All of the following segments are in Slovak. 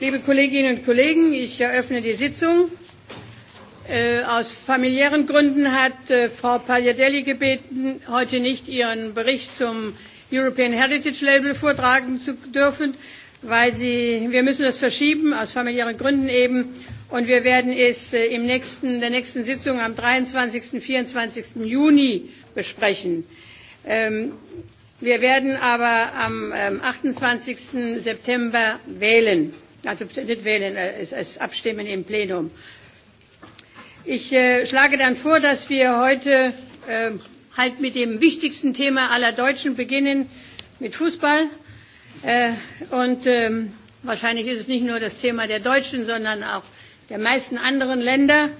Liebe Kolleginnen und Kollegen, ich eröffne die Sitzung. Äh, aus familiären Gründen hat äh, Frau Pagliadelli gebeten, heute nicht ihren Bericht zum European Heritage Label vortragen zu dürfen, weil sie, wir müssen das verschieben, aus familiären Gründen eben. Und wir werden es äh, im nächsten, der nächsten Sitzung am 23. und 24. Juni besprechen. Ähm, wir werden aber am 28. Ähm, September wählen. Also nicht wählen, äh, es, es abstimmen im Plenum. Ich äh, schlage dann vor, dass wir heute äh, halt mit dem wichtigsten Thema aller Deutschen beginnen, mit Fußball. Äh, und ähm, wahrscheinlich ist es nicht nur das Thema der Deutschen, sondern auch der meisten anderen Länder.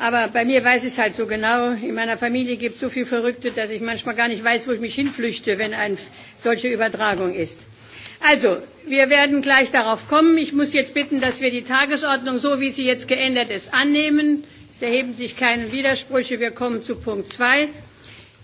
Aber bei mir weiß ich es halt so genau. In meiner Familie gibt es so viele Verrückte, dass ich manchmal gar nicht weiß, wo ich mich hinflüchte, wenn eine solche Übertragung ist. Also, wir werden gleich darauf kommen. Ich muss jetzt bitten, dass wir die Tagesordnung, so wie sie jetzt geändert ist, annehmen. Es erheben sich keine Widersprüche. Wir kommen zu Punkt 2.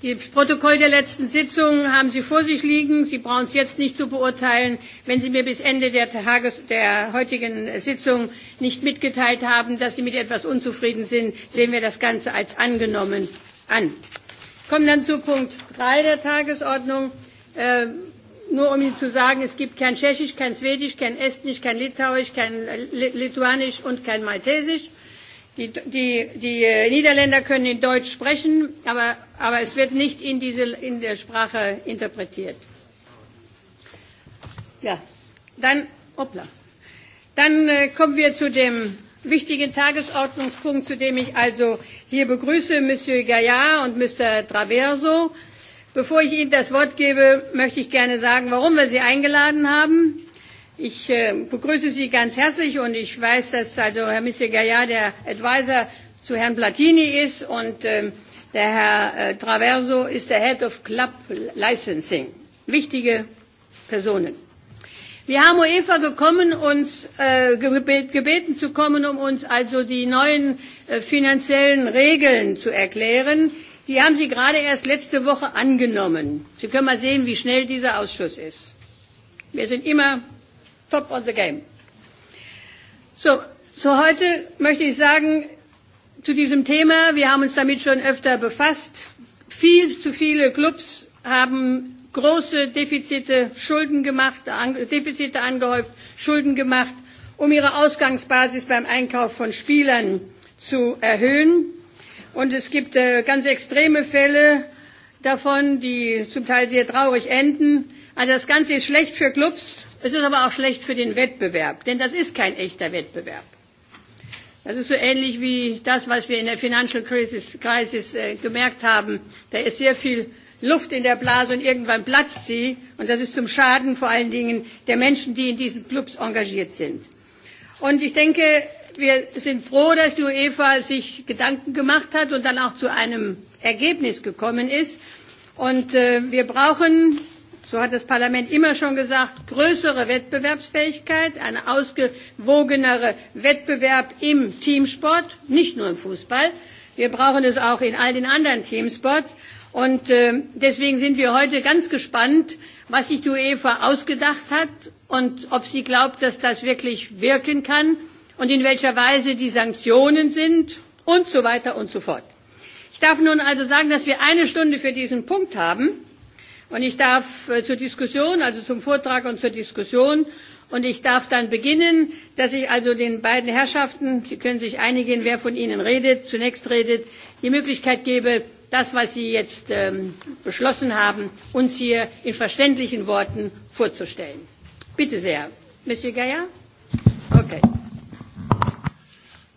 Das Protokoll der letzten Sitzung haben Sie vor sich liegen. Sie brauchen es jetzt nicht zu beurteilen. Wenn Sie mir bis Ende der, Tages der heutigen Sitzung nicht mitgeteilt haben, dass Sie mit etwas unzufrieden sind, sehen wir das Ganze als angenommen an. Wir kommen dann zu Punkt 3 der Tagesordnung. Äh, nur um Ihnen zu sagen, es gibt kein Tschechisch, kein Schwedisch, kein Estnisch, kein Litauisch, kein Lituanisch und kein Maltesisch. Die, die, die äh, Niederländer können in Deutsch sprechen, aber, aber es wird nicht in, diese, in der Sprache interpretiert. Ja, dann, opla. dann äh, kommen wir zu dem wichtigen Tagesordnungspunkt, zu dem ich also hier begrüße Monsieur Gaillard und Mr. Traverso Bevor ich Ihnen das Wort gebe, möchte ich gerne sagen, warum wir Sie eingeladen haben. Ich äh, begrüße Sie ganz herzlich und ich weiß, dass also Herr Monsieur Gaillard der Advisor zu Herrn Platini ist und äh, der Herr äh, Traverso ist der Head of Club Licensing. Wichtige Personen. Wir haben UEFA gekommen, uns, äh, gebeten zu kommen, um uns also die neuen äh, finanziellen Regeln zu erklären Die haben Sie gerade erst letzte Woche angenommen. Sie können mal sehen, wie schnell dieser Ausschuss ist. Wir sind immer top on the game. So, so heute möchte ich sagen, zu diesem Thema, wir haben uns damit schon öfter befasst. Viel zu viele Clubs haben große Defizite, Schulden gemacht, Defizite angehäuft, Schulden gemacht, um ihre Ausgangsbasis beim Einkauf von Spielern zu erhöhen. Und es gibt äh, ganz extreme Fälle davon, die zum Teil sehr traurig enden. Also das Ganze ist schlecht für Clubs, es ist aber auch schlecht für den Wettbewerb, denn das ist kein echter Wettbewerb. Das ist so ähnlich wie das, was wir in der Financial Crisis, Crisis äh, gemerkt haben. Da ist sehr viel Luft in der Blase und irgendwann platzt sie. Und das ist zum Schaden vor allen Dingen der Menschen, die in diesen Clubs engagiert sind. Und ich denke, wir sind froh, dass die UEFA sich Gedanken gemacht hat und dann auch zu einem Ergebnis gekommen ist. Und äh, wir brauchen, so hat das Parlament immer schon gesagt, größere Wettbewerbsfähigkeit, einen ausgewogeneren Wettbewerb im Teamsport, nicht nur im Fußball. Wir brauchen es auch in all den anderen Teamsports. Und äh, deswegen sind wir heute ganz gespannt, was sich die UEFA ausgedacht hat und ob sie glaubt, dass das wirklich wirken kann und in welcher Weise die Sanktionen sind und so weiter und so fort. Ich darf nun also sagen, dass wir eine Stunde für diesen Punkt haben und ich darf äh, zur Diskussion, also zum Vortrag und zur Diskussion und ich darf dann beginnen, dass ich also den beiden Herrschaften, Sie können sich einigen, wer von Ihnen redet, zunächst redet, die Möglichkeit gebe, das, was Sie jetzt ähm, beschlossen haben, uns hier in verständlichen Worten vorzustellen. Bitte sehr. Monsieur Gaillard? Okay.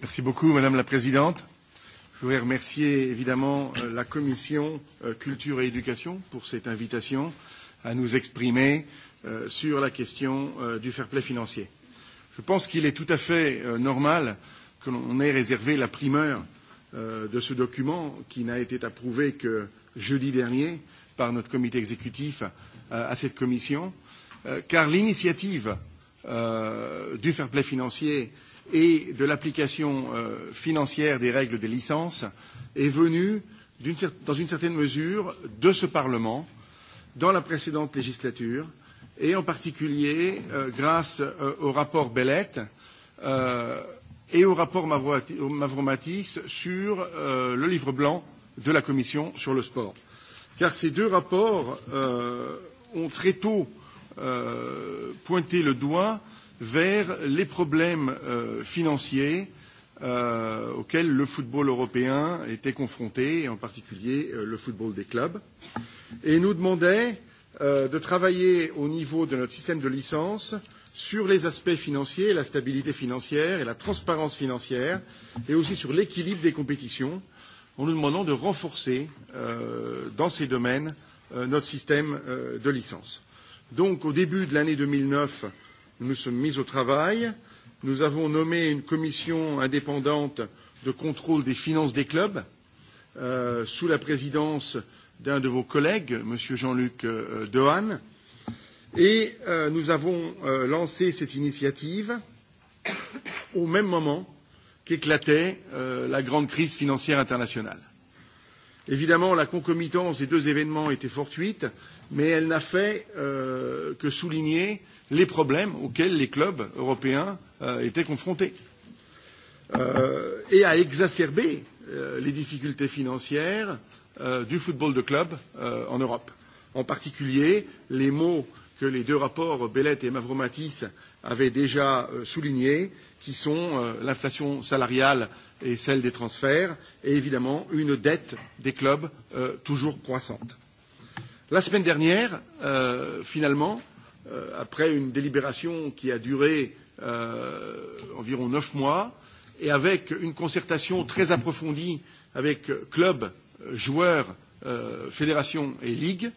Merci beaucoup, Madame la Présidente. Je voudrais remercier évidemment euh, la Commission euh, Culture et Éducation pour cette invitation à nous exprimer euh, sur la question du fair play financier. Je pense qu'il est tout à fait normal que l'on ait réservé la primeur de ce document qui n'a été approuvé que jeudi dernier par notre comité exécutif à cette commission, car l'initiative du fair play financier et de l'application euh, financière des règles des licences est venue, une, dans une certaine mesure, de ce Parlement dans la précédente législature, et en particulier euh, grâce euh, au rapport Bellette euh, et au rapport Mavromatis sur euh, le livre blanc de la Commission sur le sport. Car ces deux rapports euh, ont très tôt euh, pointé le doigt euh, vers les problèmes euh, financiers euh, auxquels le football européen était confronté, et en particulier euh, le football des clubs, et nous demandait euh, de travailler au niveau de notre système de licence sur les aspects financiers, la stabilité financière et la transparence financière, et aussi sur l'équilibre des compétitions, en nous demandant de renforcer euh, dans ces domaines euh, notre système euh, de licence. Donc, au début de l'année 2009, nous nous sommes mis au travail. Nous avons nommé une commission indépendante de contrôle des finances des clubs euh, sous la présidence d'un de vos collègues, M. Jean-Luc euh, Dehaene. Et euh, nous avons euh, lancé cette initiative au même moment qu'éclatait euh, la grande crise financière internationale. Évidemment, la concomitance des deux événements était fortuite, mais elle n'a fait euh, que souligner les problèmes auxquels les clubs européens euh, étaient confrontés euh, et à exacerber euh, les difficultés financières euh, du football de club euh, en Europe. En particulier, les mots que les deux rapports Bellet et Mavromatis avaient déjà euh, soulignés, qui sont euh, l'inflation salariale et celle des transferts, et évidemment une dette des clubs euh, toujours croissante. La semaine dernière, euh, finalement, euh, après une délibération qui a duré euh, environ neuf mois et avec une concertation très approfondie avec clubs, joueurs, euh, fédérations et ligues,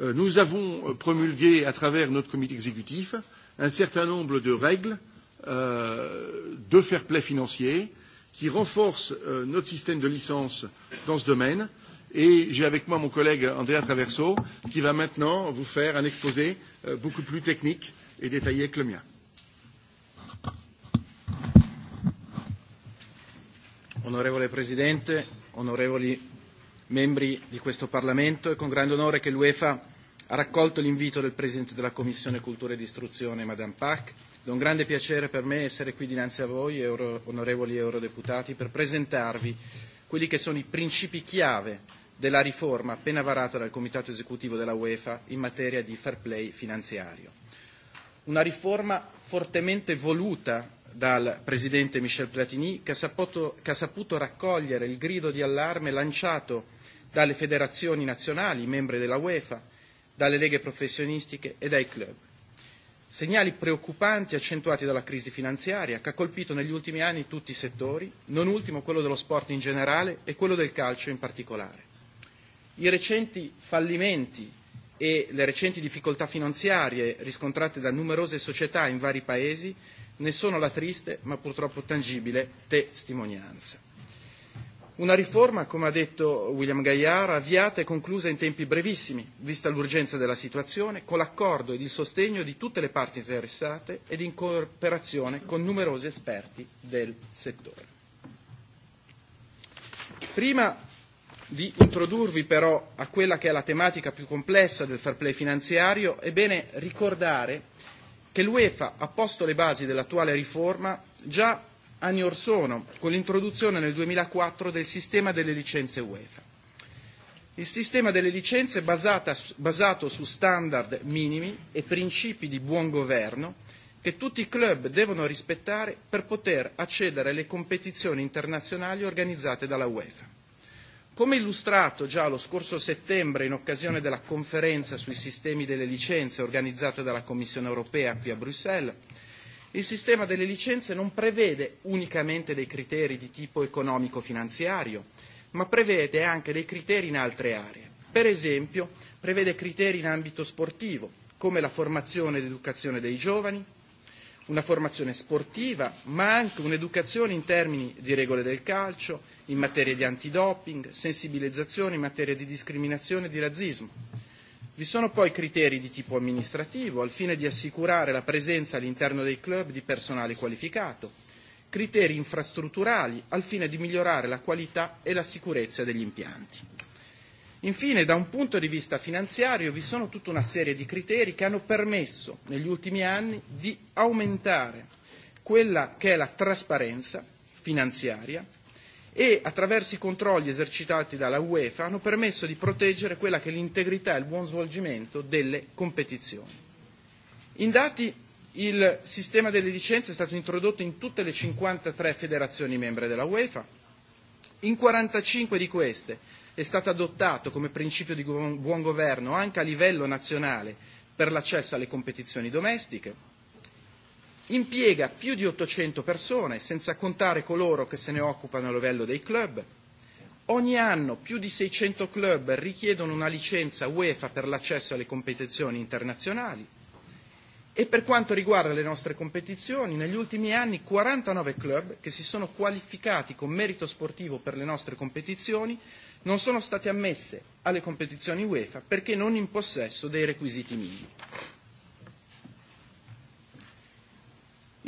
euh, nous avons promulgué à travers notre comité exécutif un certain nombre de règles euh, de fair play financier qui renforcent euh, notre système de licence dans ce domaine euh, Et j'ai avec moi mon collègue Andrea Traverso, qui va maintenant vous faire un exposé euh, beaucoup plus technique et détaillé que le mien. Onorevole Presidente, onorevoli membri di questo Parlamento, è con grande onore che l'UEFA ha raccolto l'invito del Presidente della Commissione Cultura ed Istruzione, Madame Pack. È un grande piacere per me essere qui dinanzi a voi, onorevoli eurodeputati, per presentarvi quelli che sono i principi chiave della riforma appena varata dal Comitato esecutivo della UEFA in materia di fair play finanziario. Una riforma fortemente voluta dal presidente Michel Platini che ha, saputo, che ha saputo raccogliere il grido di allarme lanciato dalle federazioni nazionali, membri della UEFA, dalle leghe professionistiche e dai club. Segnali preoccupanti accentuati dalla crisi finanziaria che ha colpito negli ultimi anni tutti i settori, non ultimo quello dello sport in generale e quello del calcio in particolare. I recenti fallimenti e le recenti difficoltà finanziarie riscontrate da numerose società in vari paesi ne sono la triste ma purtroppo tangibile testimonianza. Una riforma, come ha detto William Gaillard, avviata e conclusa in tempi brevissimi, vista l'urgenza della situazione, con l'accordo ed il sostegno di tutte le parti interessate ed in cooperazione con numerosi esperti del settore. Prima di introdurvi però a quella che è la tematica più complessa del fair play finanziario, è bene ricordare che l'UEFA ha posto le basi dell'attuale riforma già anni or sono, con l'introduzione nel 2004 del sistema delle licenze UEFA. Il sistema delle licenze è basata, basato su standard minimi e principi di buon governo che tutti i club devono rispettare per poter accedere alle competizioni internazionali organizzate dalla UEFA. Come illustrato già lo scorso settembre in occasione della conferenza sui sistemi delle licenze organizzata dalla Commissione europea qui a Bruxelles, il sistema delle licenze non prevede unicamente dei criteri di tipo economico-finanziario, ma prevede anche dei criteri in altre aree. Per esempio, prevede criteri in ambito sportivo, come la formazione ed educazione dei giovani, una formazione sportiva, ma anche un'educazione in termini di regole del calcio, in materia di antidoping, sensibilizzazione in materia di discriminazione e di razzismo. Vi sono poi criteri di tipo amministrativo al fine di assicurare la presenza all'interno dei club di personale qualificato, criteri infrastrutturali al fine di migliorare la qualità e la sicurezza degli impianti. Infine, da un punto di vista finanziario, vi sono tutta una serie di criteri che hanno permesso negli ultimi anni di aumentare quella che è la trasparenza finanziaria e attraverso i controlli esercitati dalla UEFA hanno permesso di proteggere quella che è l'integrità e il buon svolgimento delle competizioni. In dati il sistema delle licenze è stato introdotto in tutte le 53 federazioni membre della UEFA, in 45 di queste è stato adottato come principio di buon governo anche a livello nazionale per l'accesso alle competizioni domestiche, impiega più di 800 persone, senza contare coloro che se ne occupano a livello dei club. Ogni anno più di 600 club richiedono una licenza UEFA per l'accesso alle competizioni internazionali. E per quanto riguarda le nostre competizioni, negli ultimi anni 49 club che si sono qualificati con merito sportivo per le nostre competizioni non sono state ammesse alle competizioni UEFA perché non in possesso dei requisiti minimi.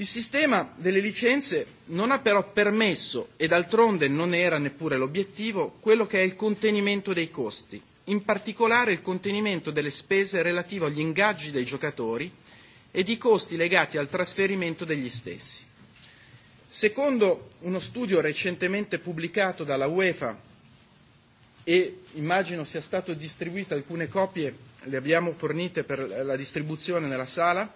Il sistema delle licenze non ha però permesso, e d'altronde non era neppure l'obiettivo, quello che è il contenimento dei costi, in particolare il contenimento delle spese relative agli ingaggi dei giocatori e di costi legati al trasferimento degli stessi. Secondo uno studio recentemente pubblicato dalla UEFA e immagino sia stato distribuito alcune copie, le abbiamo fornite per la distribuzione nella sala,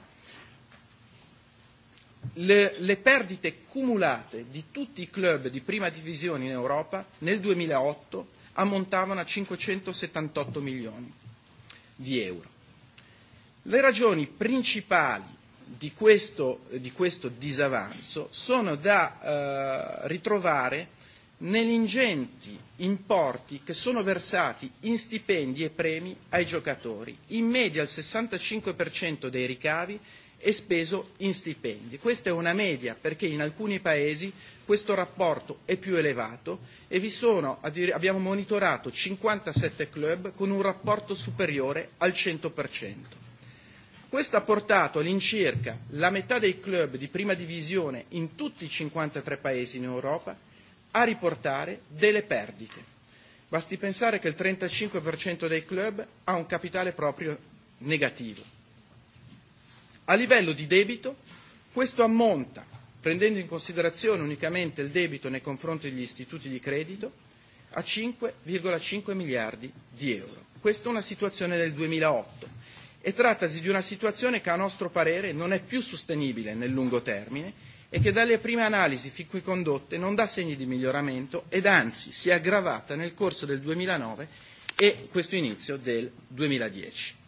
le, le perdite cumulate di tutti i club di prima divisione in Europa nel 2008 ammontavano a 578 milioni di euro. Le ragioni principali di questo, di questo disavanzo sono da eh, ritrovare negli ingenti importi che sono versati in stipendi e premi ai giocatori, in media il 65% dei ricavi e speso in stipendi. Questa è una media perché in alcuni paesi questo rapporto è più elevato e vi sono, abbiamo monitorato 57 club con un rapporto superiore al 100%. Questo ha portato all'incirca la metà dei club di prima divisione in tutti i 53 paesi in Europa a riportare delle perdite. Basti pensare che il 35% dei club ha un capitale proprio negativo. A livello di debito questo ammonta, prendendo in considerazione unicamente il debito nei confronti degli istituti di credito, a 5,5 miliardi di euro. Questa è una situazione del 2008 e trattasi di una situazione che a nostro parere non è più sostenibile nel lungo termine e che dalle prime analisi fin qui condotte non dà segni di miglioramento ed anzi si è aggravata nel corso del 2009 e questo inizio del 2010.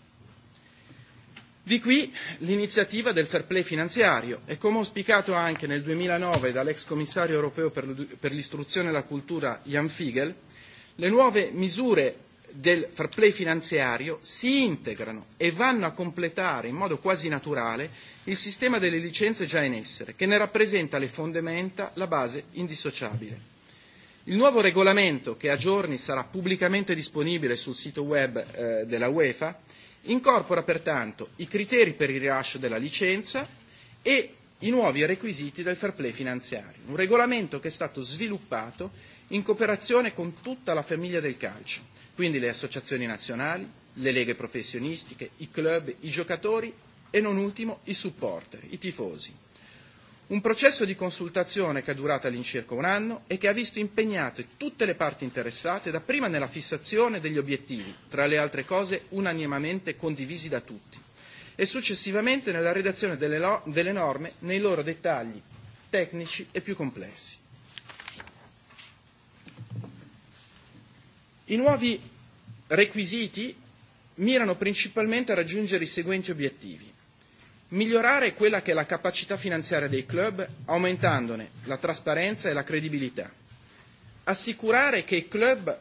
Di qui l'iniziativa del fair play finanziario e come auspicato anche nel 2009 dall'ex commissario europeo per l'istruzione e la cultura Jan Figel, le nuove misure del fair play finanziario si integrano e vanno a completare in modo quasi naturale il sistema delle licenze già in essere, che ne rappresenta le fondamenta, la base indissociabile. Il nuovo regolamento, che a giorni sarà pubblicamente disponibile sul sito web eh, della UEFA, Incorpora pertanto i criteri per il rilascio della licenza e i nuovi requisiti del fair play finanziario, un regolamento che è stato sviluppato in cooperazione con tutta la famiglia del calcio, quindi le associazioni nazionali, le leghe professionistiche, i club, i giocatori e non ultimo i supporter, i tifosi. Un processo di consultazione che è durato all'incirca un anno e che ha visto impegnate tutte le parti interessate, dapprima nella fissazione degli obiettivi, tra le altre cose unanimemente condivisi da tutti, e successivamente nella redazione delle, lo- delle norme nei loro dettagli tecnici e più complessi. I nuovi requisiti mirano principalmente a raggiungere i seguenti obiettivi migliorare quella che è la capacità finanziaria dei club aumentandone la trasparenza e la credibilità, assicurare che i club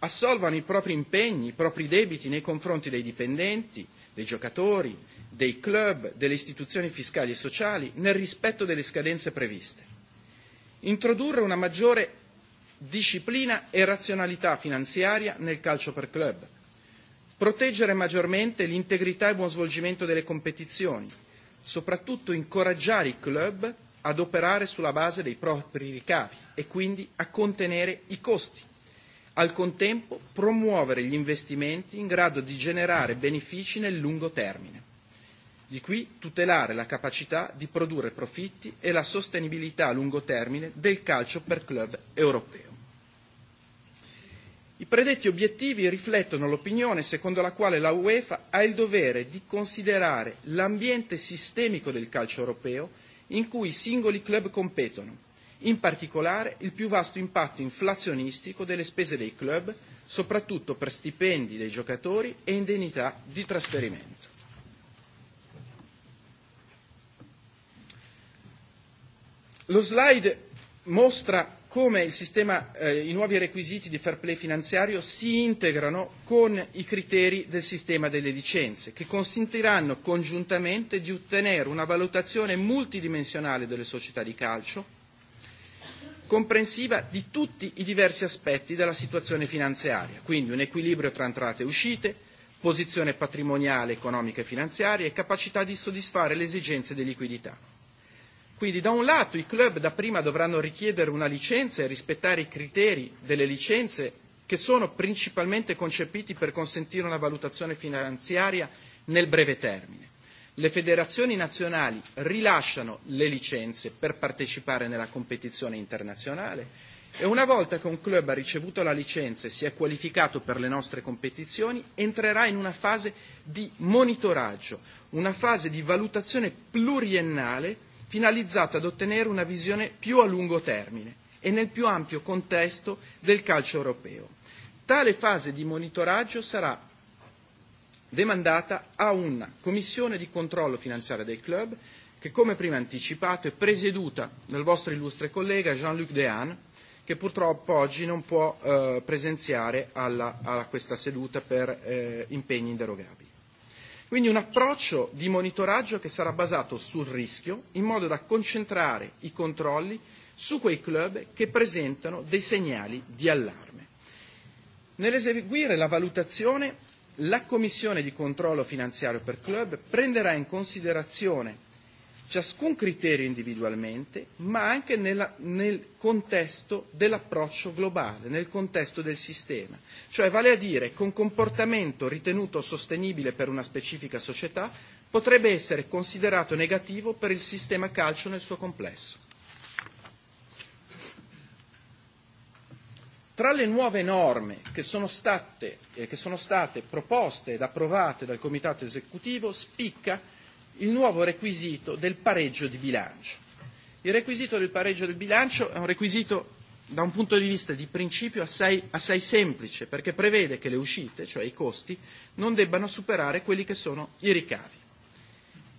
assolvano i propri impegni, i propri debiti nei confronti dei dipendenti, dei giocatori, dei club, delle istituzioni fiscali e sociali nel rispetto delle scadenze previste. Introdurre una maggiore disciplina e razionalità finanziaria nel calcio per club. Proteggere maggiormente l'integrità e il buon svolgimento delle competizioni, soprattutto incoraggiare i club ad operare sulla base dei propri ricavi e quindi a contenere i costi. Al contempo promuovere gli investimenti in grado di generare benefici nel lungo termine. Di qui tutelare la capacità di produrre profitti e la sostenibilità a lungo termine del calcio per club europeo. I predetti obiettivi riflettono l'opinione secondo la quale la UEFA ha il dovere di considerare l'ambiente sistemico del calcio europeo in cui i singoli club competono, in particolare il più vasto impatto inflazionistico delle spese dei club, soprattutto per stipendi dei giocatori e indennità di trasferimento. Lo slide mostra come il sistema, eh, i nuovi requisiti di fair play finanziario si integrano con i criteri del sistema delle licenze, che consentiranno congiuntamente di ottenere una valutazione multidimensionale delle società di calcio, comprensiva di tutti i diversi aspetti della situazione finanziaria, quindi un equilibrio tra entrate e uscite, posizione patrimoniale, economica e finanziaria e capacità di soddisfare le esigenze di liquidità. Quindi da un lato i club da prima dovranno richiedere una licenza e rispettare i criteri delle licenze che sono principalmente concepiti per consentire una valutazione finanziaria nel breve termine. Le federazioni nazionali rilasciano le licenze per partecipare nella competizione internazionale e una volta che un club ha ricevuto la licenza e si è qualificato per le nostre competizioni, entrerà in una fase di monitoraggio, una fase di valutazione pluriennale finalizzato ad ottenere una visione più a lungo termine e nel più ampio contesto del calcio europeo. Tale fase di monitoraggio sarà demandata a una commissione di controllo finanziario dei club che, come prima anticipato, è presieduta dal vostro illustre collega Jean-Luc Dehan, che purtroppo oggi non può eh, presenziare alla, a questa seduta per eh, impegni inderogabili. Quindi un approccio di monitoraggio che sarà basato sul rischio in modo da concentrare i controlli su quei club che presentano dei segnali di allarme. Nell'eseguire la valutazione, la Commissione di controllo finanziario per club prenderà in considerazione ciascun criterio individualmente, ma anche nella, nel contesto dell'approccio globale, nel contesto del sistema, cioè vale a dire che un comportamento ritenuto sostenibile per una specifica società potrebbe essere considerato negativo per il sistema calcio nel suo complesso. Tra le nuove norme che sono, state, eh, che sono state proposte ed approvate dal Comitato esecutivo spicca il nuovo requisito del pareggio di bilancio. Il requisito del pareggio del bilancio è un requisito da un punto di vista di principio assai, assai semplice, perché prevede che le uscite, cioè i costi, non debbano superare quelli che sono i ricavi.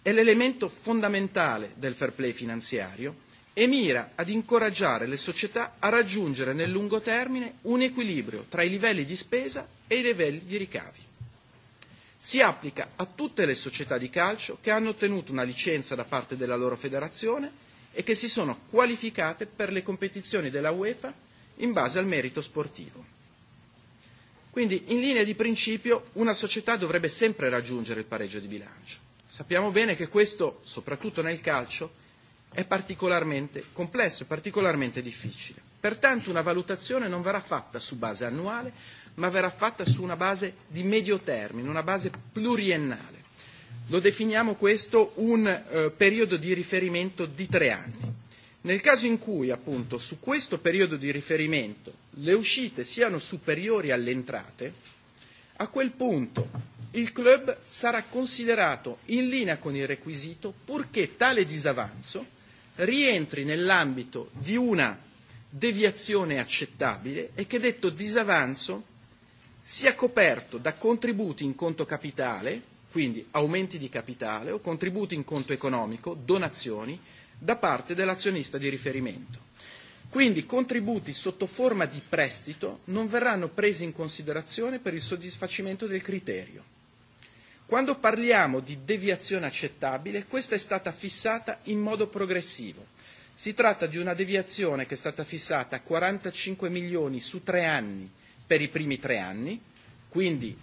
È l'elemento fondamentale del fair play finanziario e mira ad incoraggiare le società a raggiungere nel lungo termine un equilibrio tra i livelli di spesa e i livelli di ricavi. Si applica a tutte le società di calcio che hanno ottenuto una licenza da parte della loro federazione e che si sono qualificate per le competizioni della UEFA in base al merito sportivo. Quindi, in linea di principio, una società dovrebbe sempre raggiungere il pareggio di bilancio. Sappiamo bene che questo, soprattutto nel calcio, è particolarmente complesso e particolarmente difficile. Pertanto una valutazione non verrà fatta su base annuale, ma verrà fatta su una base di medio termine, una base pluriennale. Lo definiamo questo un eh, periodo di riferimento di tre anni. Nel caso in cui appunto su questo periodo di riferimento le uscite siano superiori alle entrate, a quel punto il club sarà considerato in linea con il requisito purché tale disavanzo rientri nell'ambito di una deviazione accettabile e che detto disavanzo sia coperto da contributi in conto capitale quindi aumenti di capitale o contributi in conto economico, donazioni, da parte dell'azionista di riferimento. Quindi contributi sotto forma di prestito non verranno presi in considerazione per il soddisfacimento del criterio. Quando parliamo di deviazione accettabile, questa è stata fissata in modo progressivo. Si tratta di una deviazione che è stata fissata a 45 milioni su tre anni per i primi tre anni, quindi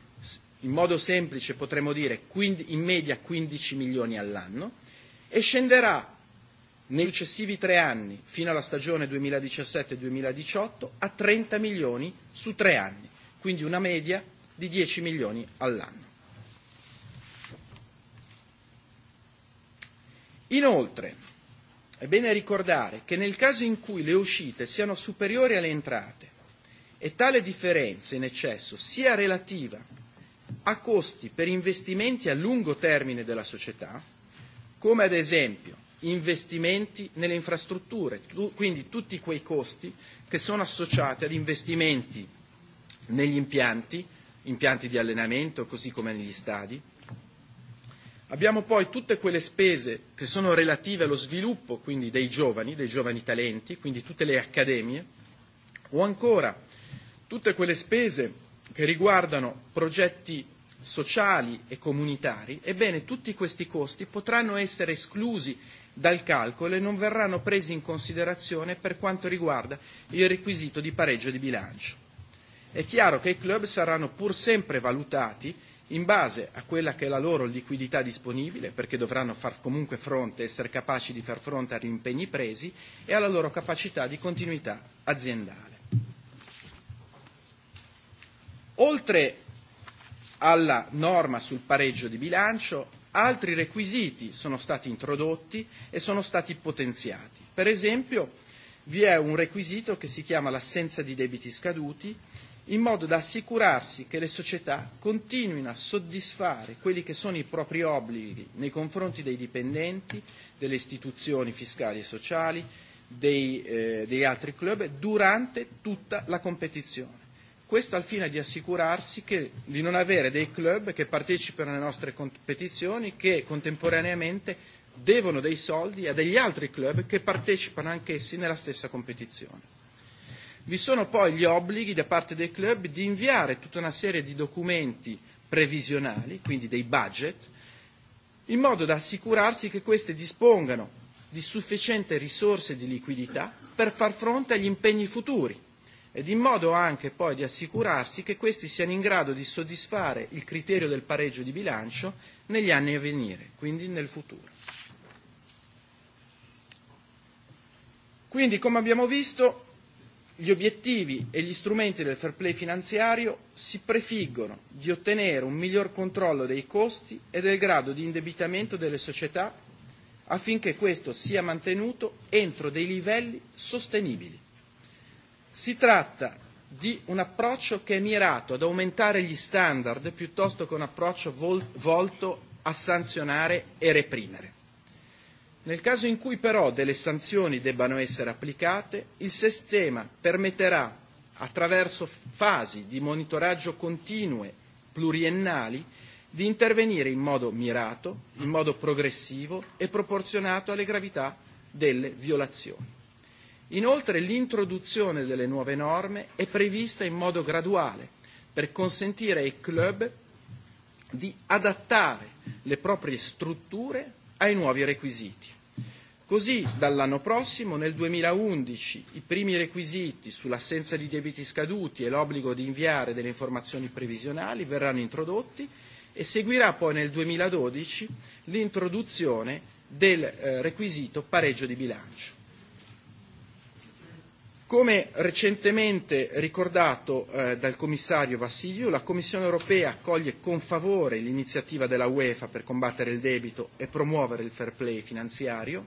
in modo semplice potremmo dire in media 15 milioni all'anno e scenderà nei successivi tre anni, fino alla stagione 2017-2018, a 30 milioni su tre anni, quindi una media di 10 milioni all'anno. Inoltre, è bene ricordare che nel caso in cui le uscite siano superiori alle entrate e tale differenza in eccesso sia relativa a costi per investimenti a lungo termine della società, come ad esempio investimenti nelle infrastrutture, tu, quindi tutti quei costi che sono associati ad investimenti negli impianti, impianti di allenamento, così come negli stadi. Abbiamo poi tutte quelle spese che sono relative allo sviluppo quindi dei giovani, dei giovani talenti, quindi tutte le accademie, o ancora tutte quelle spese che riguardano progetti sociali e comunitari, ebbene tutti questi costi potranno essere esclusi dal calcolo e non verranno presi in considerazione per quanto riguarda il requisito di pareggio di bilancio. È chiaro che i club saranno pur sempre valutati in base a quella che è la loro liquidità disponibile, perché dovranno far comunque fronte, essere capaci di far fronte agli impegni presi e alla loro capacità di continuità aziendale. Oltre alla norma sul pareggio di bilancio, altri requisiti sono stati introdotti e sono stati potenziati. Per esempio, vi è un requisito che si chiama l'assenza di debiti scaduti, in modo da assicurarsi che le società continuino a soddisfare quelli che sono i propri obblighi nei confronti dei dipendenti, delle istituzioni fiscali e sociali, dei, eh, degli altri club durante tutta la competizione. Questo al fine di assicurarsi che, di non avere dei club che partecipano alle nostre competizioni che contemporaneamente devono dei soldi a degli altri club che partecipano anch'essi nella stessa competizione. Vi sono poi gli obblighi da parte dei club di inviare tutta una serie di documenti previsionali, quindi dei budget, in modo da assicurarsi che queste dispongano di sufficienti risorse di liquidità per far fronte agli impegni futuri ed in modo anche poi di assicurarsi che questi siano in grado di soddisfare il criterio del pareggio di bilancio negli anni a venire, quindi nel futuro. Quindi, come abbiamo visto, gli obiettivi e gli strumenti del fair play finanziario si prefiggono di ottenere un miglior controllo dei costi e del grado di indebitamento delle società affinché questo sia mantenuto entro dei livelli sostenibili. Si tratta di un approccio che è mirato ad aumentare gli standard piuttosto che un approccio vol- volto a sanzionare e reprimere. Nel caso in cui però delle sanzioni debbano essere applicate, il sistema permetterà, attraverso fasi di monitoraggio continue pluriennali, di intervenire in modo mirato, in modo progressivo e proporzionato alle gravità delle violazioni. Inoltre l'introduzione delle nuove norme è prevista in modo graduale per consentire ai club di adattare le proprie strutture ai nuovi requisiti. Così dall'anno prossimo, nel 2011, i primi requisiti sull'assenza di debiti scaduti e l'obbligo di inviare delle informazioni previsionali verranno introdotti e seguirà poi nel 2012 l'introduzione del eh, requisito pareggio di bilancio. Come recentemente ricordato eh, dal commissario Vassiliou, la Commissione europea accoglie con favore l'iniziativa della UEFA per combattere il debito e promuovere il fair play finanziario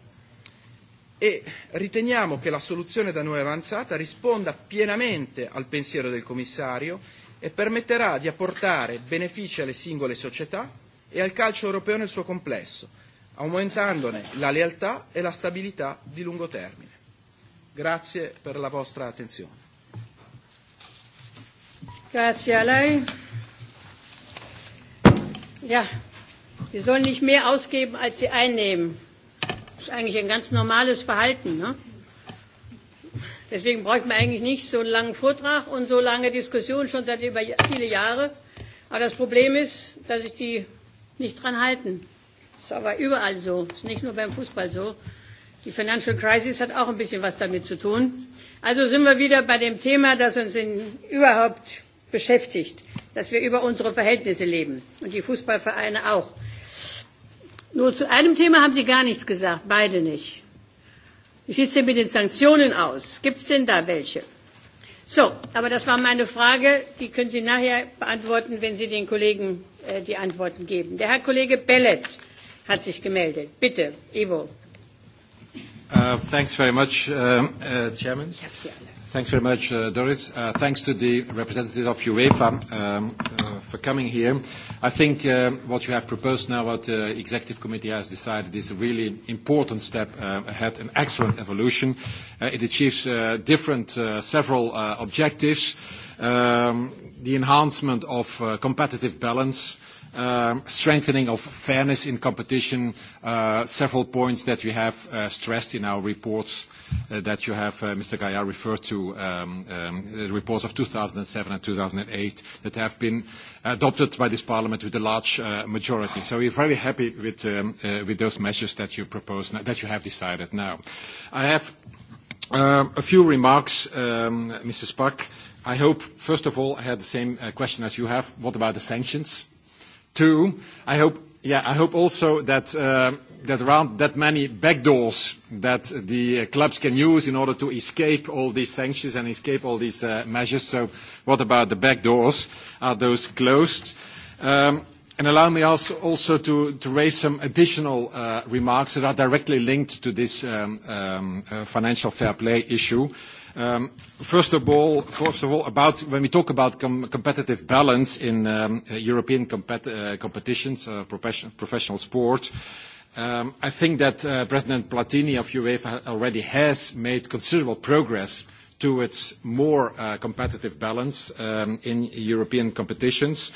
e riteniamo che la soluzione da noi avanzata risponda pienamente al pensiero del commissario e permetterà di apportare benefici alle singole società e al calcio europeo nel suo complesso, aumentandone la lealtà e la stabilità di lungo termine. Grazie per la vostra attenzione. Grazie a lei. Ja, wir sollen nicht mehr ausgeben, als sie einnehmen. Das ist eigentlich ein ganz normales Verhalten. Ne? Deswegen braucht man eigentlich nicht so einen langen Vortrag und so lange Diskussion schon seit über viele Jahre. Aber das Problem ist, dass sich die nicht dran halten. Das ist aber überall so. Das ist nicht nur beim Fußball so. Die Financial Crisis hat auch ein bisschen was damit zu tun. Also sind wir wieder bei dem Thema, das uns in, überhaupt beschäftigt, dass wir über unsere Verhältnisse leben und die Fußballvereine auch. Nur zu einem Thema haben Sie gar nichts gesagt, beide nicht. Wie sieht es denn mit den Sanktionen aus? Gibt es denn da welche? So, aber das war meine Frage. Die können Sie nachher beantworten, wenn Sie den Kollegen äh, die Antworten geben. Der Herr Kollege Bellet hat sich gemeldet. Bitte, Ivo. Uh, thanks very much, uh, uh, Chairman. Thanks very much, Doris. thanks to the representative of UEFA um, for coming here. I think what you have proposed now, what the Executive Committee has decided, is a really important step ahead, an excellent evolution. it achieves different, several objectives. Um, the enhancement of competitive balance, Um, strengthening of fairness in competition, uh, several points that we have uh, stressed in our reports uh, that you have, Mr. Gaillard, referred to, um, um, the reports of 2007 and 2008 that have been adopted by this parliament with a large majority. So we're very happy with, those measures that you propose, that you have decided now. I have a few remarks, Mrs. Pak. I hope, first of all, I had the same question as you have. What about the sanctions? Two, I hope, yeah, I hope also that, uh, that around that many backdoors that the clubs can use in order to escape all these sanctions and escape all these uh, measures. So what about the backdoors? Are those closed? Um, And Allow me also to, to raise some additional uh, remarks that are directly linked to this um, um, uh, financial fair play issue. Um, first, of all, first of all, about when we talk about com competitive balance in um, uh, European uh, competitions, uh, professional sport, um, I think that President Platini of UEFA already has made considerable progress towards more competitive balance in European competitions.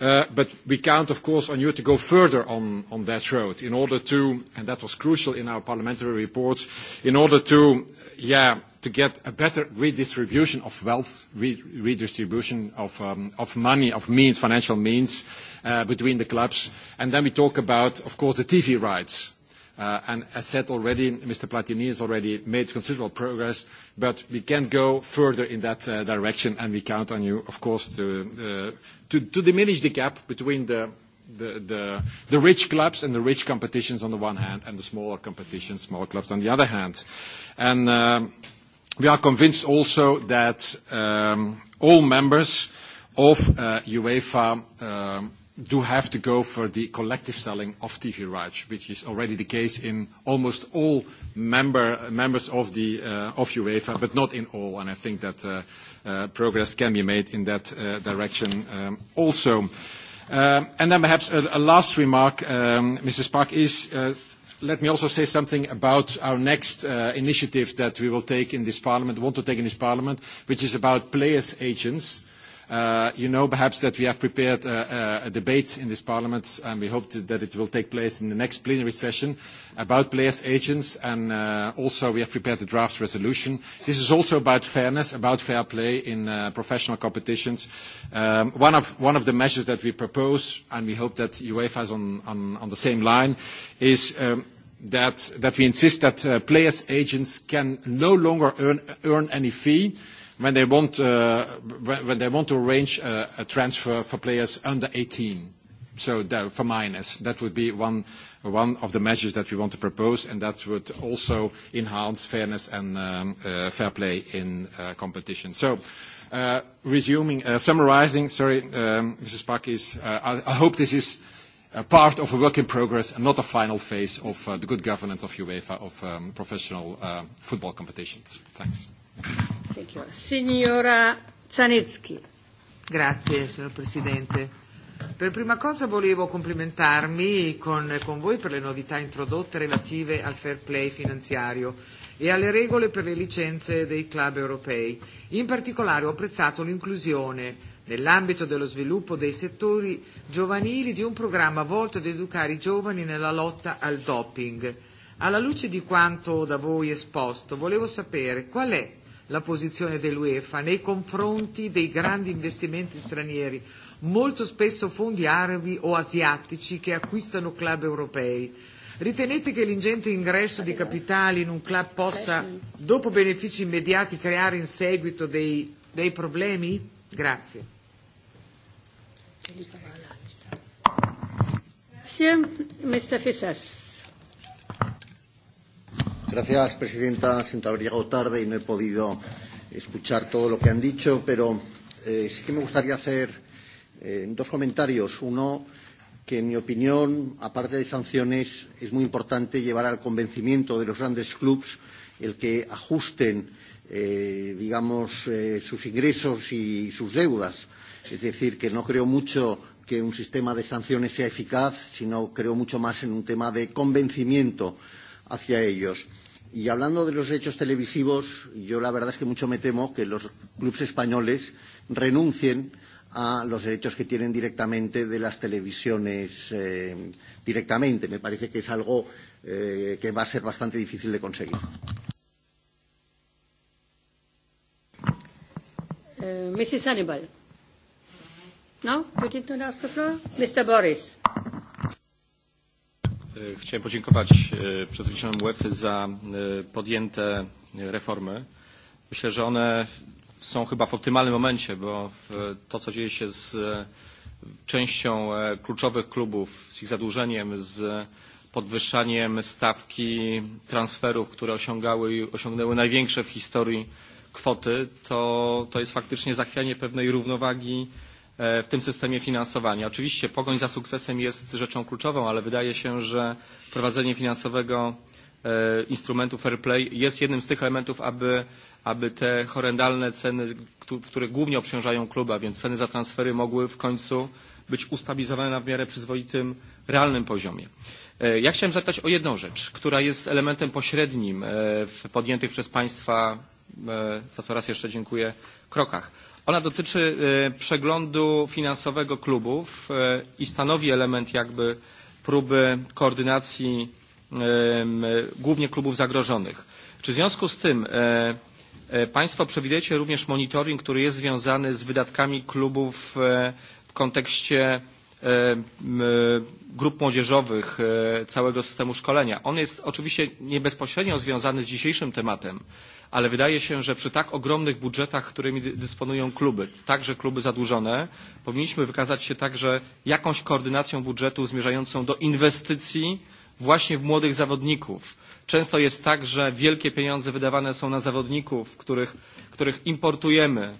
but we count, of course, on you to go further on that road in order to, and that was crucial in our parliamentary reports, in order to, yeah, to get a better redistribution of wealth, re redistribution of, um, of money, of means, financial means uh, between the clubs. And then we talk about, of course, the TV rights. Uh, and as said already, Mr. Platini has already made considerable progress, but we can go further in that uh, direction, and we count on you, of course, to, uh, to, to diminish the gap between the The, the, the rich clubs and the rich competitions on the one hand, and the smaller competitions, smaller clubs on the other hand. And um, We are convinced also that um, all members of uh, UEFA um, do have to go for the collective selling of TV rights, which is already the case in almost all members of, the, uh, UEFA, but not in all. And I think that uh, progress can be made in that direction um, also. And then perhaps a, a last remark, Mrs. Park, is let me also say something about our next uh, initiative that we will take in this parliament, want to take in this parliament, which is about players agents Uh, you know perhaps that we have prepared uh, uh, a, debate in this parliament, and we hope that it will take place in the next plenary session about players' agents, and also we have prepared a draft resolution. This is also about fairness, about fair play in professional competitions. Um, one, of, the measures that we propose, and we hope that UEFA is on, on, the same line, is um, that, we insist that players' agents can no longer earn any fee, when they want, uh, when they want to arrange a, a transfer for players under 18. So for minors, that would be one, one of the measures that we want to propose, and that would also enhance fairness and um, uh, fair play in uh, competition. So, uh, resuming, uh, summarizing, sorry, um, Mrs. Pakis, uh, I, I hope this is a part of a work in progress and not a final phase of uh, the good governance of UEFA of um, professional football competitions. Thanks. Signora Grazie, signor Presidente. Per prima cosa volevo complimentarmi con, con voi per le novità introdotte relative al fair play finanziario e alle regole per le licenze dei club europei. In particolare ho apprezzato l'inclusione nell'ambito dello sviluppo dei settori giovanili di un programma volto ad educare i giovani nella lotta al doping. Alla luce di quanto da voi esposto, volevo sapere qual è la posizione dell'UEFA nei confronti dei grandi investimenti stranieri, molto spesso fondi arabi o asiatici che acquistano club europei. Ritenete che l'ingente ingresso di capitali in un club possa, dopo benefici immediati, creare in seguito dei, dei problemi? Grazie. Mr. Gracias, presidenta. Siento haber llegado tarde y no he podido escuchar todo lo que han dicho, pero eh, sí que me gustaría hacer eh, dos comentarios. Uno, que en mi opinión, aparte de sanciones, es muy importante llevar al convencimiento de los grandes clubes el que ajusten, eh, digamos, eh, sus ingresos y sus deudas. Es decir, que no creo mucho que un sistema de sanciones sea eficaz, sino creo mucho más en un tema de convencimiento hacia ellos. Y hablando de los derechos televisivos, yo la verdad es que mucho me temo que los clubes españoles renuncien a los derechos que tienen directamente de las televisiones eh, directamente. Me parece que es algo eh, que va a ser bastante difícil de conseguir. Uh, eh, Mrs. Hannibal. No, you didn't ask the floor? Mr. Boris. E, chciałem podziękować e, przedstawicielom UEFA za e, podjęte reformy. Myślę, że one są chyba w optymalnym momencie, bo to, co dzieje się z częścią kluczowych klubów, z ich zadłużeniem, z podwyższaniem stawki transferów, które osiągały, osiągnęły największe w historii kwoty, to, to jest faktycznie zachwianie pewnej równowagi E, w tym systemie finansowania. Oczywiście pogoń za sukcesem jest rzeczą kluczową, ale wydaje się, że prowadzenie finansowego e, instrumentu fair play jest jednym z tych elementów, aby, aby te horrendalne ceny, które głównie obciążają kluba, więc ceny za transfery mogły w końcu być ustabilizowane na w miarę przyzwoitym, realnym poziomie. E, ja chciałem zapytać o jedną rzecz, która jest elementem pośrednim w podjętych przez Państwa, za co raz jeszcze dziękuję, krokach. Ona dotyczy e, przeglądu finansowego klubów e, i stanowi element jakby próby koordynacji e, głównie klubów zagrożonych. Czy w związku z tym Państwo przewidujecie również monitoring, który jest związany z wydatkami klubów w kontekście grup młodzieżowych, całego systemu szkolenia. On jest oczywiście nie bezpośrednio związany z dzisiejszym tematem, ale wydaje się, że przy tak ogromnych budżetach, którymi dysponują kluby, także kluby zadłużone, powinniśmy wykazać się także jakąś koordynacją budżetu zmierzającą do inwestycji właśnie w młodych zawodników. Często jest tak, że wielkie pieniądze wydawane są na zawodników, których, których importujemy e,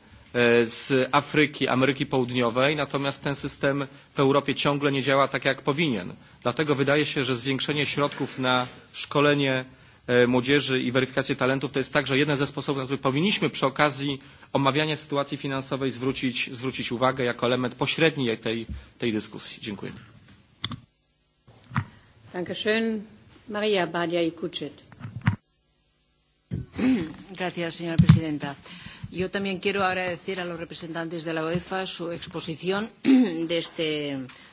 z Afryki, Ameryki Południowej, natomiast ten system w Europie ciągle nie działa tak, jak powinien. Dlatego wydaje się, że zwiększenie środków na szkolenie E, młodzieży i weryfikację talentów to jest także jeden ze sposobów, na który powinniśmy przy okazji omawiania sytuacji finansowej zwrócić, zwrócić uwagę jako element pośredni tej, tej dyskusji. Dziękuję. Dankeschön. Maria Badia i Kuczyt. Gracias, señora presidenta. Yo también quiero agradecer a los representantes de la UEFA su exposición de, este,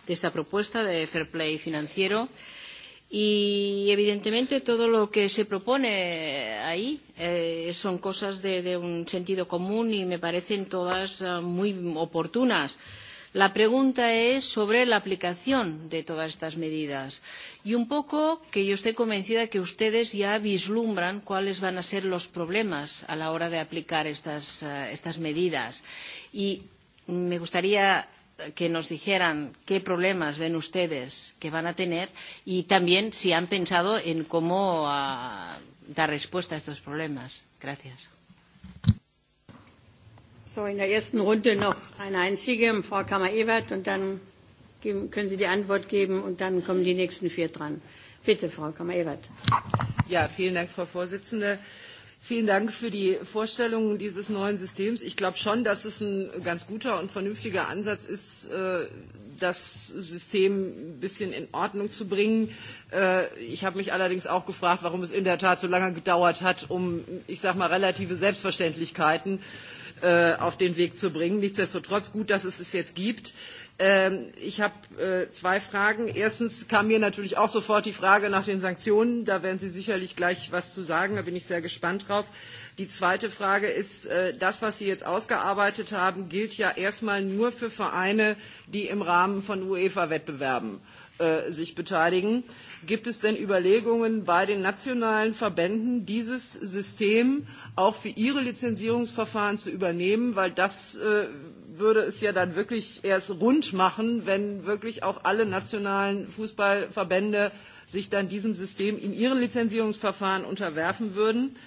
de esta propuesta de fair play financiero. Eh, Y evidentemente todo lo que se propone eh, ahí eh, son cosas de, de un sentido común y me parecen todas uh, muy oportunas. La pregunta es sobre la aplicación de todas estas medidas y un poco que yo estoy convencida de que ustedes ya vislumbran cuáles van a ser los problemas a la hora de aplicar estas, uh, estas medidas. Y me gustaría que nos dijeran qué problemas ven ustedes que van a tener y también si han pensado en cómo uh, dar respuesta a estos problemas. Gracias. So, in der ersten Runde noch eine einzige, Frau Kammer-Ewert, und dann geben, können Sie die Antwort geben und dann kommen die nächsten vier dran. Bitte, Frau Kammer-Ewert. Ja, vielen Dank, Frau Vorsitzende. Äh, Vielen Dank für die Vorstellung dieses neuen Systems. Ich glaube schon, dass es ein ganz guter und vernünftiger Ansatz ist, äh, das System ein bisschen in Ordnung zu bringen. Äh, ich habe mich allerdings auch gefragt, warum es in der Tat so lange gedauert hat, um, ich sage mal, relative Selbstverständlichkeiten äh, Äh, auf den Weg zu bringen. Nichtsdestotrotz gut, dass es es jetzt gibt. Ähm, ich habe äh, zwei Fragen. Erstens kam mir natürlich auch sofort die Frage nach den Sanktionen. Da werden Sie sicherlich gleich was zu sagen. Da bin ich sehr gespannt drauf. Die zweite Frage ist, äh, das, was Sie jetzt ausgearbeitet haben, gilt ja erstmal nur für Vereine, die im Rahmen von UEFA-Wettbewerben Äh, sich beteiligen. Gibt es denn Überlegungen bei den nationalen Verbänden, dieses System auch für ihre Lizenzierungsverfahren zu übernehmen? Weil das äh, würde es ja dann wirklich erst rund machen, wenn wirklich auch alle nationalen Fußballverbände sich dann diesem System in ihren Lizenzierungsverfahren unterwerfen würden. Äh,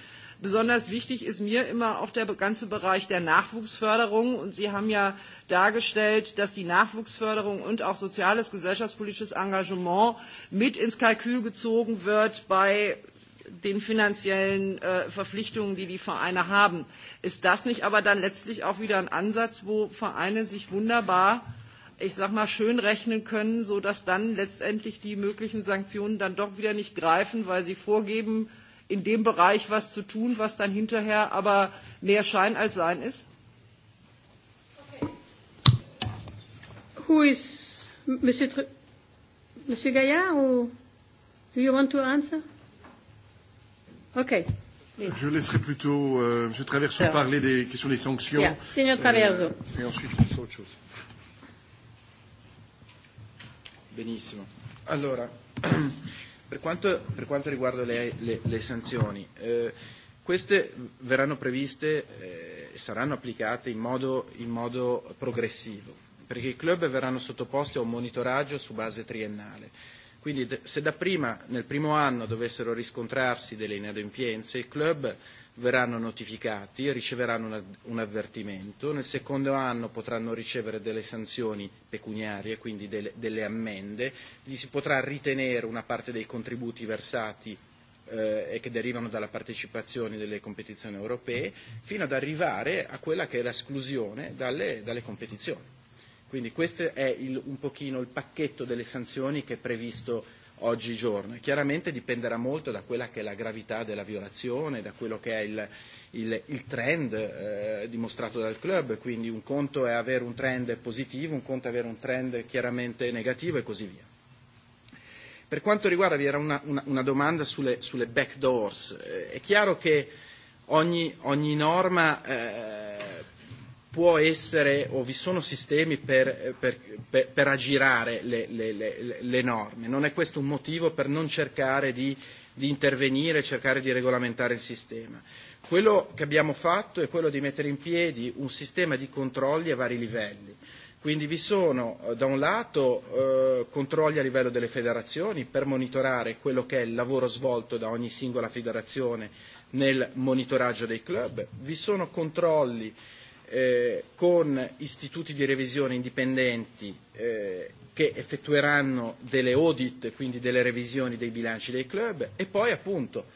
Besonders wichtig ist mir immer auch der ganze Bereich der Nachwuchsförderung. Und Sie haben ja dargestellt, dass die Nachwuchsförderung und auch soziales, gesellschaftspolitisches Engagement mit ins Kalkül gezogen wird bei den finanziellen äh, Verpflichtungen, die die Vereine haben. Ist das nicht aber dann letztlich auch wieder ein Ansatz, wo Vereine sich wunderbar, ich sag mal, schön rechnen können, sodass dann letztendlich die möglichen Sanktionen dann doch wieder nicht greifen, weil sie vorgeben, in dem Bereich was zu tun, was dann hinterher aber mehr Schein als Sein ist? Okay. Who is Monsieur, Tr Monsieur Gaillard or do you want to answer? Okay. Please. Je laisserai plutôt euh, Monsieur Traverso Alors. parler des questions des sanctions. Yeah. Signor euh, Traverso. Euh, et ensuite, on autre chose. Benissimo. Allora, Per quanto, per quanto riguarda le, le, le sanzioni, eh, queste verranno previste eh, e eh, saranno applicate in modo, in modo progressivo, perché i club verranno sottoposti a un monitoraggio su base triennale. Quindi se da prima, nel primo anno dovessero riscontrarsi delle inadempienze, i club verranno notificati e riceveranno un avvertimento, nel secondo anno potranno ricevere delle sanzioni pecuniarie, quindi delle, delle ammende, gli si potrà ritenere una parte dei contributi versati eh, e che derivano dalla partecipazione delle competizioni europee, fino ad arrivare a quella che è l'esclusione dalle, dalle competizioni. Quindi questo è il, un pochino il pacchetto delle sanzioni che è previsto oggigiorno. E chiaramente dipenderà molto da quella che è la gravità della violazione, da quello che è il, il, il trend eh, dimostrato dal club, quindi un conto è avere un trend positivo, un conto è avere un trend chiaramente negativo e così via. Per quanto riguarda, vi era una, una, una domanda sulle, sulle backdoors. Eh, è chiaro che ogni, ogni norma eh, può essere o vi sono sistemi per, per, per, per aggirare le, le, le, le norme. Non è questo un motivo per non cercare di, di intervenire, e cercare di regolamentare il sistema. Quello che abbiamo fatto è quello di mettere in piedi un sistema di controlli a vari livelli. Quindi vi sono eh, da un lato eh, controlli a livello delle federazioni per monitorare quello che è il lavoro svolto da ogni singola federazione nel monitoraggio dei club, vi sono controlli eh, eh, con istituti di revisione indipendenti eh, che effettueranno delle audit, quindi delle revisioni dei bilanci dei club e poi appunto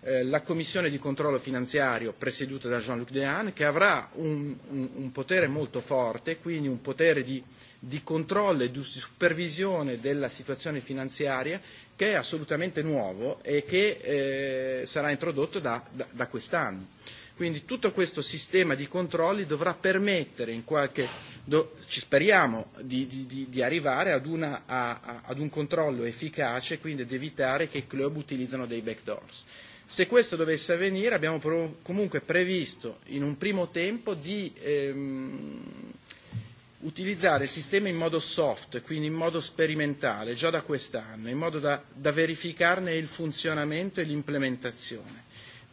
eh, la commissione di controllo finanziario presieduta da Jean-Luc Dehaene che avrà un, un, un potere molto forte, quindi un potere di, di controllo e di supervisione della situazione finanziaria che è assolutamente nuovo e che eh, sarà introdotto da, da, da quest'anno. Eh, Quindi tutto questo sistema di controlli dovrà permettere in qualche do, ci speriamo di, di, di arrivare ad, una, a, a, ad un controllo efficace, quindi ad evitare che i club utilizzano dei backdoors. Se questo dovesse avvenire abbiamo pro, comunque previsto in un primo tempo di ehm, utilizzare il sistema in modo soft, quindi in modo sperimentale, già da quest'anno, in modo da, da verificarne il funzionamento e l'implementazione.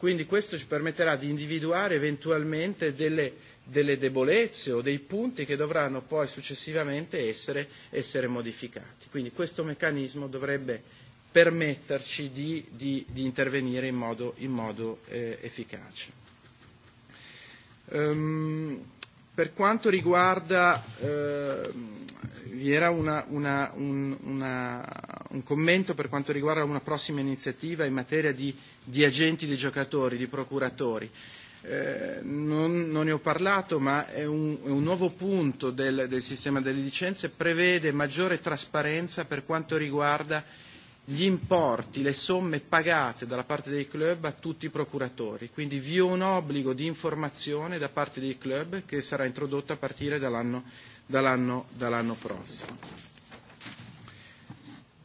Quindi questo ci permetterà di individuare eventualmente delle, delle debolezze o dei punti che dovranno poi successivamente essere, essere modificati. Quindi questo meccanismo dovrebbe permetterci di, di, di intervenire in modo, in modo eh, efficace. Um, Per quanto riguarda, eh, vi era una, una, un, una, un commento per quanto riguarda una prossima iniziativa in materia di, di agenti, di giocatori, di procuratori. Eh, non, non ne ho parlato, ma è un, è un nuovo punto del, del sistema delle licenze, prevede maggiore trasparenza per quanto riguarda gli importi, le somme pagate dalla parte dei club a tutti i procuratori, quindi vi è un obbligo di informazione da parte dei club che sarà introdotto a partire dall'anno, dall'anno, dall'anno prossimo.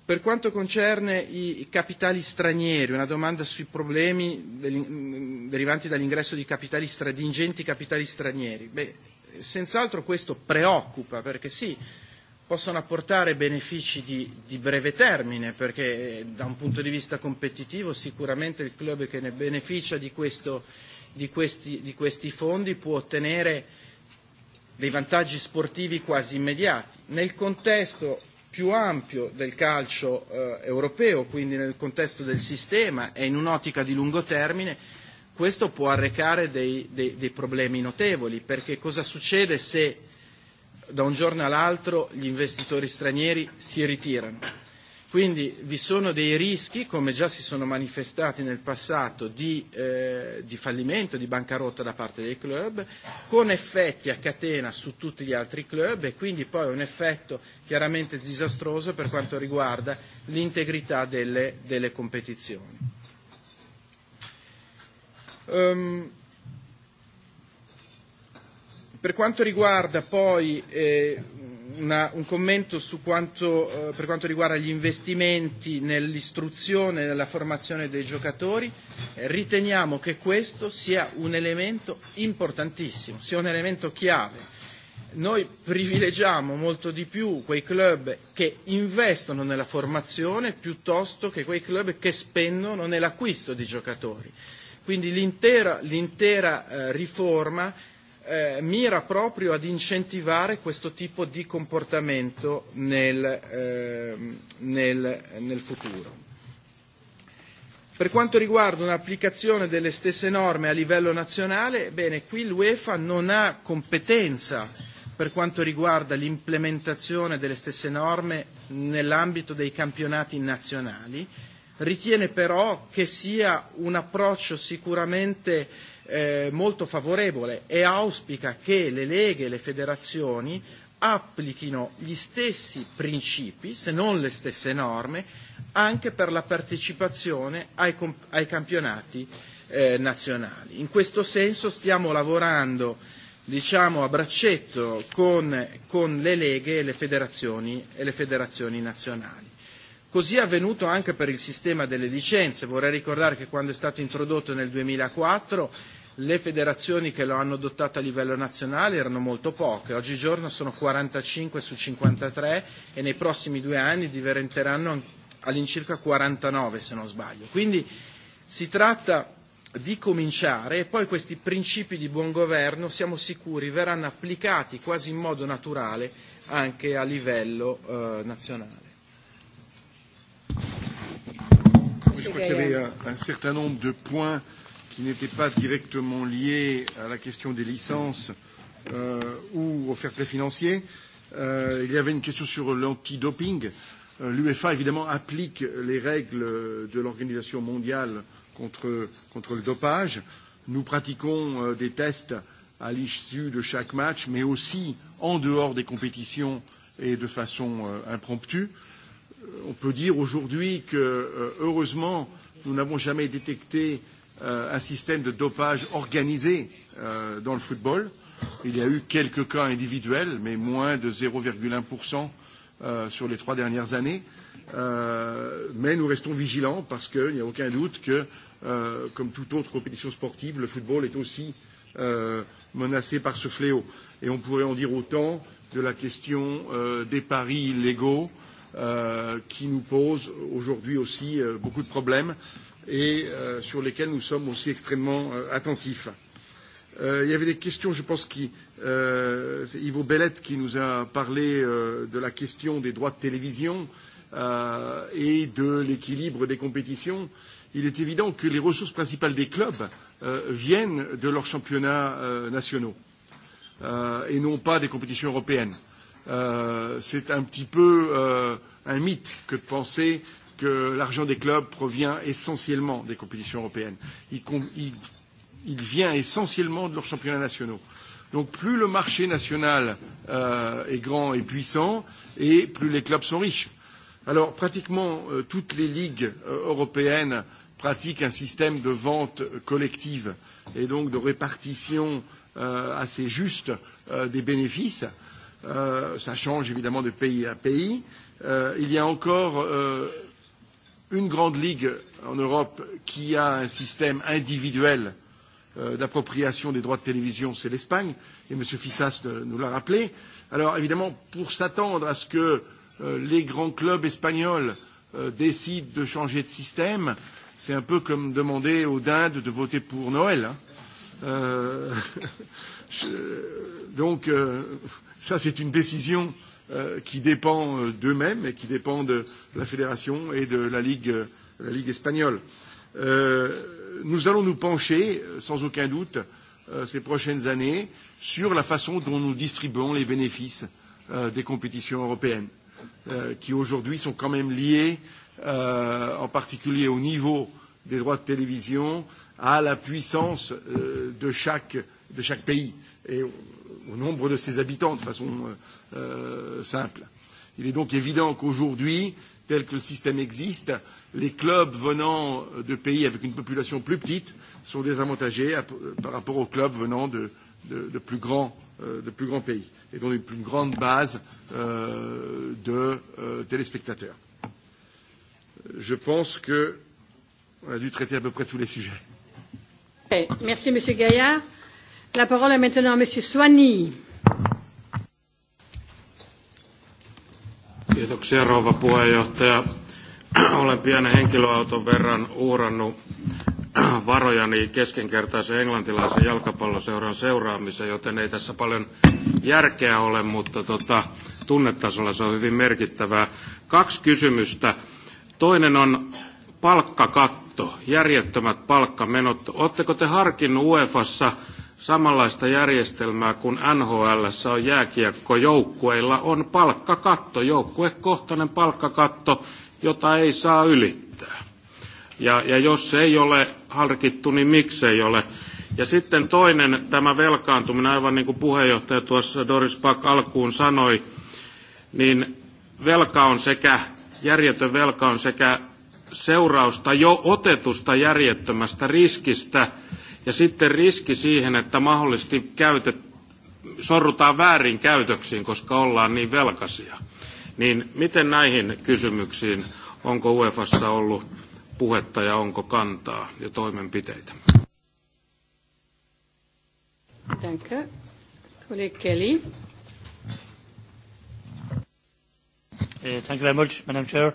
Per quanto concerne i capitali stranieri, una domanda sui problemi mm, derivanti dall'ingresso di, capitali, di ingenti capitali stranieri, beh, senz'altro questo preoccupa perché sì, possono apportare benefici di, di breve termine, perché eh, da un punto di vista competitivo sicuramente il club che ne beneficia di, questo, di, questi, di questi fondi può ottenere dei vantaggi sportivi quasi immediati. Nel contesto più ampio del calcio eh, europeo, quindi nel contesto del sistema e in un'ottica di lungo termine, questo può arrecare dei, dei, dei problemi notevoli, perché cosa succede se da un giorno all'altro gli investitori stranieri si ritirano. Quindi vi sono dei rischi, come già si sono manifestati nel passato, di, eh, di fallimento, di bancarotta da parte dei club, con effetti a catena su tutti gli altri club e quindi poi un effetto chiaramente disastroso per quanto riguarda l'integrità delle, delle competizioni. Um, Per quanto riguarda poi eh, una, un commento su quanto, eh, per quanto riguarda gli investimenti nell'istruzione e nella formazione dei giocatori, eh, riteniamo che questo sia un elemento importantissimo, sia un elemento chiave. Noi privilegiamo molto di più quei club che investono nella formazione piuttosto che quei club che spendono nell'acquisto di giocatori. Quindi l'intera, l'intera eh, riforma eh, mira proprio ad incentivare questo tipo di comportamento nel, eh, nel, nel futuro. Per quanto riguarda un'applicazione delle stesse norme a livello nazionale, bene, qui l'UEFA non ha competenza per quanto riguarda l'implementazione delle stesse norme nell'ambito dei campionati nazionali, ritiene però che sia un approccio sicuramente eh, molto favorevole e auspica che le leghe e le federazioni applichino gli stessi principi, se non le stesse norme, anche per la partecipazione ai, ai campionati eh, nazionali. In questo senso stiamo lavorando diciamo, a braccetto con, con le leghe e le, federazioni, e le federazioni nazionali. Così è avvenuto anche per il sistema delle licenze. Vorrei ricordare che quando è stato introdotto nel 2004 le federazioni che lo hanno adottato a livello nazionale erano molto poche, oggigiorno sono 45 su 53 e nei prossimi due anni diventeranno all'incirca 49 se non sbaglio. Quindi si tratta di cominciare e poi questi principi di buon governo siamo sicuri verranno applicati quasi in modo naturale anche a livello eh, nazionale. Je crois qu'il y avait un certain nombre de points qui n'était pas directement lié à la question des licences euh, ou au fair play financier. Euh, il y avait une question sur l'anti-doping. Euh, L'UEFA, évidemment, applique les règles de l'Organisation mondiale contre, contre le dopage. Nous pratiquons euh, des tests à l'issue de chaque match, mais aussi en dehors des compétitions et de façon euh, impromptue. Euh, on peut dire aujourd'hui que, euh, heureusement, nous n'avons jamais détecté euh, un système de dopage organisé euh, dans le football. Il y a eu quelques cas individuels, mais moins de 0,1% euh, sur les trois dernières années. Euh, mais nous restons vigilants parce qu'il n'y a aucun doute que, euh, comme toute autre compétition sportive, le football est aussi euh, menacé par ce fléau. Et on pourrait en dire autant de la question euh, des paris illégaux euh, qui nous pose aujourd'hui aussi euh, beaucoup de problèmes. Euh, et euh, sur lesquels nous sommes aussi extrêmement euh, attentifs. Euh, il y avait des questions, je pense, qui, euh, c'est Ivo Bellette qui nous a parlé euh, de la question des droits de télévision euh, et de l'équilibre des compétitions. Il est évident que les ressources principales des clubs euh, viennent de leurs championnats euh, nationaux euh, et non pas des compétitions européennes. Euh, c'est un petit peu euh, un mythe que de penser euh, que l'argent des clubs provient essentiellement des compétitions européennes. Il, il, il vient essentiellement de leurs championnats nationaux. Donc plus le marché national euh, est grand et puissant, et plus les clubs sont riches. Alors pratiquement euh, toutes les ligues euh, européennes pratiquent un système de vente collective et donc de répartition euh, assez juste euh, des bénéfices. Euh, ça change évidemment de pays à pays. Euh, il y a encore euh, une grande ligue en Europe qui a un système individuel euh, d'appropriation des droits de télévision, c'est l'Espagne, et M. Fissas nous l'a rappelé. Alors évidemment, pour s'attendre à ce que euh, les grands clubs espagnols euh, décident de changer de système, c'est un peu comme demander aux dindes de voter pour Noël. Hein. Euh, je, donc, euh, ça c'est une décision euh, Euh, qui dépend euh, d'eux-mêmes et qui dépend de la fédération et de la Ligue, euh, la Ligue espagnole. Euh, nous allons nous pencher, sans aucun doute, euh, ces prochaines années, sur la façon dont nous distribuons les bénéfices euh, des compétitions européennes, euh, qui aujourd'hui sont quand même liées, euh, en particulier au niveau des droits de télévision, à la puissance euh, de, chaque, de chaque pays. Et au nombre de ses habitants de façon euh, euh, simple. Il est donc évident qu'aujourd'hui, tel que le système existe, les clubs venant de pays avec une population plus petite sont désavantagés à, par rapport aux clubs venant de, de, de, plus, grands, euh, de plus grands pays et donc une plus grande base euh, de euh, téléspectateurs. Je pense qu'on a dû traiter à peu près tous les sujets. Merci Monsieur Gaillard. La parole est maintenant à Monsieur Soigny. Kiitoksia rouva puheenjohtaja. Olen pienen henkilöauton verran uhrannut varojani keskinkertaisen englantilaisen jalkapalloseuran seuraamiseen, joten ei tässä paljon järkeä ole, mutta tota, tunnetasolla se on hyvin merkittävää. Kaksi kysymystä. Toinen on palkkakatto, järjettömät palkkamenot. Oletteko te harkinnut UEFassa – samanlaista järjestelmää kuin NHL on jääkiekkojoukkueilla on palkkakatto, joukkuekohtainen palkkakatto, jota ei saa ylittää. Ja, ja jos se ei ole harkittu, niin miksei ole. Ja sitten toinen, tämä velkaantuminen, aivan niin kuin puheenjohtaja tuossa Doris Pak alkuun sanoi, niin velka on sekä, järjetön velka on sekä seurausta jo otetusta järjettömästä riskistä – ja sitten riski siihen, että mahdollisesti käytet, sorrutaan väärin käytöksiin, koska ollaan niin velkaisia. Niin miten näihin kysymyksiin, onko UEFassa ollut puhetta ja onko kantaa ja toimenpiteitä? Danke. Kelly. Uh, thank you very much, Madam Chair.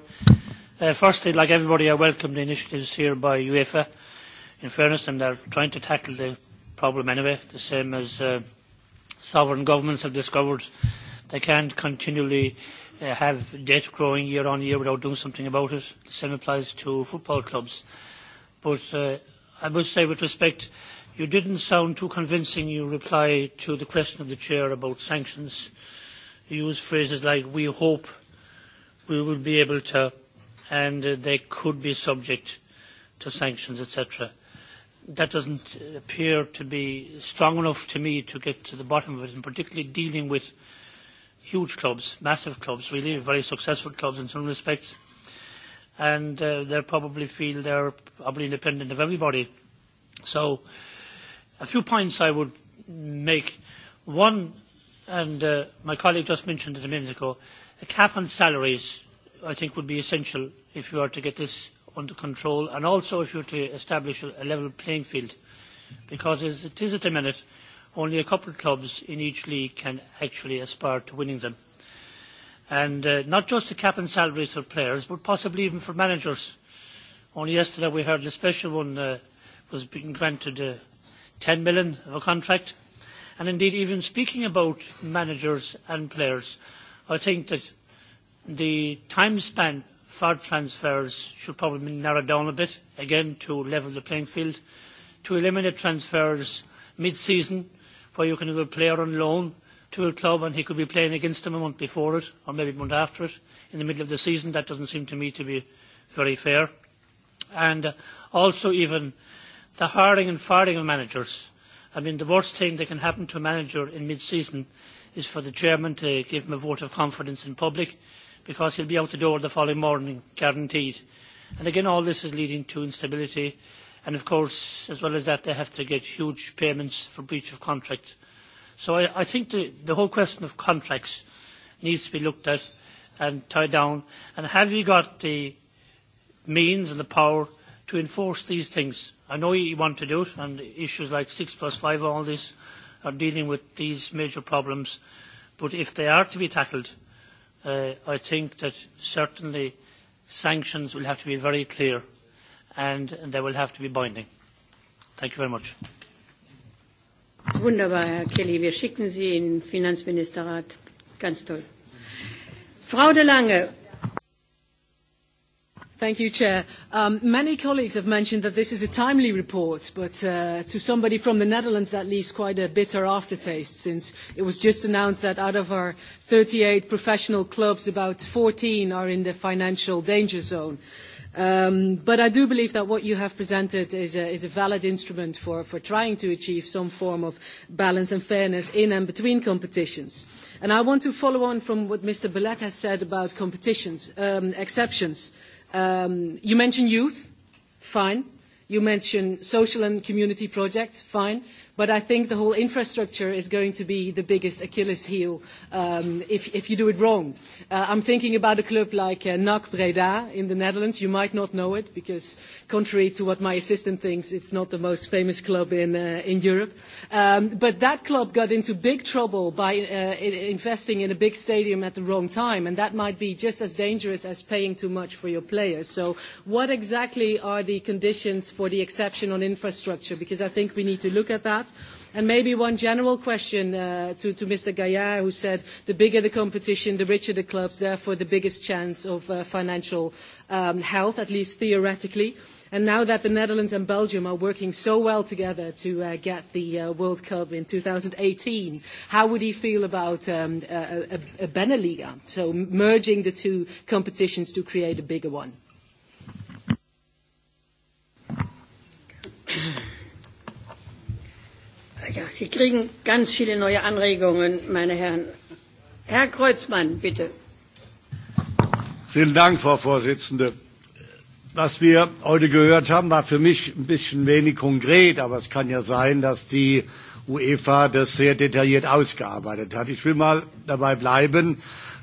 Uh, firstly, like everybody, I welcome the initiatives here by UEFA in fairness to them, are trying to tackle the problem anyway, the same as uh, sovereign governments have discovered. They can't continually uh, have debt growing year on year without doing something about it. The same applies to football clubs. But uh, I must say, with respect, you didn't sound too convincing. your reply to the question of the chair about sanctions. You use phrases like "we hope," "we will be able to," and uh, "they could be subject to sanctions," etc that doesn't appear to be strong enough to me to get to the bottom of it, and particularly dealing with huge clubs, massive clubs, really very successful clubs in some respects. And uh, they probably feel they're probably independent of everybody. So a few points I would make. One, and uh, my colleague just mentioned it a minute ago, a cap on salaries I think would be essential if you are to get this under control and also to uh, establish a level playing field because as it is at the minute only a couple of clubs in each league can actually aspire to winning them. And uh, not just the cap and salaries for players but possibly even for managers. Only yesterday we heard a special one uh, was being granted uh, 10 million of a contract and indeed even speaking about managers and players I think that the time spent for transfers should probably be narrowed down a bit, again, to level the playing field, to eliminate transfers mid-season, where you can have a player on loan to a club and he could be playing against them a month before it, or maybe a month after it, in the middle of the season. That doesn't seem to me to be very fair. And uh, also even the hiring and firing of managers. I mean, the worst thing that can happen to a manager in mid-season is for the chairman to give him a vote of confidence in public because he'll be out the door the following morning, guaranteed. And again, all this is leading to instability. And of course, as well as that, they have to get huge payments for breach of contract. So I, I think the, the whole question of contracts needs to be looked at and tied down. And have you got the means and the power to enforce these things? I know you want to do it, and issues like six plus five, all this, are dealing with these major problems. But if they are to be tackled, Uh, I think that certainly sanctions will have to be very clear and they will have to be binding. Thank you very much. Wunderbar, Herr Kelly. Wir schicken Sie in den Finanzministerrat. Ganz toll. Frau de Lange, Thank you, Chair. Um, many colleagues have mentioned that this is a timely report, but uh, to somebody from the Netherlands, that leaves quite a bitter aftertaste, since it was just announced that out of our thirty eight professional clubs, about fourteen are in the financial danger zone. Um, but I do believe that what you have presented is a, is a valid instrument for, for, trying to achieve some form of balance and fairness in and between competitions. And I want to follow on from what Mr. Bellet has said about competitions, um, exceptions. Uh, Um, you mentioned youth, fine. You mentioned social and community projects, fine. But I think the whole infrastructure is going to be the biggest Achilles heel um, if, if you do it wrong. Uh, I'm thinking about a club like uh, NAC Breda in the Netherlands. You might not know it because, contrary to what my assistant thinks, it's not the most famous club in, uh, in Europe. Um, but that club got into big trouble by uh, investing in a big stadium at the wrong time, and that might be just as dangerous as paying too much for your players. So, what exactly are the conditions for the exception on infrastructure? Because I think we need to look at that that. And maybe one general question uh, to, Mr. Gaillard, who said the bigger the competition, the richer the clubs, therefore the biggest chance of uh, financial um, health, at least theoretically. And now that the Netherlands and Belgium are working so well together to uh, get the World Cup in 2018, how would he feel about um, a, Benelux? So merging the two competitions to create a bigger one. ja, Sie kriegen ganz viele neue Anregungen, meine Herren. Herr Kreuzmann, bitte. Vielen Dank, Frau Vorsitzende. Was wir heute gehört haben, war für mich ein bisschen wenig konkret, aber es kann ja sein, dass die UEFA das sehr detailliert ausgearbeitet hat. Ich will mal dabei bleiben,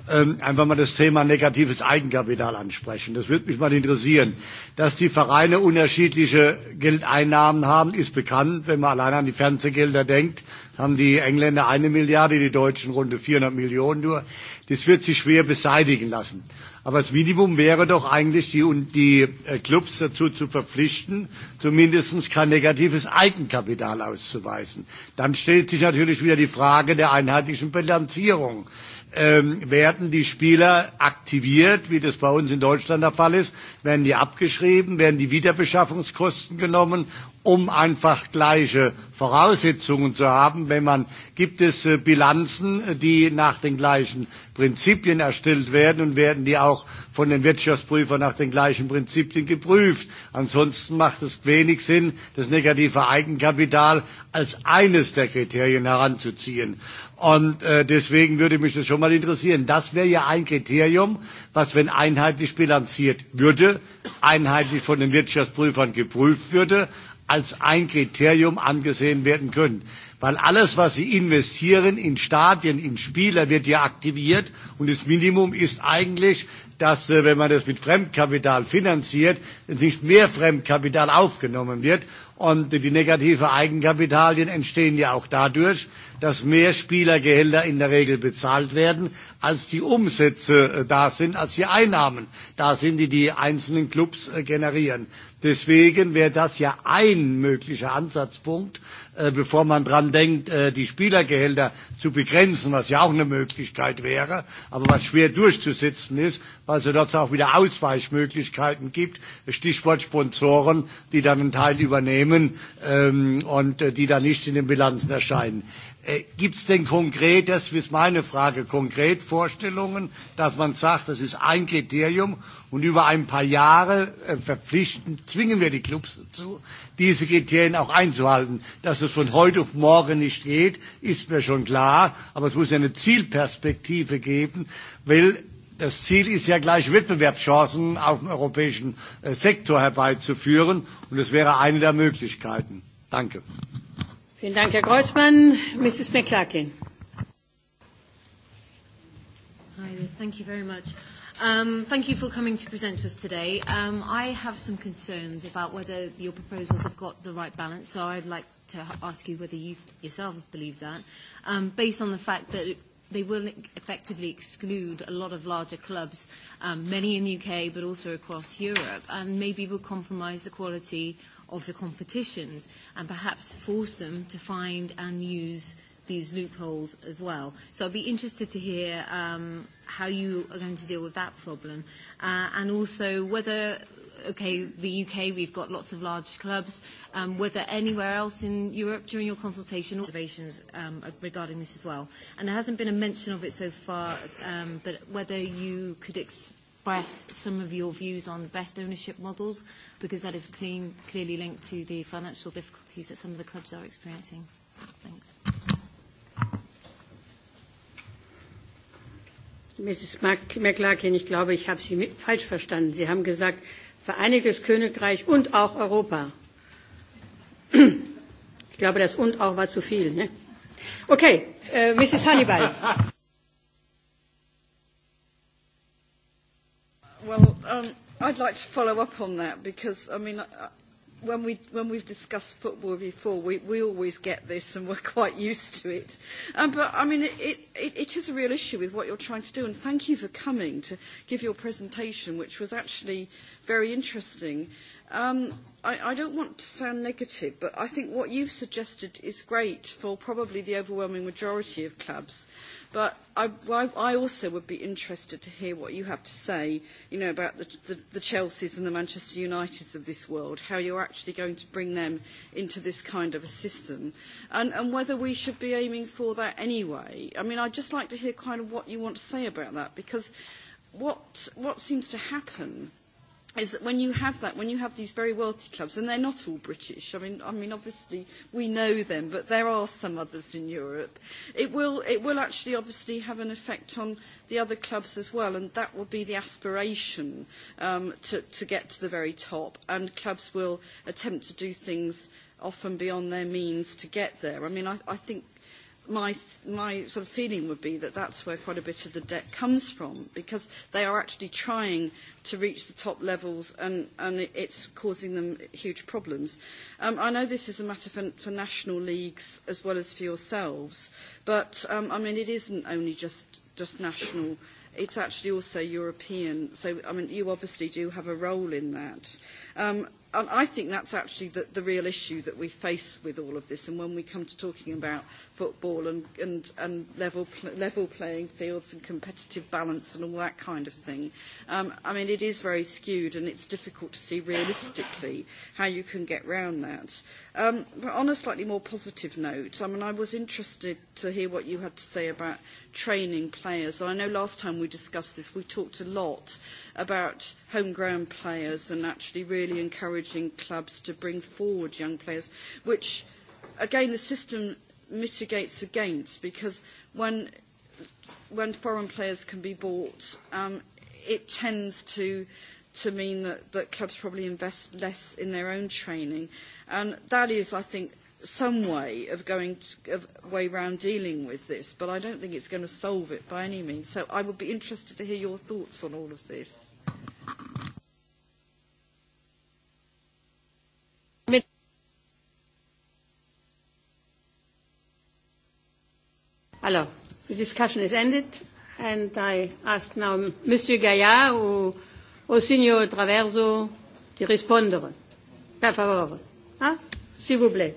Ähm, einfach mal das Thema negatives Eigenkapital ansprechen. Das würde mich mal interessieren. Dass die Vereine unterschiedliche Geldeinnahmen haben, ist bekannt. Wenn man allein an die Fernsehgelder denkt, haben die Engländer eine Milliarde, die Deutschen runde 400 Millionen nur. Das wird sich schwer beseitigen lassen. Aber das Minimum wäre doch eigentlich, die, die äh, Clubs dazu zu verpflichten, zumindest kein negatives Eigenkapital auszuweisen. Dann stellt sich natürlich wieder die Frage der einheitlichen Bilanzierung ähm, werden die Spieler aktiviert, wie das bei uns in Deutschland der Fall ist, werden die abgeschrieben, werden die Wiederbeschaffungskosten genommen, um einfach gleiche Voraussetzungen zu haben. Wenn man, gibt es äh, Bilanzen, äh, die nach den gleichen Prinzipien erstellt werden und werden die auch von den Wirtschaftsprüfern nach den gleichen Prinzipien geprüft. Ansonsten macht es wenig Sinn, das negative Eigenkapital als eines der Kriterien heranzuziehen. Und äh, deswegen würde mich das schon mal interessieren. Das wäre ja ein Kriterium, was, wenn einheitlich bilanziert würde, einheitlich von den Wirtschaftsprüfern geprüft würde, als ein Kriterium angesehen werden können. Weil alles, was Sie investieren in Stadien, in Spieler, wird ja aktiviert. Und das Minimum ist eigentlich, dass, äh, wenn man das mit Fremdkapital finanziert, nicht mehr Fremdkapital aufgenommen wird. Und die negative Eigenkapitalien entstehen ja auch dadurch, dass mehr Spielergehälter in der Regel bezahlt werden, als die Umsätze äh, da sind, als die Einnahmen da sind, die die einzelnen Clubs äh, generieren. Deswegen wäre das ja ein möglicher Ansatzpunkt, äh, bevor man daran denkt, die Spielergehälter zu begrenzen, was ja auch eine Möglichkeit wäre, aber was schwer durchzusetzen ist, weil es ja dort auch wieder Ausweichmöglichkeiten gibt, Stichwort Sponsoren, die dann einen Teil übernehmen ähm, und die dann nicht in den Bilanzen erscheinen. Äh, Gibt es denn konkret, das ist meine Frage, konkret Vorstellungen, dass man sagt, das ist ein Kriterium und über ein paar Jahre verpflichten, äh, verpflichtend zwingen wir die Clubs dazu, diese Kriterien auch einzuhalten. Dass es von heute auf morgen nicht geht, ist mir schon klar, aber es muss eine Zielperspektive geben, weil das Ziel ist ja gleich Wettbewerbschancen auf dem europäischen äh, Sektor herbeizuführen und das wäre eine der Möglichkeiten. Danke. Vielen Dank, Herr Kreuzmann. Mrs. McClarkin. Hi, thank you very much. Um, thank you for coming to present to us today. Um, I have some concerns about whether your proposals have got the right balance, so I'd like to ask you whether you yourselves believe that, um, based on the fact that they will effectively exclude a lot of larger clubs, um, many in the UK, but also across Europe, and maybe will compromise the quality of the competitions and perhaps force them to find and use these loopholes as well. So I'd be interested to hear um, how you are going to deal with that problem uh, and also whether okay, the UK, we've got lots of large clubs. Um, whether anywhere else in Europe during your consultation, observations um, regarding this as well. And there hasn't been a mention of it so far, um, but whether you could ex- express some of your views on best ownership models, because that is clean, clearly linked to the financial difficulties that some of the clubs are experiencing. Thanks. Mrs. McLaughlin, ich glaube, ich habe Sie falsch verstanden. Sie haben gesagt, Vereinigtes Königreich und auch Europa. Ich glaube, das und auch war zu viel. Ne? Okay, äh, Mrs. Honeyball. Um, I'd like to follow up on that because, I mean, uh, when, we, when we've discussed football before, we, we always get this and we're quite used to it. Um, but, I mean, it, it, it is a real issue with what you're trying to do. And thank you for coming to give your presentation, which was actually very interesting. Um, I, I don't want to sound negative, but I think what you've suggested is great for probably the overwhelming majority of clubs. But I, I also would be interested to hear what you have to say, you know, about the, the, the Chelseas and the Manchester Uniteds of this world, how you're actually going to bring them into this kind of a system, and, and whether we should be aiming for that anyway. I mean, I'd just like to hear kind of what you want to say about that, because what, what seems to happen is that when you have that, when you have these very wealthy clubs, and they're not all British, I mean, I mean obviously we know them, but there are some others in Europe, it will, it will actually obviously have an effect on the other clubs as well, and that will be the aspiration um, to, to get to the very top, and clubs will attempt to do things often beyond their means to get there. I mean, I, I think my, my sort of feeling would be that that's where quite a bit of the debt comes from, because they are actually trying to reach the top levels and, and it's causing them huge problems. Um, I know this is a matter for, for national leagues as well as for yourselves, but um, I mean, it isn't only just, just national, it's actually also European. So, I mean, you obviously do have a role in that. Um, and I think that's actually the, the real issue that we face with all of this. And when we come to talking about football and, and, and level, pl- level playing fields and competitive balance and all that kind of thing, um, I mean, it is very skewed and it's difficult to see realistically how you can get round that. Um, but on a slightly more positive note, I mean, I was interested to hear what you had to say about training players. I know last time we discussed this, we talked a lot about homegrown players and actually really encouraging clubs to bring forward young players, which, again, the system mitigates against because when, when foreign players can be bought, um, it tends to to mean that, that clubs probably invest less in their own training. And that is, I think, some way of going to, of way around dealing with this, but I don't think it's going to solve it by any means. So I would be interested to hear your thoughts on all of this. Hello. The discussion is ended, and I ask now Monsieur Gaillard or, or Signor Traverso to respond. Per favore. Ah? S'il vous plaît.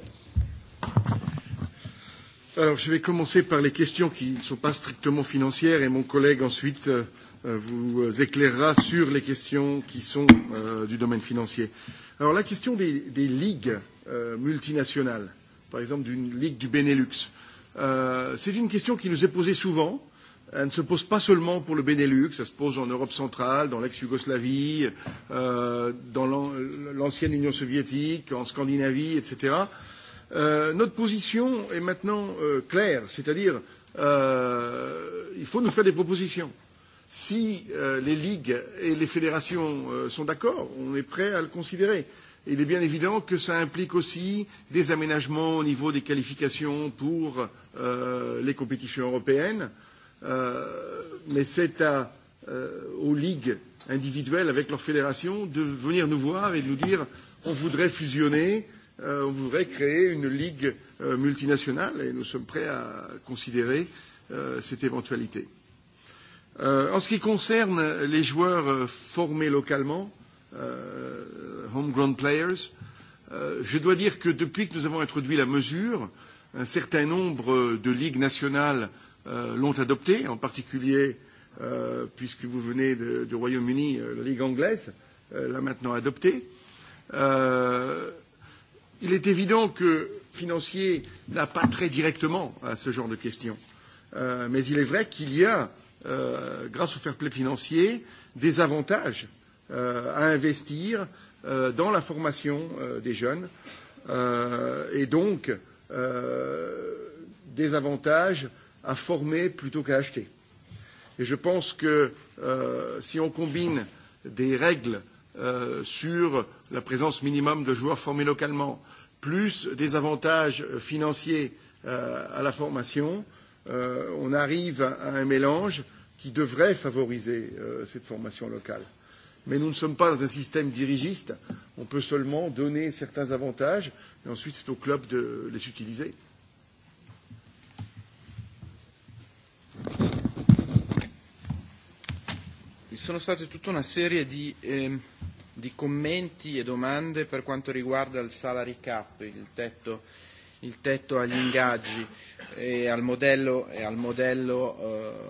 Alors, je vais commencer par les questions qui ne sont pas strictement financières et mon collègue ensuite euh, euh, vous éclairera sur les questions qui sont euh, du domaine financier. Alors, la question des, des ligues euh, multinationales, par exemple d'une ligue du Benelux, euh, c'est une question qui nous est posée souvent. Elle ne se pose pas seulement pour le Benelux, elle se pose en Europe centrale, dans l'ex-Yougoslavie, euh, dans l'ancienne Union soviétique, en Scandinavie, etc. Euh, notre position est maintenant euh, claire, c'est-à-dire euh, il faut nous faire des propositions. Si euh, les ligues et les fédérations euh, sont d'accord, on est prêt à le considérer. Il est bien évident que cela implique aussi des aménagements au niveau des qualifications pour euh, les compétitions européennes, euh, mais c'est euh, aux ligues individuelles avec leurs fédérations de venir nous voir et de nous dire on voudrait fusionner euh, euh, on voudrait créer une ligue euh, multinationale et nous sommes prêts à considérer euh, cette éventualité. Euh, en ce qui concerne les joueurs euh, formés localement, euh, homegrown players, euh, je dois dire que depuis que nous avons introduit la mesure, un certain nombre de ligues nationales euh, l'ont adoptée, en particulier euh, puisque vous venez du Royaume-Uni, euh, la Ligue anglaise euh, l'a maintenant adoptée. Euh, Il est évident que financier n'a pas très directement à ce genre de questions. Euh, mais il est vrai qu'il y a, euh, grâce au fair play financier, des avantages euh, à investir euh, dans la formation euh, des jeunes euh, et donc euh, des avantages à former plutôt qu'à acheter. Et je pense que euh, si on combine des règles euh, sur la présence minimum de joueurs formés localement, plus des avantages financiers euh, à la formation, euh, on arrive à un mélange qui devrait favoriser euh, cette formation locale. Mais nous ne sommes pas dans un système dirigiste, on peut seulement donner certains avantages et ensuite c'est au club de les utiliser. Sono state tutta una serie di eh, di commenti e domande per quanto riguarda il salary cap, il tetto, il tetto agli ingaggi e al modello, e al modello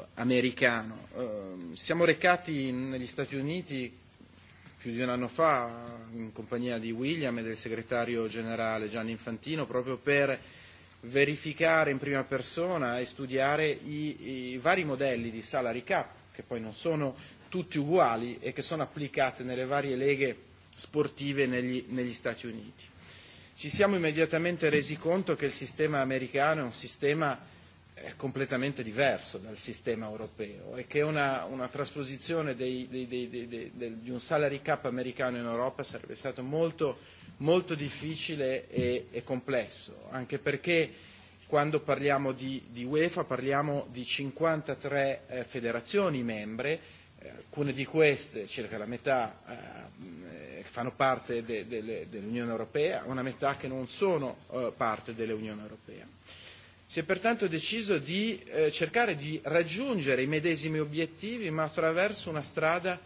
eh, americano. Eh, siamo recati negli Stati Uniti più di un anno fa in compagnia di William e del segretario generale Gianni Infantino proprio per verificare in prima persona e studiare i, i vari modelli di salary cap che poi non sono tutti uguali e che sono applicate nelle varie leghe sportive negli, negli Stati Uniti. Ci siamo immediatamente resi conto che il sistema americano è un sistema eh, completamente diverso dal sistema europeo e che una, una trasposizione dei, dei, dei, dei, dei, dei, di un salary cap americano in Europa sarebbe stato molto, molto difficile e, e complesso, anche perché quando parliamo di, di UEFA parliamo di 53 eh, federazioni membre alcune di queste, circa la metà, eh, fanno parte de, de, de, dell'Unione Europea, una metà che non sono eh, parte dell'Unione Europea. Si è pertanto deciso di eh, cercare di raggiungere i medesimi obiettivi, ma attraverso una strada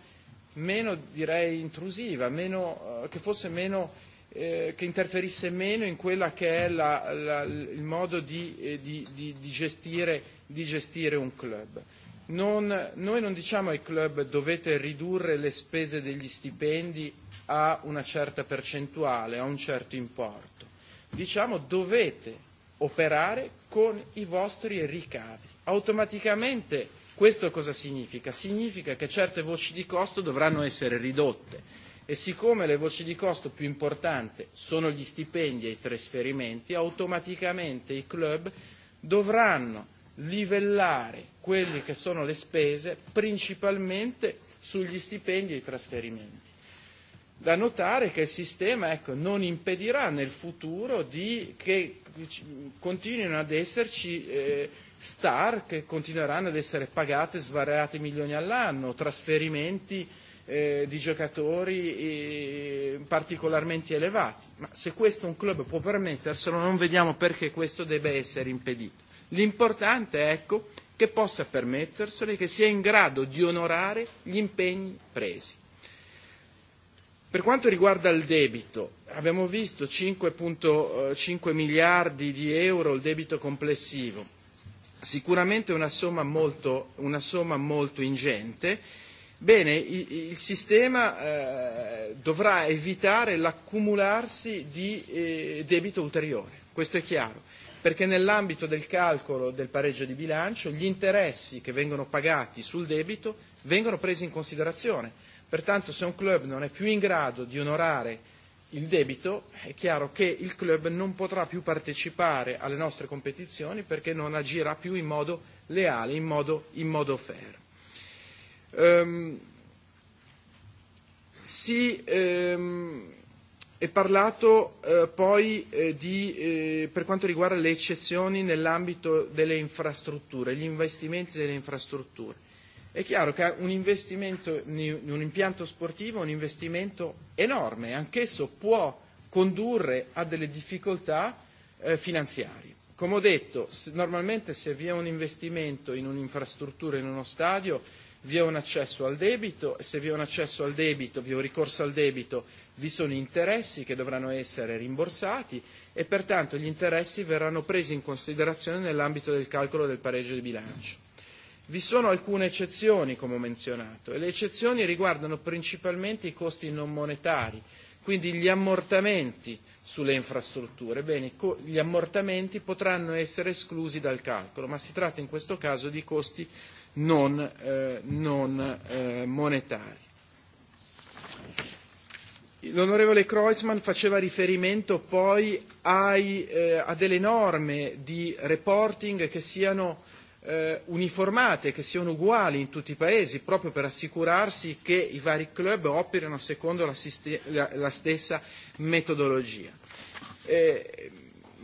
meno, direi, intrusiva, meno, eh, che fosse meno eh, che interferisse meno in quella che è la, la, il modo di, eh, di, di, di, gestire, di gestire un club non, noi non diciamo ai club dovete ridurre le spese degli stipendi a una certa percentuale, a un certo importo. Diciamo dovete operare con i vostri ricavi. Automaticamente questo cosa significa? Significa che certe voci di costo dovranno essere ridotte e siccome le voci di costo più importanti sono gli stipendi e i trasferimenti, automaticamente i club dovranno livellare quelle che sono le spese principalmente sugli stipendi e i trasferimenti. Da notare che il sistema ecco, non impedirà nel futuro di, che continuino ad esserci eh, star che continueranno ad essere pagate svariati milioni all'anno, trasferimenti eh, di giocatori eh, particolarmente elevati. Ma se questo un club può permetterselo non vediamo perché questo debba essere impedito. L'importante ecco, che possa permetterseli che sia in grado di onorare gli impegni presi. Per quanto riguarda il debito, abbiamo visto 5.5 eh, miliardi di euro il debito complessivo, sicuramente una somma molto, una somma molto ingente. Bene, il, il sistema eh, dovrà evitare l'accumularsi di eh, debito ulteriore, questo è chiaro perché nell'ambito del calcolo del pareggio di bilancio gli interessi che vengono pagati sul debito vengono presi in considerazione. Pertanto se un club non è più in grado di onorare il debito, è chiaro che il club non potrà più partecipare alle nostre competizioni perché non agirà più in modo leale, in modo, in modo fair. Um, si, um, è parlato eh, poi eh, di, eh, per quanto riguarda le eccezioni nell'ambito delle infrastrutture, gli investimenti delle infrastrutture. È chiaro che un investimento in un impianto sportivo è un investimento enorme, anch'esso può condurre a delle difficoltà eh, finanziarie. Come ho detto, se, normalmente se vi è un investimento in un'infrastruttura, in uno stadio, vi è un accesso al debito e se vi è un accesso al debito, vi è un ricorso al debito vi sono interessi che dovranno essere rimborsati e pertanto gli interessi verranno presi in considerazione nell'ambito del calcolo del pareggio di bilancio. Vi sono alcune eccezioni, come ho menzionato, e le eccezioni riguardano principalmente i costi non monetari, quindi gli ammortamenti sulle infrastrutture. Bene, gli ammortamenti potranno essere esclusi dal calcolo, ma si tratta in questo caso di costi non, eh, non eh, monetari. L'onorevole Kreutzmann faceva riferimento poi ai, eh, a delle norme di reporting che siano eh, uniformate, che siano uguali in tutti i paesi, proprio per assicurarsi che i vari club operino secondo la, la, la stessa metodologia. Eh,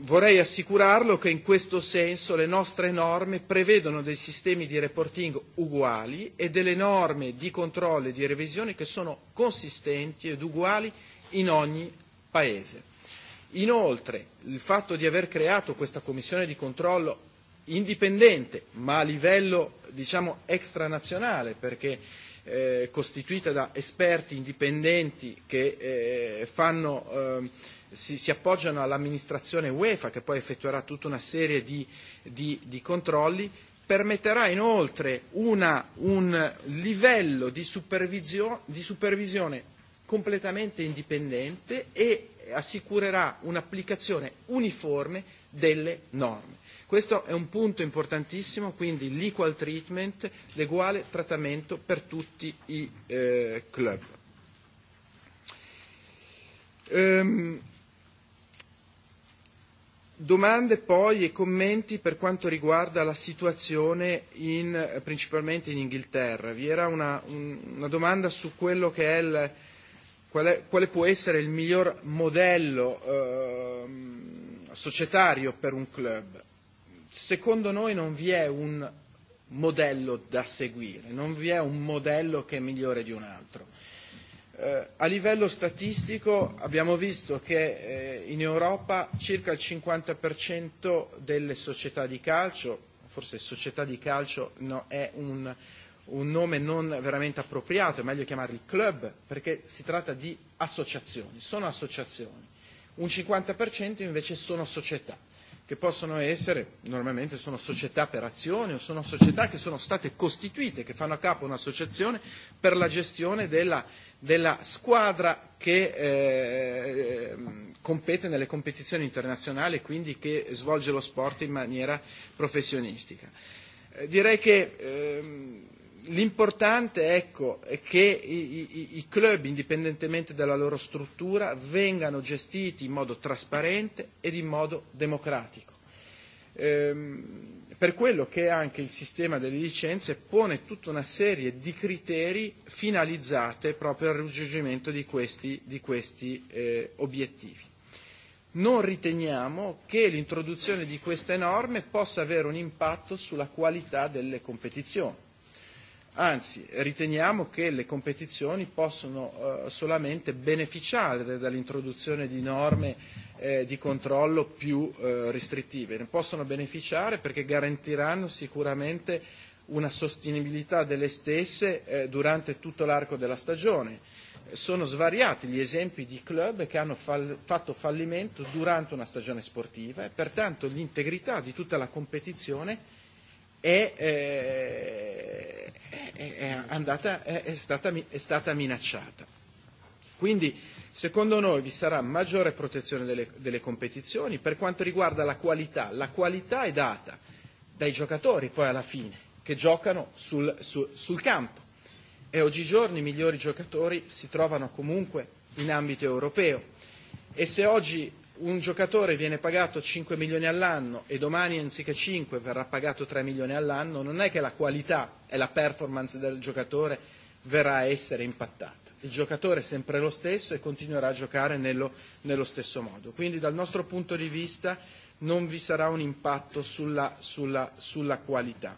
vorrei assicurarlo che in questo senso le nostre norme prevedono dei sistemi di reporting uguali e delle norme di controllo e di revisione che sono consistenti ed uguali in ogni Paese. Inoltre, il fatto di aver creato questa commissione di controllo indipendente, ma a livello diciamo extranazionale, perché eh, costituita da esperti indipendenti che eh, fanno eh, si, si appoggiano all'amministrazione UEFA che poi effettuerà tutta una serie di, di, di controlli, permetterà inoltre una, un livello di, supervisione, di supervisione completamente indipendente e assicurerà un'applicazione uniforme delle norme. Questo è un punto importantissimo, quindi l'equal treatment, l'eguale trattamento per tutti i eh, club. Ehm, Domande poi e commenti per quanto riguarda la situazione in, principalmente in Inghilterra. Vi era una, un, una domanda su quello che è il, quale, quale può essere il miglior modello eh, societario per un club. Secondo noi non vi è un modello da seguire, non vi è un modello che è migliore di un altro Eh, a livello statistico abbiamo visto che eh, in Europa circa il 50% delle società di calcio, forse società di calcio no, è un, un nome non veramente appropriato, è meglio chiamarli club, perché si tratta di associazioni, sono associazioni. Un 50% invece sono società che possono essere, normalmente sono società per azioni o sono società che sono state costituite, che fanno a capo un'associazione per la gestione della, della squadra che eh, compete nelle competizioni internazionali e quindi che svolge lo sport in maniera professionistica. Eh, direi che eh, l'importante ecco, è che i, i, i club, indipendentemente dalla loro struttura, vengano gestiti in modo trasparente ed in modo democratico. Ehm, per quello che anche il sistema delle licenze pone tutta una serie di criteri finalizzate proprio al raggiungimento di questi, di questi eh, obiettivi. Non riteniamo che l'introduzione di queste norme possa avere un impatto sulla qualità delle competizioni Anzi, riteniamo che le competizioni possono eh, solamente beneficiare dall'introduzione di norme eh, di controllo più eh, restrittive. Ne possono beneficiare perché garantiranno sicuramente una sostenibilità delle stesse eh, durante tutto l'arco della stagione. Sono svariati gli esempi di club che hanno fal- fatto fallimento durante una stagione sportiva e pertanto l'integrità di tutta la competizione Eh, è, è, andata, è, stata, è stata minacciata. Quindi secondo noi vi sarà maggiore protezione delle, delle competizioni. Per quanto riguarda la qualità, la qualità è data dai giocatori poi alla fine, che giocano sul, su, sul campo. E oggigiorno i migliori giocatori si trovano comunque in ambito europeo. E se oggi un giocatore viene pagato 5 milioni all'anno e domani anziché 5 verrà pagato 3 milioni all'anno, non è che la qualità e la performance del giocatore verrà a essere impattata. Il giocatore è sempre lo stesso e continuerà a giocare nello, nello stesso modo. Quindi dal nostro punto di vista non vi sarà un impatto sulla, sulla, sulla qualità.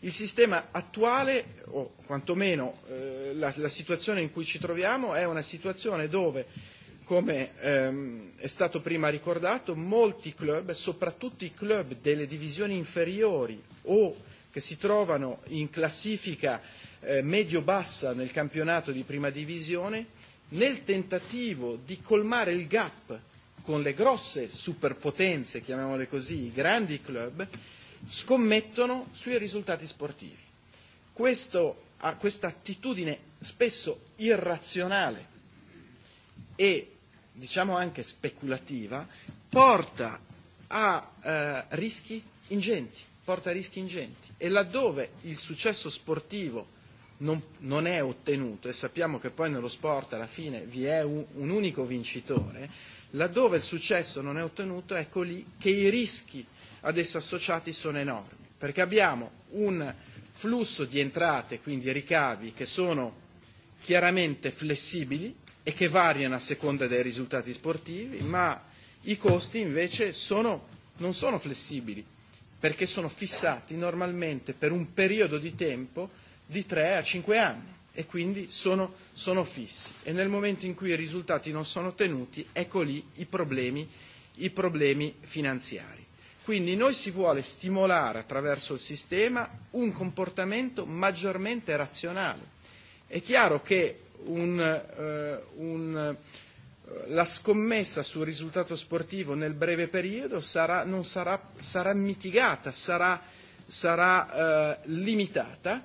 Il sistema attuale, o quantomeno eh, la, la situazione in cui ci troviamo, è una situazione dove come ehm, è stato prima ricordato, molti club, e soprattutto i club delle divisioni inferiori o che si trovano in classifica eh, medio-bassa nel campionato di prima divisione, nel tentativo di colmare il gap con le grosse superpotenze, chiamiamole così, i grandi club, scommettono sui risultati sportivi. Questo, questa attitudine spesso irrazionale e diciamo anche speculativa, porta a eh, rischi ingenti, porta a rischi ingenti. E laddove il successo sportivo non, non è ottenuto, e sappiamo che poi nello sport alla fine vi è un, un unico vincitore, laddove il successo non è ottenuto, ecco lì che i rischi ad esso associati sono enormi, perché abbiamo un flusso di entrate, quindi ricavi, che sono chiaramente flessibili, e che variano a seconda dei risultati sportivi, ma i costi invece sono, non sono flessibili perché sono fissati normalmente per un periodo di tempo di 3 a 5 anni e quindi sono, sono fissi e nel momento in cui i risultati non sono ottenuti ecco lì i problemi, i problemi finanziari. Quindi noi si vuole stimolare attraverso il sistema un comportamento maggiormente razionale. È chiaro che un, eh, un, eh, la scommessa sul risultato sportivo nel breve periodo sarà, non sarà, sarà mitigata, sarà, sarà eh, limitata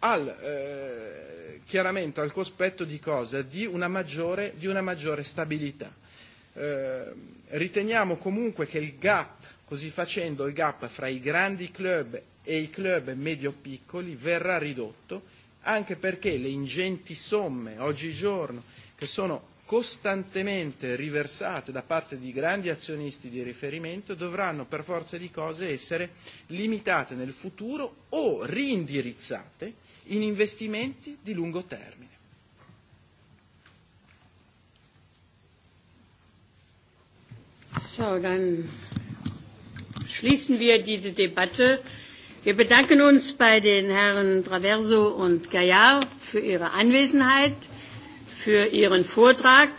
al, eh, chiaramente al cospetto di cosa? Di una maggiore, di una maggiore stabilità. Eh, riteniamo comunque che il gap, così facendo il gap fra i grandi club e i club medio-piccoli verrà ridotto anche perché le ingenti somme oggigiorno che sono costantemente riversate da parte di grandi azionisti di riferimento dovranno per forza di cose essere limitate nel futuro o riindirizzate in investimenti di lungo termine. So, dann schließen wir diese Debatte. Wir bedanken uns bei den Herren Traverso und Gaillard für ihre Anwesenheit, für ihren Vortrag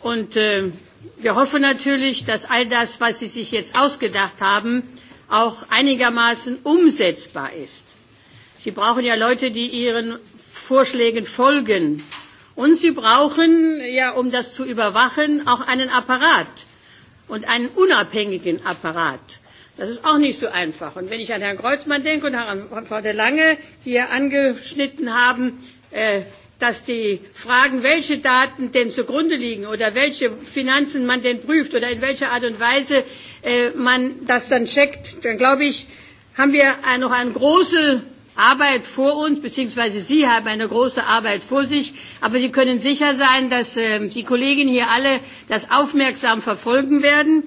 und äh, wir hoffen natürlich, dass all das, was Sie sich jetzt ausgedacht haben, auch einigermaßen umsetzbar ist. Sie brauchen ja Leute, die Ihren Vorschlägen folgen. Und Sie brauchen ja, um das zu überwachen, auch einen Apparat und einen unabhängigen Apparat. Das ist auch nicht so einfach. Und wenn ich an Herrn Kreuzmann denke und an Frau de Lange, die hier angeschnitten haben, äh, dass die Fragen, welche Daten denn zugrunde liegen oder welche Finanzen man denn prüft oder in welcher Art und Weise äh, man das dann checkt, dann glaube ich, haben wir noch eine große Arbeit vor uns, beziehungsweise Sie haben eine große Arbeit vor sich, aber Sie können sicher sein, dass ähm, die Kollegen hier alle das aufmerksam verfolgen werden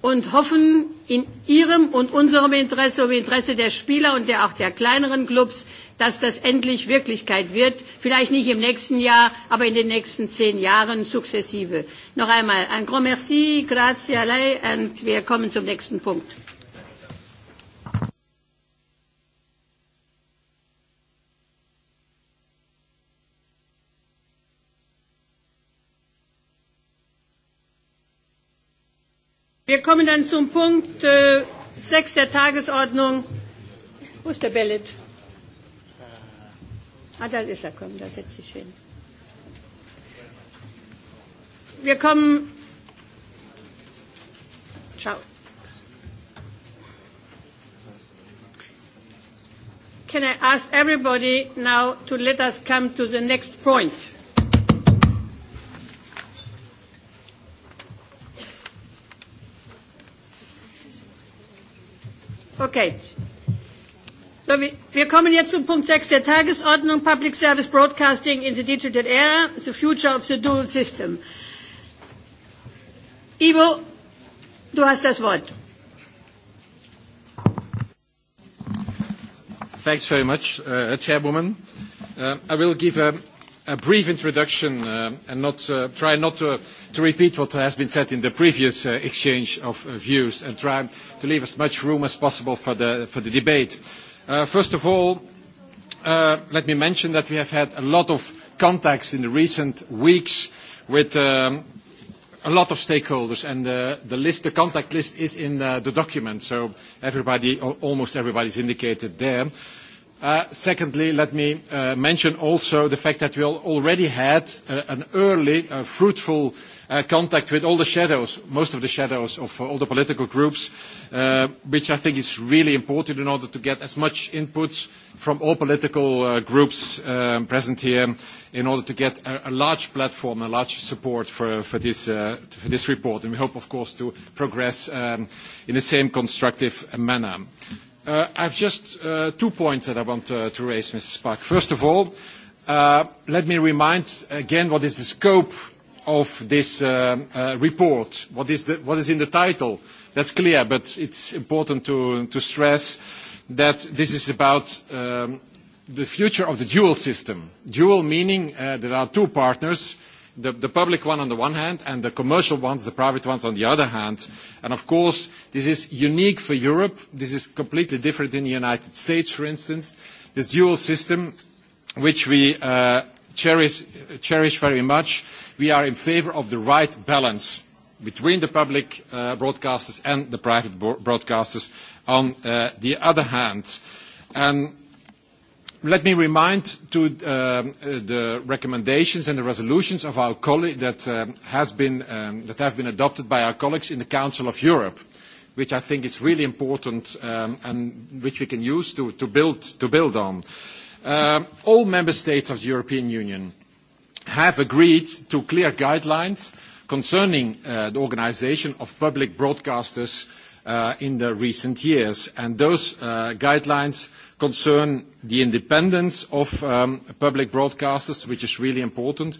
und hoffen in ihrem und unserem Interesse, im Interesse der Spieler und der, auch der kleineren Clubs, dass das endlich Wirklichkeit wird. Vielleicht nicht im nächsten Jahr, aber in den nächsten zehn Jahren sukzessive. Noch einmal ein Grand Merci, grazie a lei und wir kommen zum nächsten Punkt. Wir kommen dann zum Punkt äh, 6 der Tagesordnung. Wo ist der Bellet? Ah, da ist er, komm, da setzt sich hin. Wir kommen. Ciao. Can I ask everybody now to let us come to the next point? Okay. So, wir wir kommen jetzt zum Punkt 6 der Tagesordnung, Public Service Broadcasting in the Digital Era, the Future of the Dual System. Ivo, du hast das Wort. Thanks very much, uh, Chairwoman. Uh, I will give a, a brief introduction uh, and not, to uh, try not to, repeat what has been said in the previous uh, exchange of views and try to leave as much room as possible for the, debate. first of all, let me mention that we have had a lot of contacts in the recent weeks with um, a lot of stakeholders and the list, the contact list is in the document, so everybody, almost everybody is indicated there. Uh, secondly, let me uh, mention also the fact that we already had uh, an early, fruitful contact with all the shadows, most of the shadows of all the political groups, which I think is really important in order to get as much input from all political groups um, present here in order to get a, large platform, a large support for, this, report. And we hope, of course, to progress um, in the same constructive manner. Uh, I have just uh, two points that I want uh, to raise, Mr Spark. First of all, uh, let me remind again what is the scope of this uh, report. What is, the, what is in the title? That's clear, but it's important to, to stress that this is about um, the future of the dual system. Dual meaning there are two partners, the, the public one on the one hand and the commercial ones, the private ones on the other hand. And of course, this is unique for Europe. This is completely different in the United States, for instance. This dual system, which we uh, cherish, cherish very much, we are in favor of the right balance between the public uh, broadcasters and the private broadcasters on uh, the other hand. And Let me remind to um, the recommendations and the resolutions of our colleague that, uh, has been, um, that have been adopted by our colleagues in the Council of Europe, which I think is really important um, and which we can use to, to, build, to build on. Um, all member states of the European Union have agreed to clear guidelines concerning uh, the organisation of public broadcasters Uh, in the recent years. and Those uh, guidelines concern the independence of um, public broadcasters, which is really important.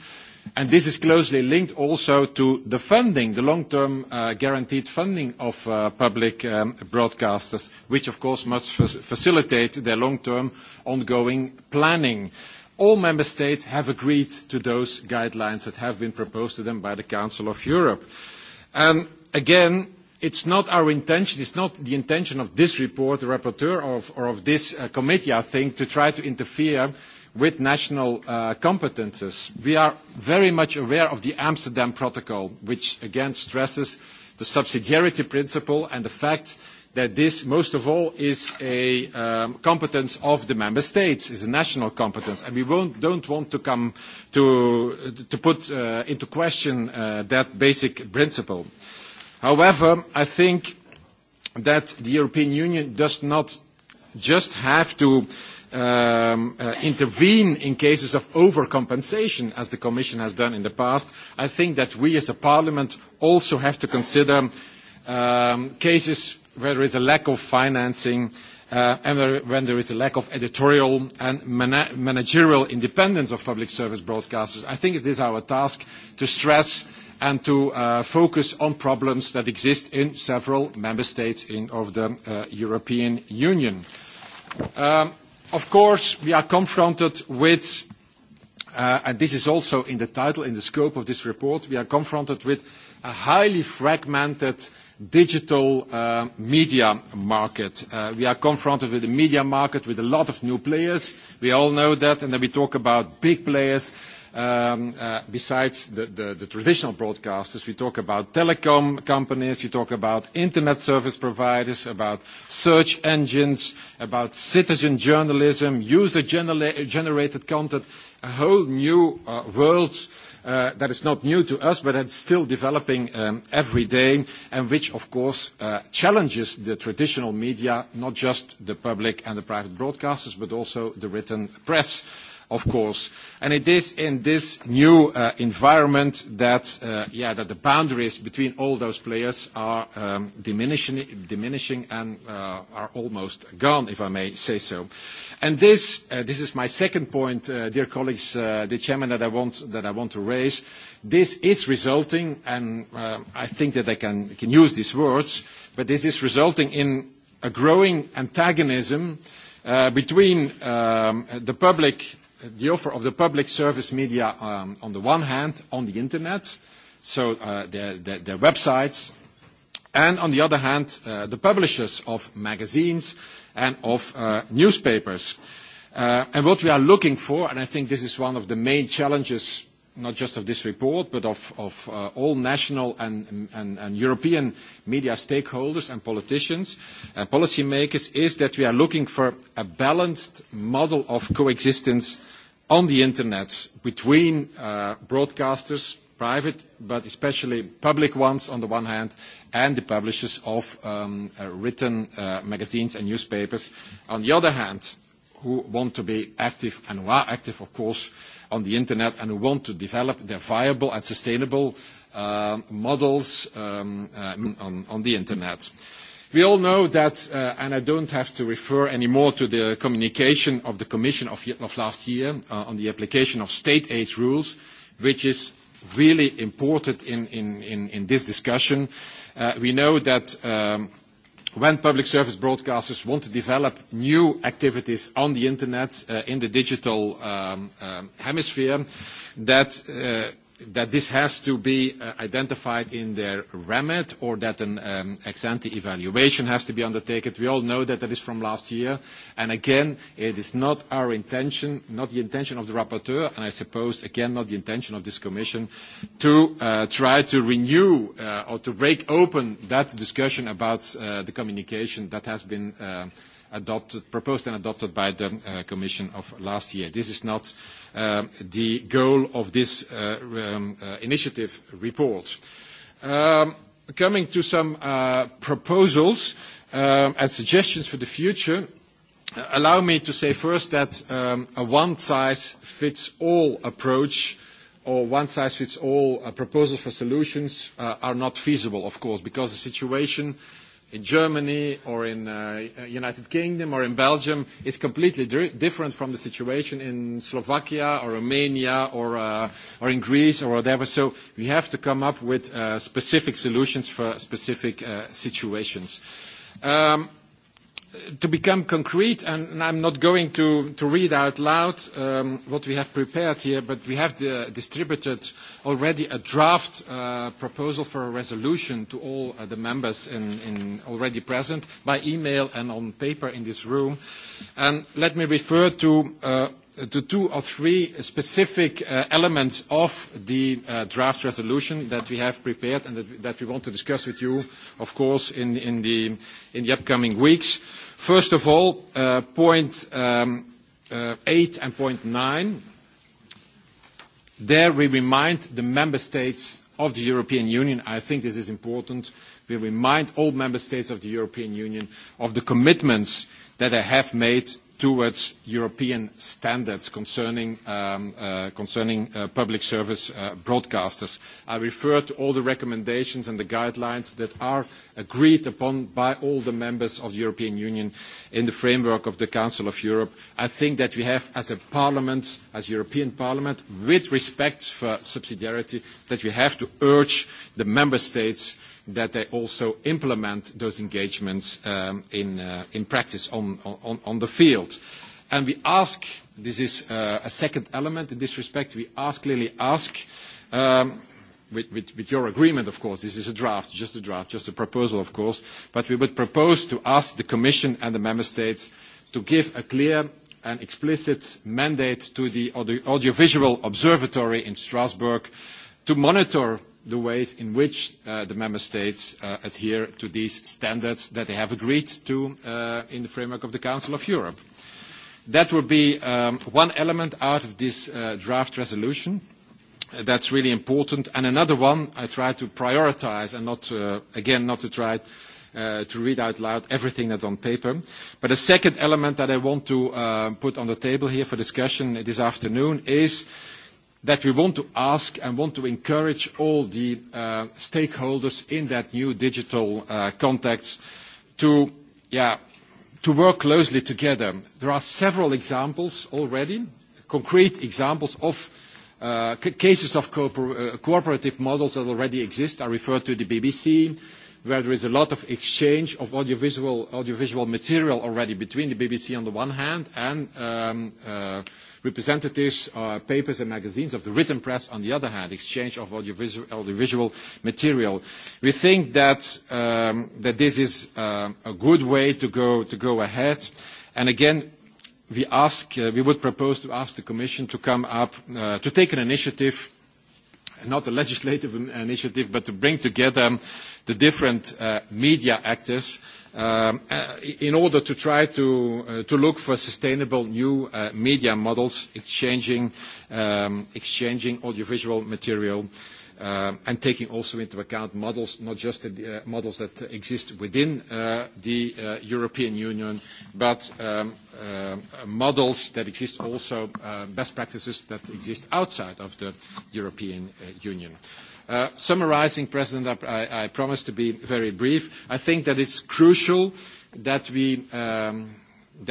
and This is closely linked also to the funding, the long-term uh, guaranteed funding of uh, public um, broadcasters, which of course must facilitate their long-term ongoing planning. All member states have agreed to those guidelines that have been proposed to them by the Council of Europe. And um, Again, It's not our intention, it's not the intention of this report, the rapporteur, or of, or of this uh, committee, I think, to try to interfere with national uh, competences. We are very much aware of the Amsterdam Protocol, which again stresses the subsidiarity principle and the fact that this, most of all, is a um, competence of the member states, is a national competence. And we won't, don't want to come to, to put uh, into question uh, that basic principle. Uh, However, I think that the European Union does not just have to um, uh, intervene in cases of overcompensation, as the Commission has done in the past. I think that we as a Parliament also have to consider um, cases where there is a lack of financing uh, and when there is a lack of editorial and managerial independence of public service broadcasters. I think it is our task to stress and to uh, focus on problems that exist in several member states in, of the uh, European Union. Um, of course, we are confronted with, uh, and this is also in the title, in the scope of this report, we are confronted with a highly fragmented digital uh, media market. Uh, we are confronted with a media market with a lot of new players. We all know that, and then we talk about big players. Um, uh, besides the, the, the traditional broadcasters, we talk about telecom companies, we talk about internet service providers, about search engines, about citizen journalism, user-generated content, a whole new uh, world Uh, that is not new to us, but it's still developing um, every day, and which, of course, uh, challenges the traditional media, not just the public and the private broadcasters, but also the written press of course. And it is in this new uh, environment that, uh, yeah, that the boundaries between all those players are um, diminishing, diminishing and uh, are almost gone, if I may say so. And this, uh, this is my second point, uh, dear colleagues, uh, the chairman, that I, want, that I want to raise. This is resulting, and I think that I can, can use these words, but this is resulting in a growing antagonism between um, the public the offer of the public service media um, on the one hand on the internet, so uh, their, their, their websites, and on the other hand, uh, the publishers of magazines and of uh, newspapers. Uh, and what we are looking for, and I think this is one of the main challenges not just of this report, but of, of uh, all national and, and, and European media stakeholders and politicians and uh, policymakers, is that we are looking for a balanced model of coexistence on the internet between uh, broadcasters, private, but especially public ones on the one hand, and the publishers of um, uh, written uh, magazines and newspapers on the other hand, who want to be active and who are active, of course, on the internet and who want to develop their viable and sustainable uh, models um, uh, on, on the internet. We all know that, uh, and I don't have to refer anymore to the communication of the Commission of, of last year uh, on the application of state aid rules, which is really important in, in, in, in this discussion. Uh, we know that um, when public service broadcasters want to develop new activities on the internet uh, in the digital um, um, hemisphere, that uh, that this has to be uh, identified in their remit or that an um, ex-ante evaluation has to be undertaken. We all know that that is from last year. And again, it is not our intention, not the intention of the rapporteur, and I suppose, again, not the intention of this commission, to uh, try to renew uh, or to break open that discussion about uh, the communication that has been uh, adopted, proposed and adopted by the uh, Commission of last year. This is not uh, the goal of this uh, um, uh, initiative report. Um, coming to some uh, proposals um, and suggestions for the future, uh, allow me to say first that um, a one-size-fits-all approach or one-size-fits-all proposals for solutions are not feasible, of course, because the situation in Germany or in the uh, United Kingdom or in Belgium is completely di different from the situation in Slovakia or Romania or, uh, or in Greece or whatever. So we have to come up with uh, specific solutions for specific uh, situations. Um, to become concrete, and I'm not going to, to read out loud um, what we have prepared here, but we have the, distributed already a draft uh, proposal for a resolution to all uh, the members in, in already present by email and on paper in this room. And let me refer to, uh, to two or three specific uh, elements of the uh, draft resolution that we have prepared and that, that we want to discuss with you, of course, in, in, the, in the upcoming weeks. First of all, uh, point um, uh, eight and point nine, there we remind the member states of the European Union, I think this is important, we remind all member states of the European Union of the commitments that they have made towards European standards concerning, um, uh, concerning uh, public service uh, broadcasters. I refer to all the recommendations and the guidelines that are agreed upon by all the members of the European Union in the framework of the Council of Europe. I think that we have, as a parliament, as European Parliament, with respect for subsidiarity, that we have to urge the member states that they also implement those engagements um, uh, in, practice on, the field. And we ask, this is uh, a second element in this respect, we ask, clearly ask, um, with, with, your agreement, of course, this is a draft, just a draft, just a proposal, of course, but we would propose to ask the Commission and the Member States to give a clear and explicit mandate to the Audiovisual Observatory in Strasbourg to monitor the ways in which uh, the member states uh, adhere to these standards that they have agreed to uh, in the framework of the Council of Europe. That would be um, one element out of this uh, draft resolution. Uh, that's really important. And Another one I try to prioritise and not, uh, again, not to try Uh, to read out loud everything that's on paper. But a second element that I want to uh, put on the table here for discussion this afternoon is that we want to ask and want to encourage all the uh, stakeholders in that new digital uh, context to, work closely together. There are several examples already, concrete examples of uh, cases of cooperative models that already exist. I refer to the BBC, where there is a lot of exchange of audiovisual, material already between the BBC on the one hand and um, Representatives, uh, papers and magazines of the written press, on the other hand, exchange of audiovisual, audiovisual material. We think that, um, that this is um, a good way to go, to go ahead. And again, we, ask, uh, we would propose to ask the Commission to come up, uh, to take an initiative not a legislative initiative, but to bring together the different uh, media actors um, uh, in order to try to, uh, to look for sustainable new uh, media models, exchanging, um, exchanging audiovisual material, um, and taking also into account models, not just the uh, models that exist within uh, the uh, European Union, but um, uh, models that exist also, uh, best practices that exist outside of the European uh, Union. Uh, summarizing, President, I, I promise to be very brief. I think that it's crucial that we, um,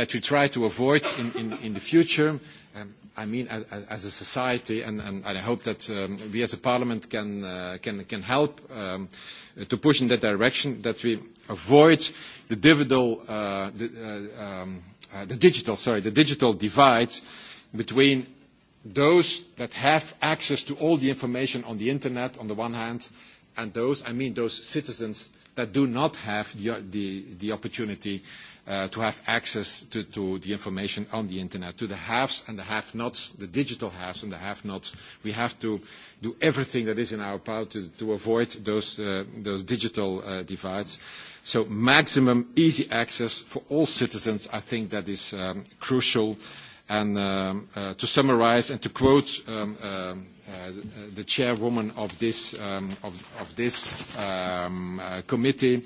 try to avoid in, the future um, I mean, as, a society, and, I hope that um, we as a parliament can, uh, help to push in that direction, that we avoid the digital, uh, uh, sorry, the digital divide between those that have access to all the information on the internet on the one hand, and those, I mean those citizens that do not have the, the, the opportunity uh, to have access to, to the information on the internet, to the haves and the have-nots, the digital haves and the have-nots. We have to do everything that is in our power to, to avoid those, uh, those digital uh, divides. So maximum easy access for all citizens, I think that is um, crucial. And um, uh, to summarize and to quote um, um, uh, the chairwoman of this, um, of, of this um, uh, committee,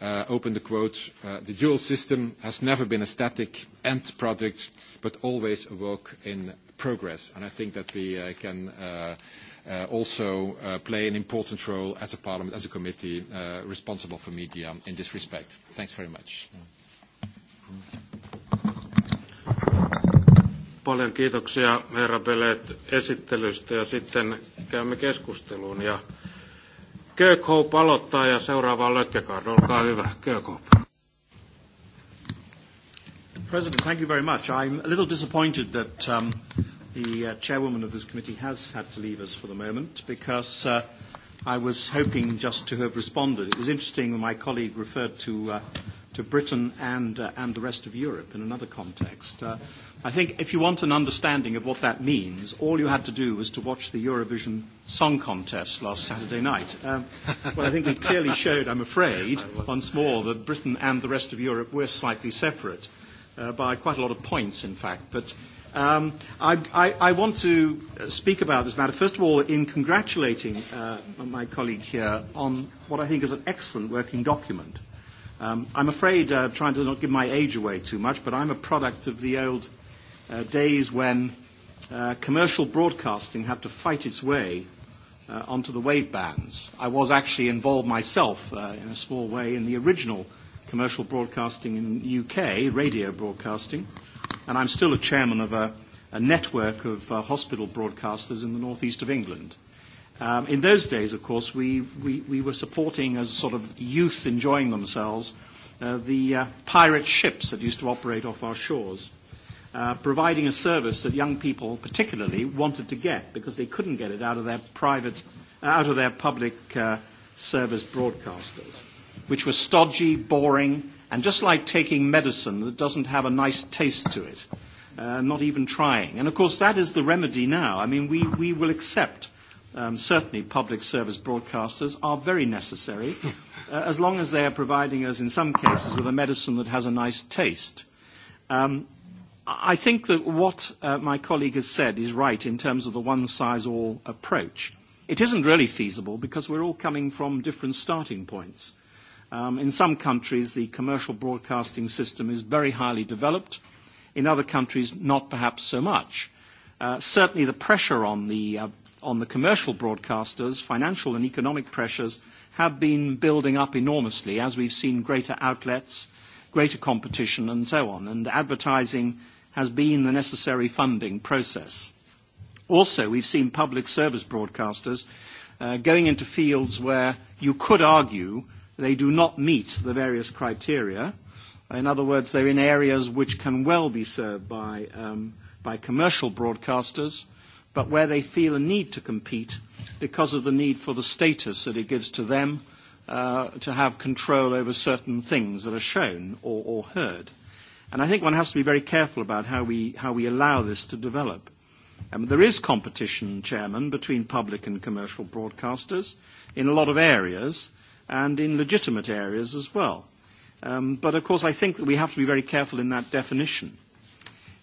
uh, open the quote, uh, the dual system has never been a static end product, but always a work in progress. And I think that we uh, can uh, uh, also uh, play an important role as a parliament, as a committee uh, responsible for media in this respect. Thanks very much. Mm-hmm. Paljon kiitoksia herra Belet esittelystä ja sitten käymme keskusteluun. Ja Kökhoop aloittaa ja seuraava Lökkekaard. Olkaa hyvä, Kökhoop. President, thank you very much. I'm a little disappointed that um, the uh, chairwoman of this committee has had to leave us for the moment because uh, I was hoping just to have responded. It was interesting when my colleague referred to, uh, to Britain and, uh, and the rest of Europe in another context. Uh, i think if you want an understanding of what that means, all you had to do was to watch the Eurovision Song Contest last Saturday night. Um, well, I think we clearly showed, I'm afraid, once more that Britain and the rest of Europe were slightly separate uh, by quite a lot of points, in fact. But um, I, I, I want to speak about this matter, first of all, in congratulating uh, my colleague here on what I think is an excellent working document. Um, I'm afraid, uh, trying to not give my age away too much, but I'm a product of the old uh, days when uh, commercial broadcasting had to fight its way uh, onto the wave bands. I was actually involved myself uh, in a small way in the original commercial broadcasting in the UK, radio broadcasting, and I'm still a chairman of a, a network of uh, hospital broadcasters in the northeast of England. Um, in those days, of course, we, we, we were supporting, as sort of youth enjoying themselves, uh, the uh, pirate ships that used to operate off our shores uh, providing a service that young people particularly wanted to get because they couldn't get it out of their private, uh, out of their public uh, service broadcasters, which were stodgy, boring, and just like taking medicine that doesn't have a nice taste to it, uh, not even trying. And of course, that is the remedy now. I mean, we, we will accept. Um, certainly, public service broadcasters are very necessary, uh, as long as they are providing us, in some cases, with a medicine that has a nice taste. Um, i think that what uh, my colleague has said is right in terms of the one-size-all approach. It isn't really feasible because we're all coming from different starting points. Um, in some countries, the commercial broadcasting system is very highly developed. In other countries, not perhaps so much. Uh, certainly, the pressure on the, uh, on the commercial broadcasters, financial and economic pressures, have been building up enormously as we've seen greater outlets, greater competition, and so on. And advertising has been the necessary funding process. Also, we've seen public service broadcasters uh, going into fields where you could argue they do not meet the various criteria. In other words, they're in areas which can well be served by, um, by commercial broadcasters, but where they feel a need to compete because of the need for the status that it gives to them uh, to have control over certain things that are shown or, or heard. And I think one has to be very careful about how we, how we allow this to develop. Um, there is competition, Chairman, between public and commercial broadcasters in a lot of areas and in legitimate areas as well. Um, but of course, I think that we have to be very careful in that definition.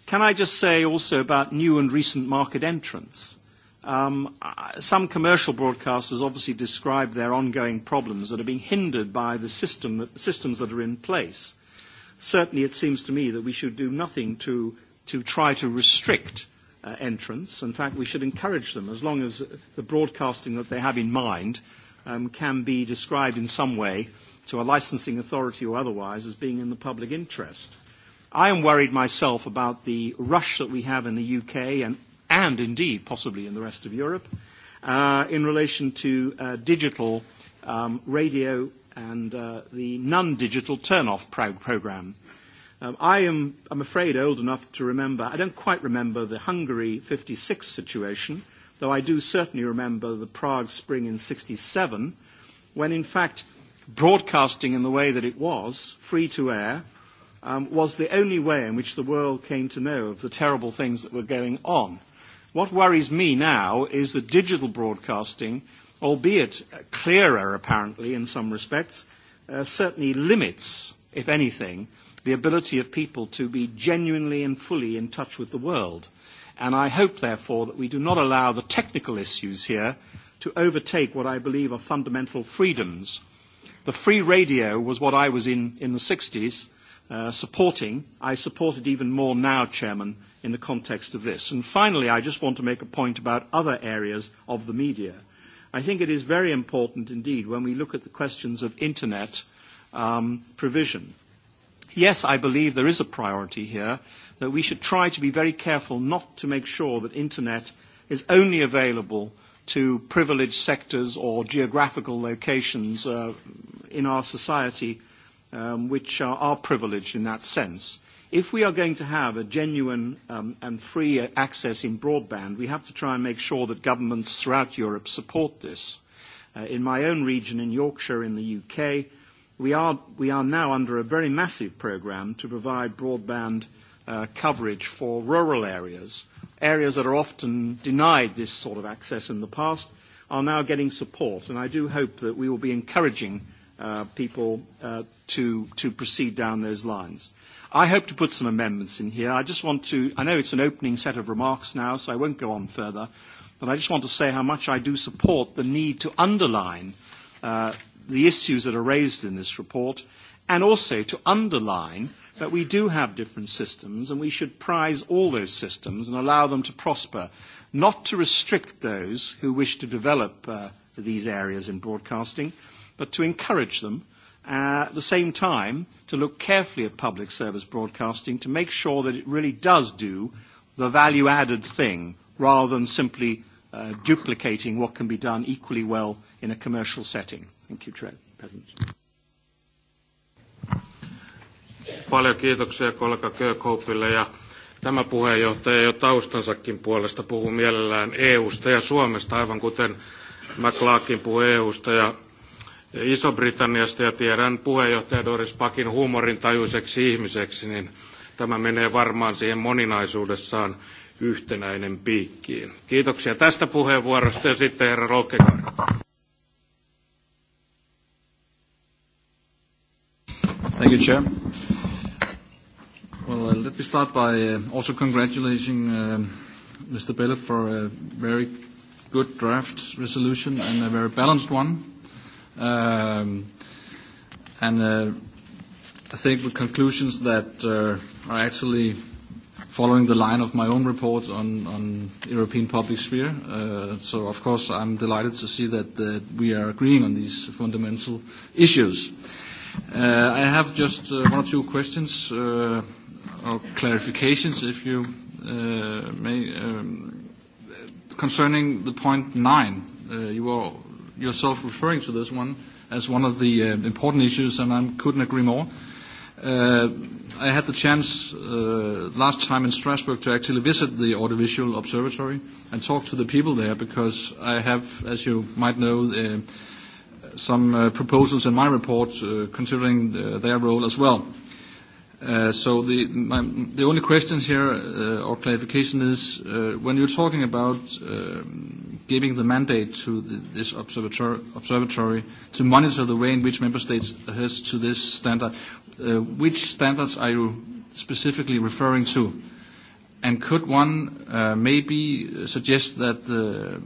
Can I just say also about new and recent market entrants? Um, some commercial broadcasters obviously describe their ongoing problems that are being hindered by the system that, systems that are in place certainly it seems to me that we should do nothing to, to try to restrict uh, entrants. In fact, we should encourage them as long as the broadcasting that they have in mind um, can be described in some way to a licensing authority or otherwise as being in the public interest. I am worried myself about the rush that we have in the UK and, and indeed possibly in the rest of Europe uh, in relation to uh, digital um, radio and uh, the non-digital turn-off pro- program. Um, I am, I'm afraid, old enough to remember, I don't quite remember the Hungary 56 situation, though I do certainly remember the Prague Spring in 67, when in fact broadcasting in the way that it was, free to air, um, was the only way in which the world came to know of the terrible things that were going on. What worries me now is that digital broadcasting – albeit clearer apparently in some respects, uh, certainly limits, if anything, the ability of people to be genuinely and fully in touch with the world. And I hope, therefore, that we do not allow the technical issues here to overtake what I believe are fundamental freedoms. The free radio was what I was in in the 60s uh, supporting. I support it even more now, Chairman, in the context of this. And finally, I just want to make a point about other areas of the media. I think it is very important indeed when we look at the questions of internet um, provision. Yes, I believe there is a priority here that we should try to be very careful not to make sure that internet is only available to privileged sectors or geographical locations uh, in our society um, which are, are privileged in that sense. If we are going to have a genuine um, and free access in broadband, we have to try and make sure that governments throughout Europe support this. Uh, in my own region, in Yorkshire, in the UK, we are, we are now under a very massive programme to provide broadband uh, coverage for rural areas. Areas that are often denied this sort of access in the past are now getting support, and I do hope that we will be encouraging uh, people uh, to, to proceed down those lines. I hope to put some amendments in here. I just want to, I know it's an opening set of remarks now, so I won't go on further, but I just want to say how much I do support the need to underline uh, the issues that are raised in this report and also to underline that we do have different systems and we should prize all those systems and allow them to prosper, not to restrict those who wish to develop uh, these areas in broadcasting, but to encourage them at the same time, to look carefully at public service broadcasting to make sure that it really does do the value added thing rather than simply uh, duplicating what can be done equally well in a commercial setting. Thank you, President. Paljon kiitoksia kollega Kökhopille ja tämä puheenjohtaja jo taustansakin puolesta puhuu mielellään EU-sta ja Suomesta, aivan kuten McLaakin puhui EUsta ja Iso-Britanniasta ja tiedän puheenjohtaja Doris Pakin huumorintajuiseksi ihmiseksi, niin tämä menee varmaan siihen moninaisuudessaan yhtenäinen piikkiin. Kiitoksia tästä puheenvuorosta ja sitten herra Lokkekaari. Thank you, Chair. Well, uh, let me start by uh, also congratulating uh, Mr. Bellet for a very good draft resolution and a very balanced one. Um, and uh, I think the conclusions that uh, are actually following the line of my own report on, on European public sphere. Uh, so, of course, I'm delighted to see that, that uh, we are agreeing on these fundamental issues. Uh, I have just uh, one or two questions uh, or clarifications, if you uh, may, um, concerning the point nine. Uh, you all yourself referring to this one as one of the uh, important issues, and I couldn't agree more. Uh, I had the chance uh, last time in Strasbourg to actually visit the Audiovisual Observatory and talk to the people there because I have, as you might know, uh, some uh, proposals in my report uh, considering uh, their role as well. Uh, Uh, so the, my, the only question here uh, or clarification is uh, when you're talking about uh, giving the mandate to the, this observatory, observatory to monitor the way in which member states adhere to this standard, uh, which standards are you specifically referring to? And could one uh, maybe suggest that uh,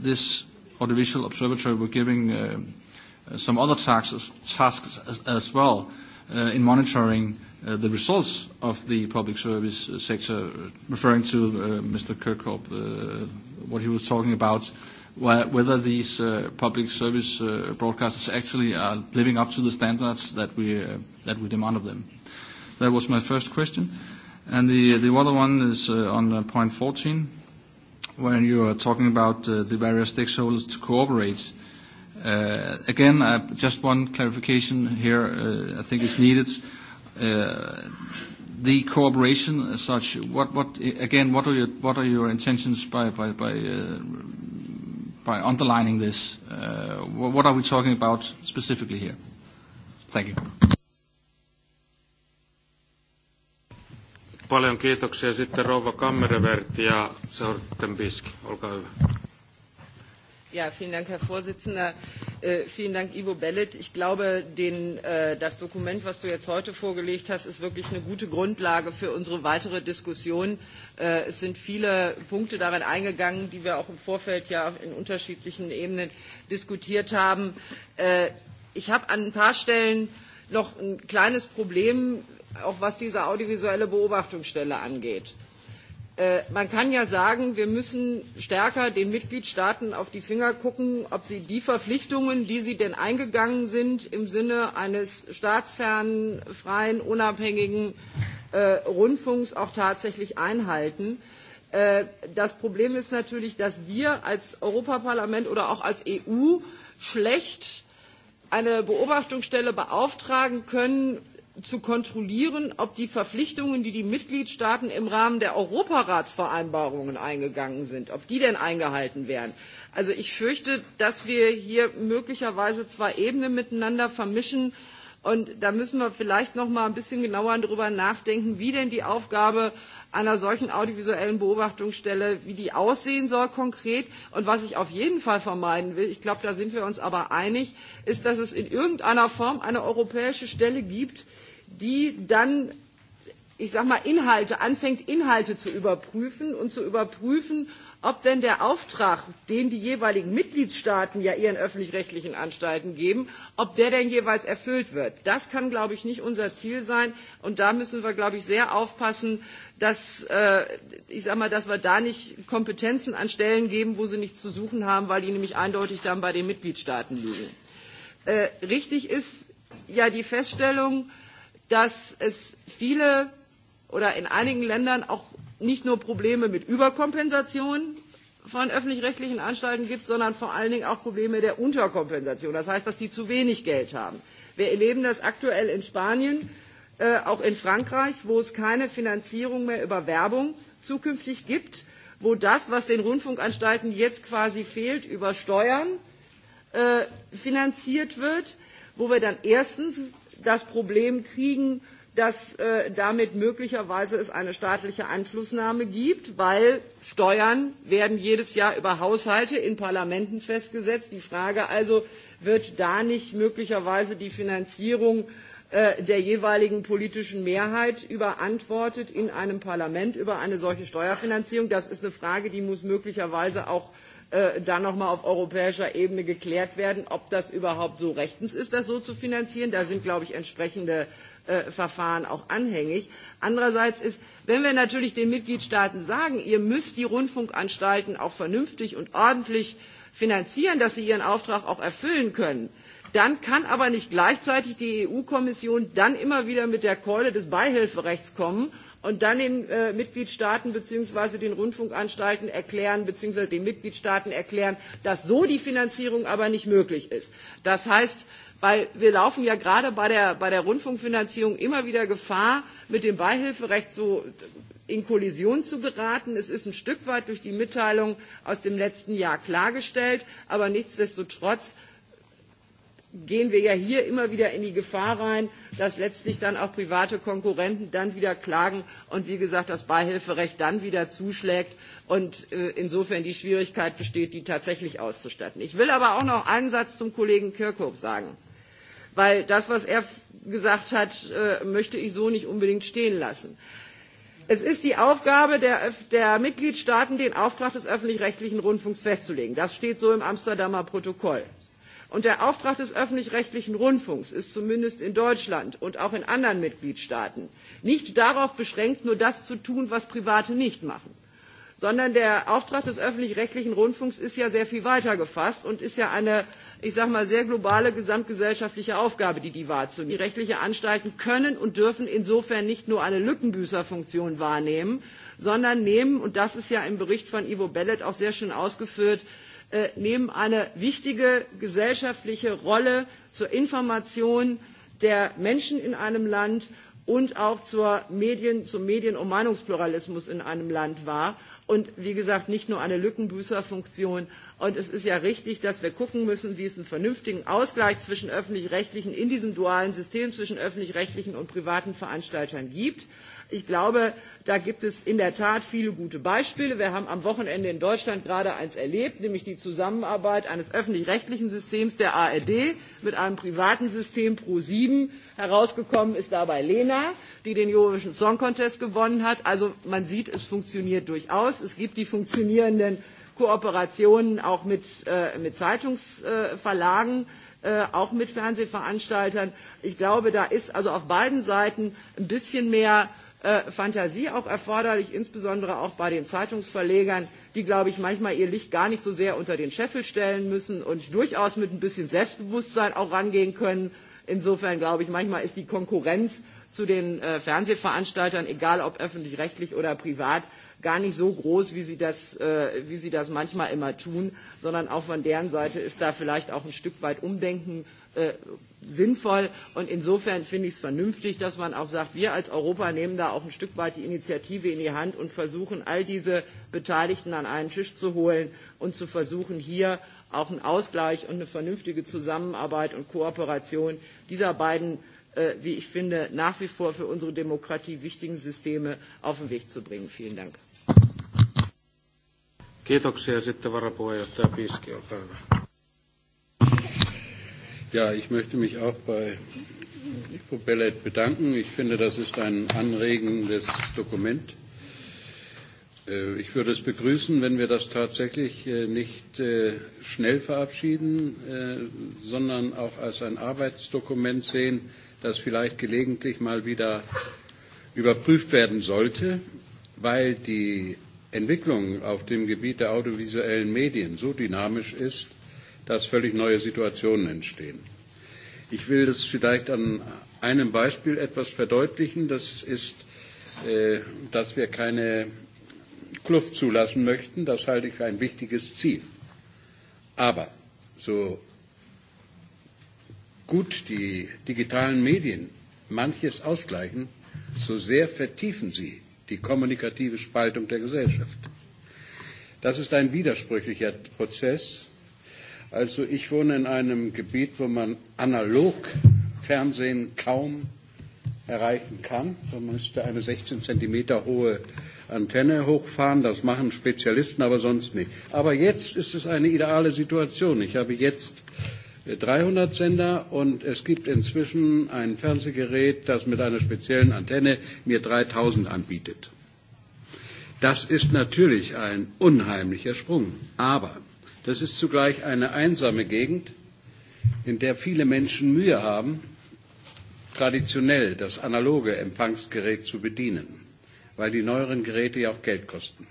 this audiovisual observatory were giving uh, some other tasks, tasks as, as well uh, in monitoring Uh, the results of the public service uh, sector, uh, referring to uh, Mr. Kirkhope, uh, what he was talking about, wh whether these uh, public service uh, broadcasters actually are living up to the standards that we, uh, that we demand of them. That was my first question. And the, the other one is uh, on uh, point 14, when you are talking about uh, the various stakeholders to cooperate. Uh, again, uh, just one clarification here uh, I think is needed. Uh, the cooperation as such, what, what, again, what are your, what are your intentions by, by, by, uh, by underlining this? Uh, what are we talking about specifically here? Thank you. Paljon kiitoksia. Sitten rouva Kammerevert ja Sortenbisk. Olkaa hyvä. Ja, vielen Dank, Herr Vorsitzender. Äh, vielen Dank, Ivo Bellet. Ich glaube, den, äh, das Dokument, das du jetzt heute vorgelegt hast, ist wirklich eine gute Grundlage für unsere weitere Diskussion. Äh, es sind viele Punkte darin eingegangen, die wir auch im Vorfeld ja in unterschiedlichen Ebenen diskutiert haben. Äh, ich habe an ein paar Stellen noch ein kleines Problem, auch was diese audiovisuelle Beobachtungsstelle angeht Äh, man kann ja sagen, wir müssen stärker den Mitgliedstaaten auf die Finger gucken, ob sie die Verpflichtungen, die sie denn eingegangen sind, im Sinne eines staatsfernen, freien, unabhängigen äh, Rundfunks auch tatsächlich einhalten. Äh, das Problem ist natürlich, dass wir als Europaparlament oder auch als EU schlecht eine Beobachtungsstelle beauftragen können, zu kontrollieren, ob die Verpflichtungen, die die Mitgliedstaaten im Rahmen der Europaratsvereinbarungen eingegangen sind, ob die denn eingehalten werden. Also ich fürchte, dass wir hier möglicherweise zwei Ebenen miteinander vermischen. Und da müssen wir vielleicht noch mal ein bisschen genauer darüber nachdenken, wie denn die Aufgabe einer solchen audiovisuellen Beobachtungsstelle, wie die aussehen soll konkret. Und was ich auf jeden Fall vermeiden will, ich glaube, da sind wir uns aber einig, ist, dass es in irgendeiner Form eine europäische Stelle gibt, die dann ich sag mal, Inhalte, anfängt, Inhalte zu überprüfen und zu überprüfen, ob denn der Auftrag, den die jeweiligen Mitgliedstaaten ja ihren öffentlich-rechtlichen Anstalten geben, ob der denn jeweils erfüllt wird. Das kann, glaube ich, nicht unser Ziel sein. Und da müssen wir, glaube ich, sehr aufpassen, dass, äh, ich sag mal, dass wir da nicht Kompetenzen an Stellen geben, wo sie nichts zu suchen haben, weil die nämlich eindeutig dann bei den Mitgliedstaaten liegen. Äh, richtig ist ja die Feststellung, äh, dass es viele oder in einigen Ländern auch nicht nur Probleme mit Überkompensation von öffentlich-rechtlichen Anstalten gibt, sondern vor allen Dingen auch Probleme der Unterkompensation. Das heißt, dass die zu wenig Geld haben. Wir erleben das aktuell in Spanien, äh, auch in Frankreich, wo es keine Finanzierung mehr über Werbung zukünftig gibt, wo das, was den Rundfunkanstalten jetzt quasi fehlt, über Steuern äh, finanziert wird, wo wir dann erstens das Problem kriegen, dass äh, damit möglicherweise es eine staatliche Einflussnahme gibt, weil Steuern werden jedes Jahr über Haushalte in Parlamenten festgesetzt. Die Frage also, wird da nicht möglicherweise die Finanzierung äh, der jeweiligen politischen Mehrheit überantwortet in einem Parlament über eine solche Steuerfinanzierung? Das ist eine Frage, die muss möglicherweise auch Äh, dann nochmal auf europäischer Ebene geklärt werden, ob das überhaupt so rechtens ist, das so zu finanzieren. Da sind, glaube ich, entsprechende äh, Verfahren auch anhängig. Andererseits ist, wenn wir natürlich den Mitgliedstaaten sagen, ihr müsst die Rundfunkanstalten auch vernünftig und ordentlich finanzieren, dass sie ihren Auftrag auch erfüllen können, dann kann aber nicht gleichzeitig die EU-Kommission dann immer wieder mit der Keule des Beihilferechts kommen und dann den äh, Mitgliedstaaten bzw. den Rundfunkanstalten erklären bzw. den Mitgliedstaaten erklären, dass so die Finanzierung aber nicht möglich ist. Das heißt, weil wir laufen ja gerade bei der, bei der Rundfunkfinanzierung immer wieder Gefahr, mit dem Beihilferecht so in Kollision zu geraten. Es ist ein Stück weit durch die Mitteilung aus dem letzten Jahr klargestellt, aber nichtsdestotrotz gehen wir ja hier immer wieder in die Gefahr rein, dass letztlich dann auch private Konkurrenten dann wieder klagen und wie gesagt das Beihilferecht dann wieder zuschlägt und äh, insofern die Schwierigkeit besteht, die tatsächlich auszustatten. Ich will aber auch noch einen Satz zum Kollegen Kirchhoff sagen, weil das, was er gesagt hat, äh, möchte ich so nicht unbedingt stehen lassen. Es ist die Aufgabe der, der Mitgliedstaaten, den Auftrag des öffentlich-rechtlichen Rundfunks festzulegen. Das steht so im Amsterdamer Protokoll. Und der Auftrag des öffentlich-rechtlichen Rundfunks ist zumindest in Deutschland und auch in anderen Mitgliedstaaten nicht darauf beschränkt, nur das zu tun, was Private nicht machen, sondern der Auftrag des öffentlich-rechtlichen Rundfunks ist ja sehr viel weiter gefasst und ist ja eine, ich sage mal, sehr globale gesamtgesellschaftliche Aufgabe, die die wahrzunehmen. Die rechtlichen Anstalten können und dürfen insofern nicht nur eine Lückenbüßerfunktion wahrnehmen, sondern nehmen, und das ist ja im Bericht von Ivo Bellet auch sehr schön ausgeführt, Äh, nehmen eine wichtige gesellschaftliche Rolle zur Information der Menschen in einem Land und auch Medien, zum Medien- und Meinungspluralismus in einem Land wahr. Und wie gesagt, nicht nur eine Lückenbüßerfunktion. Und es ist ja richtig, dass wir gucken müssen, wie es einen vernünftigen Ausgleich zwischen öffentlich-rechtlichen in diesem dualen System zwischen öffentlich-rechtlichen und privaten Veranstaltern gibt. Ich glaube, da gibt es in der Tat viele gute Beispiele. Wir haben am Wochenende in Deutschland gerade eines erlebt, nämlich die Zusammenarbeit eines öffentlich-rechtlichen Systems der ARD mit einem privaten System Pro7. Herausgekommen ist dabei Lena, die den Eurovision Song Contest gewonnen hat. Also man sieht, es funktioniert durchaus. Es gibt die funktionierenden Kooperationen auch mit, äh, mit Zeitungsverlagen. Äh, auch mit Fernsehveranstaltern. Ich glaube, da ist also auf beiden Seiten ein bisschen mehr Äh, Fantasie auch erforderlich, insbesondere auch bei den Zeitungsverlegern, die, glaube ich, manchmal ihr Licht gar nicht so sehr unter den Scheffel stellen müssen und durchaus mit ein bisschen Selbstbewusstsein auch rangehen können. Insofern glaube ich, manchmal ist die Konkurrenz zu den äh, Fernsehveranstaltern, egal ob öffentlich-rechtlich oder privat, gar nicht so groß, wie sie, das, äh, wie sie das manchmal immer tun, sondern auch von deren Seite ist da vielleicht auch ein Stück weit Umdenken äh, sinnvoll. Und insofern finde ich es vernünftig, dass man auch sagt, wir als Europa nehmen da auch ein Stück weit die Initiative in die Hand und versuchen, all diese Beteiligten an einen Tisch zu holen und zu versuchen, hier auch einen Ausgleich und eine vernünftige Zusammenarbeit und Kooperation dieser beiden, äh, wie ich finde, nach wie vor für unsere Demokratie wichtigen Systeme auf den Weg zu bringen. Vielen Dank. Kiitoksia. Sitten varapuheenjohtaja Piski, olkaa hyvä. Ja, ich möchte mich auch bei Frau Bellet bedanken. Ich finde, das ist ein anregendes Dokument. Äh, ich würde es begrüßen, wenn wir das tatsächlich äh, nicht äh, schnell verabschieden, sondern auch als ein Arbeitsdokument sehen, das vielleicht gelegentlich mal wieder überprüft werden sollte, weil die Entwicklung auf dem Gebiet der audiovisuellen Medien so dynamisch ist, dass völlig neue Situationen entstehen. Ich will das vielleicht an einem Beispiel etwas verdeutlichen. Das ist, äh, dass wir keine Kluft zulassen möchten. Das halte ich für ein wichtiges Ziel. Aber so gut die digitalen Medien manches ausgleichen, so sehr vertiefen sie die kommunikative Spaltung der Gesellschaft. Das ist ein widersprüchlicher Prozess, Also ich wohne in einem Gebiet, wo man analog Fernsehen kaum erreichen kann. So man müsste eine 16 Zentimeter hohe Antenne hochfahren. Das machen Spezialisten, aber sonst nicht. Aber jetzt ist es eine ideale Situation. Ich habe jetzt 300 äh, Sender und es gibt inzwischen ein Fernsehgerät, das mit einer speziellen Antenne mir 3000 anbietet. Das ist natürlich ein unheimlicher Sprung. Aber Das ist zugleich eine einsame Gegend, in der viele Menschen Mühe haben, traditionell das analoge Empfangsgerät zu bedienen, weil die neueren Geräte ja auch Geld kosten.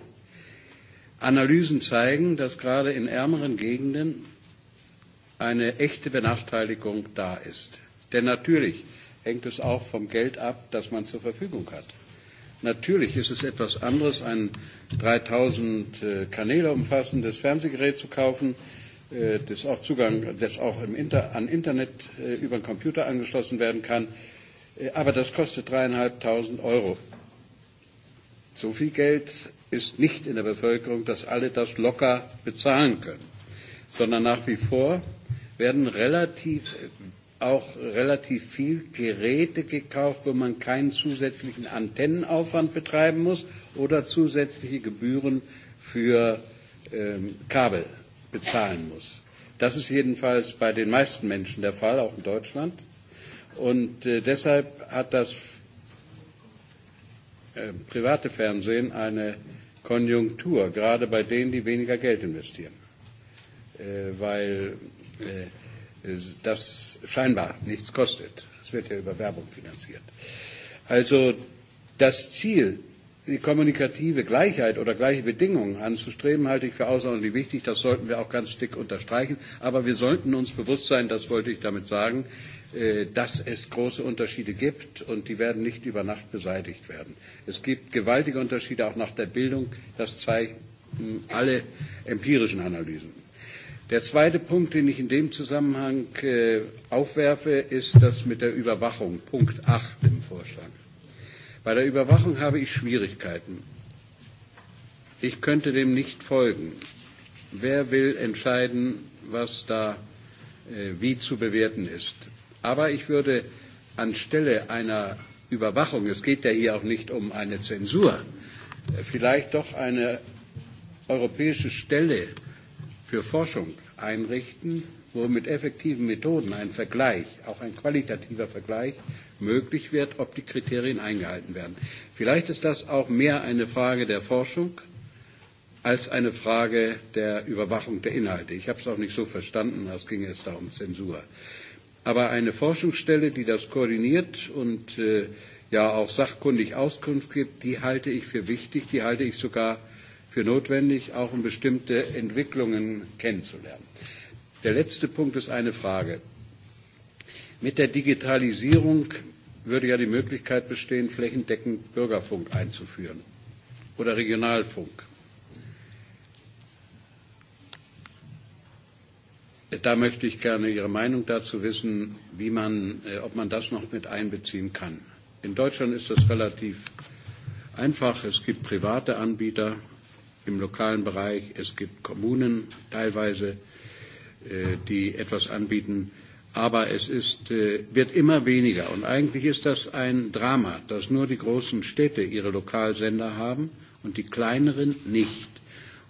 Analysen zeigen, dass gerade in ärmeren Gegenden eine echte Benachteiligung da ist. Denn natürlich hängt es auch vom Geld ab, das man zur Verfügung hat. Natürlich ist es etwas anderes, ein 3000 äh, Kanäle umfassendes Fernsehgerät zu kaufen, äh, das auch, Zugang, das auch im Inter, an Internet äh, über den Computer angeschlossen werden kann. Aber das kostet dreieinhalbtausend Euro. So viel Geld ist nicht in der Bevölkerung, dass alle das locker bezahlen können, sondern nach wie vor werden relativ auch relativ viel Geräte gekauft, wo man keinen zusätzlichen Antennenaufwand betreiben muss oder zusätzliche Gebühren für ähm, Kabel bezahlen muss. Das ist jedenfalls bei den meisten Menschen der Fall, auch in Deutschland. Und äh, deshalb hat das äh, private Fernsehen eine Konjunktur, gerade bei denen, die weniger Geld investieren. Äh, weil äh, das scheinbar nichts kostet. Es wird ja über Werbung finanziert. Also das Ziel, die kommunikative Gleichheit oder gleiche Bedingungen anzustreben, halte ich für außerordentlich wichtig. Das sollten wir auch ganz dick unterstreichen. Aber wir sollten uns bewusst sein, das wollte ich damit sagen, äh, dass es große Unterschiede gibt und die werden nicht über Nacht beseitigt werden. Es gibt gewaltige Unterschiede auch nach der Bildung. Das zeigen alle empirischen Analysen. Der zweite Punkt, den ich in dem Zusammenhang äh, aufwerfe, ist das mit der Überwachung, Punkt 8 im Vorschlag. Bei der Überwachung habe ich Schwierigkeiten. Ich könnte dem nicht folgen. Wer will entscheiden, was da äh, wie zu bewerten ist? Aber ich würde anstelle einer Überwachung, es geht ja hier auch nicht um eine Zensur, äh, vielleicht doch eine europäische Stelle für Forschung einrichten, wo mit effektiven Methoden ein Vergleich, auch ein qualitativer Vergleich, möglich wird, ob die Kriterien eingehalten werden. Vielleicht ist das auch mehr eine Frage der Forschung als eine Frage der Überwachung der Inhalte. Ich habe es auch nicht so verstanden, als ginge es da um Zensur. Aber eine Forschungsstelle, die das koordiniert und äh, ja auch sachkundig Auskunft gibt, die halte ich für wichtig, die halte ich sogar für notwendig, auch um bestimmte Entwicklungen kennenzulernen. Der letzte Punkt ist eine Frage. Mit der Digitalisierung würde ja die Möglichkeit bestehen, flächendeckend Bürgerfunk einzuführen oder Regionalfunk. Da möchte ich gerne Ihre Meinung dazu wissen, wie man, äh, ob man das noch mit einbeziehen kann. In Deutschland ist das relativ einfach. Es gibt private Anbieter, im lokalen Bereich. Es gibt Kommunen teilweise, äh, die etwas anbieten. Aber es ist, äh, wird immer weniger. Und eigentlich ist das ein Drama, dass nur die großen Städte ihre Lokalsender haben und die kleineren nicht.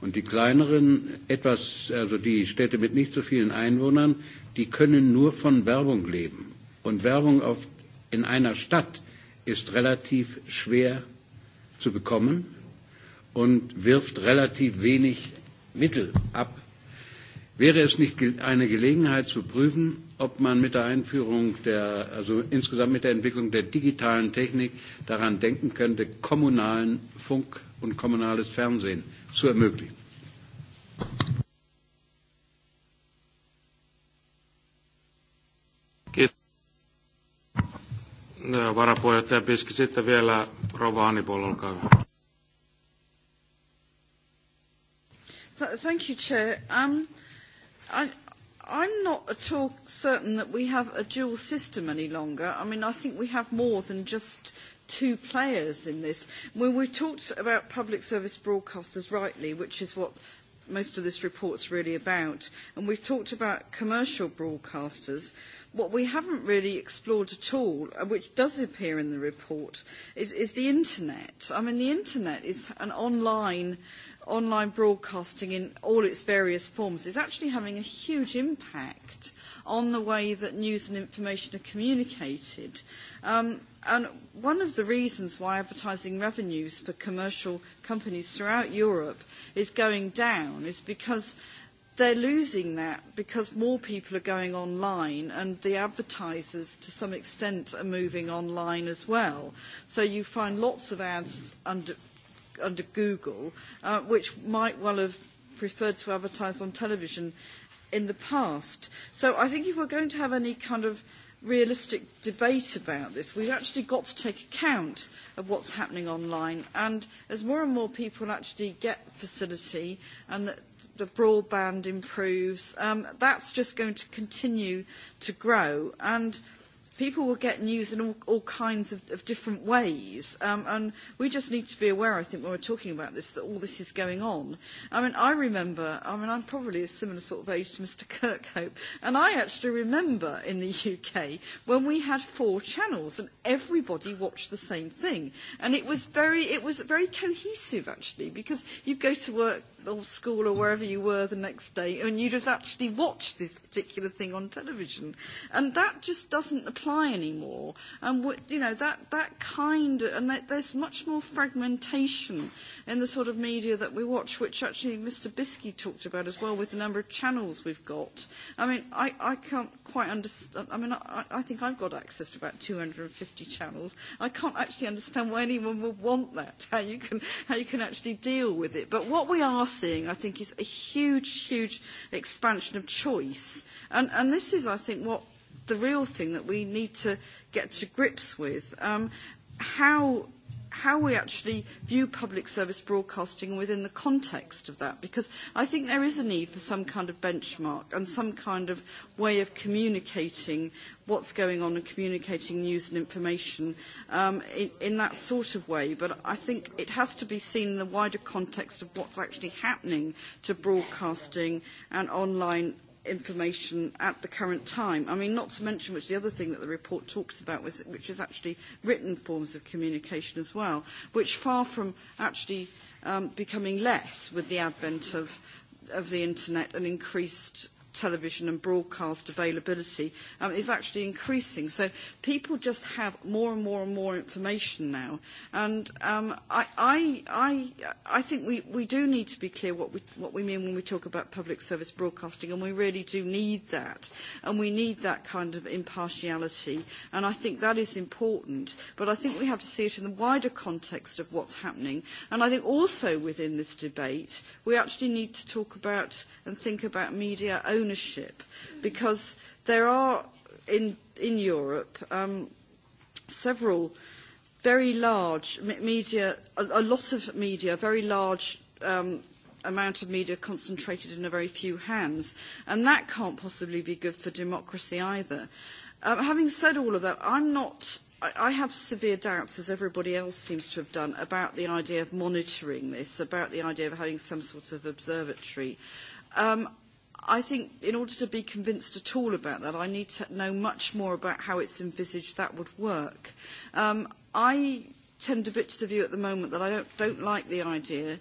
Und die kleineren etwas, also die Städte mit nicht so vielen Einwohnern, die können nur von Werbung leben. Und Werbung auf, in einer Stadt ist relativ schwer zu bekommen und wirft relativ wenig Mittel ab. Wäre es nicht eine Gelegenheit zu prüfen, ob man mit der Einführung der, also insgesamt mit der Entwicklung der digitalen Technik daran denken könnte, kommunalen Funk und kommunales Fernsehen zu ermöglichen? Varapuheenjohtaja Piski, sitten vielä Rova olkaa hyvä. Th thank you, Chair. Um, I, I'm not at all certain that we have a dual system any longer. I mean, I think we have more than just two players in this. When we talked about public service broadcasters rightly, which is what most of this report is really about, and we've talked about commercial broadcasters, what we haven't really explored at all, uh, which does appear in the report, is, is the internet. I mean, the internet is an online online broadcasting in all its various forms is actually having a huge impact on the way that news and information are communicated. Um, and one of the reasons why advertising revenues for commercial companies throughout Europe is going down is because they're losing that because more people are going online and the advertisers to some extent are moving online as well. So you find lots of ads under under Google, uh, which might well have preferred to advertise on television in the past. So I think if we're going to have any kind of realistic debate about this, we've actually got to take account of what's happening online. And as more and more people actually get facility and that the broadband improves, um, that's just going to continue to grow. And people will get news in all, all kinds of, of different ways. Um, and we just need to be aware, I think, when we're talking about this, that all this is going on. I mean, I remember, I mean, I'm probably a similar sort of age to Mr. Kirkhope, and I actually remember in the UK when we had four channels and everybody watched the same thing. And it was very, it was very cohesive, actually, because you go to work or school or wherever you were the next day, and you'd have actually watched this particular thing on television. And that just doesn't apply anymore. And what, you know that that kind of, and that there's much more fragmentation in the sort of media that we watch, which actually Mr. Biskey talked about as well, with the number of channels we've got. I mean, I, I can't quite understand. I mean, I, I think I've got access to about 250 channels. I can't actually understand why anyone would want that. How you can how you can actually deal with it. But what we are seeing, I think, is a huge, huge expansion of choice. And, and this is, I think, what the real thing that we need to get to grips with. Um, how how we actually view public service broadcasting within the context of that, because I think there is a need for some kind of benchmark and some kind of way of communicating what's going on and communicating news and information um, in, in that sort of way. But I think it has to be seen in the wider context of what's actually happening to broadcasting and online information at the current time. I mean, not to mention which the other thing that the report talks about, was, which is actually written forms of communication as well, which far from actually um, becoming less with the advent of, of the internet and increased television and broadcast availability um, is actually increasing. So people just have more and more and more information now. And um, I, I, I, I think we, we do need to be clear what we, what we mean when we talk about public service broadcasting, and we really do need that. And we need that kind of impartiality. And I think that is important. But I think we have to see it in the wider context of what's happening. And I think also within this debate, we actually need to talk about and think about media ownership ownership because there are in, in Europe um, several very large media, a, a lot of media, very large um, amount of media concentrated in a very few hands. And that can't possibly be good for democracy either. Um, having said all of that, I'm not, I, I have severe doubts, as everybody else seems to have done, about the idea of monitoring this, about the idea of having some sort of observatory. Um, i think in order to be convinced at all about that, I need to know much more about how it's envisaged that would work. Um, I tend a bit to the view at the moment that I don't, don't like the idea.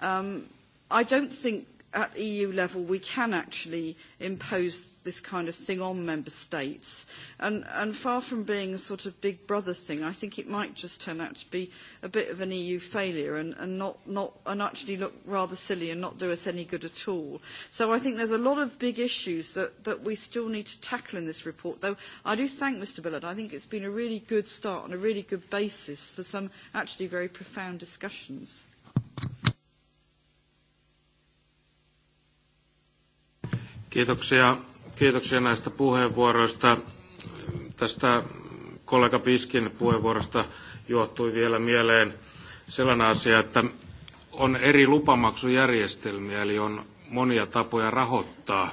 Um, I don't think at EU level, we can actually impose this kind of thing on member states. And, and far from being a sort of big brother thing, I think it might just turn out to be a bit of an EU failure and, and, not, not, and actually look rather silly and not do us any good at all. So I think there's a lot of big issues that, that we still need to tackle in this report, though I do thank Mr. Billard. I think it's been a really good start and a really good basis for some actually very profound discussions. Kiitoksia, kiitoksia näistä puheenvuoroista. Tästä kollega Piskin puheenvuorosta johtui vielä mieleen sellainen asia, että on eri lupamaksujärjestelmiä, eli on monia tapoja rahoittaa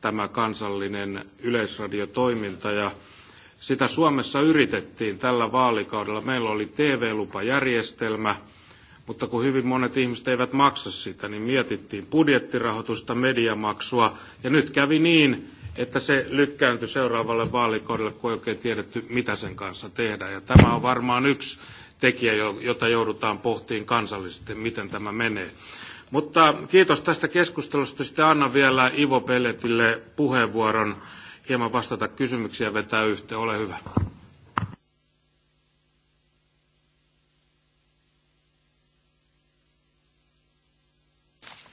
tämä kansallinen yleisradiotoiminta. Ja sitä Suomessa yritettiin tällä vaalikaudella. Meillä oli TV-lupajärjestelmä – mutta kun hyvin monet ihmiset eivät maksa sitä, niin mietittiin budjettirahoitusta, mediamaksua, ja nyt kävi niin, että se lykkääntyi seuraavalle vaalikaudelle, kun ei oikein tiedetty, mitä sen kanssa tehdään. Ja tämä on varmaan yksi tekijä, jota joudutaan pohtiin kansallisesti, miten tämä menee. Mutta kiitos tästä keskustelusta. Sitten annan vielä Ivo Pelletille puheenvuoron hieman vastata kysymyksiä ja vetää yhteen. Ole hyvä.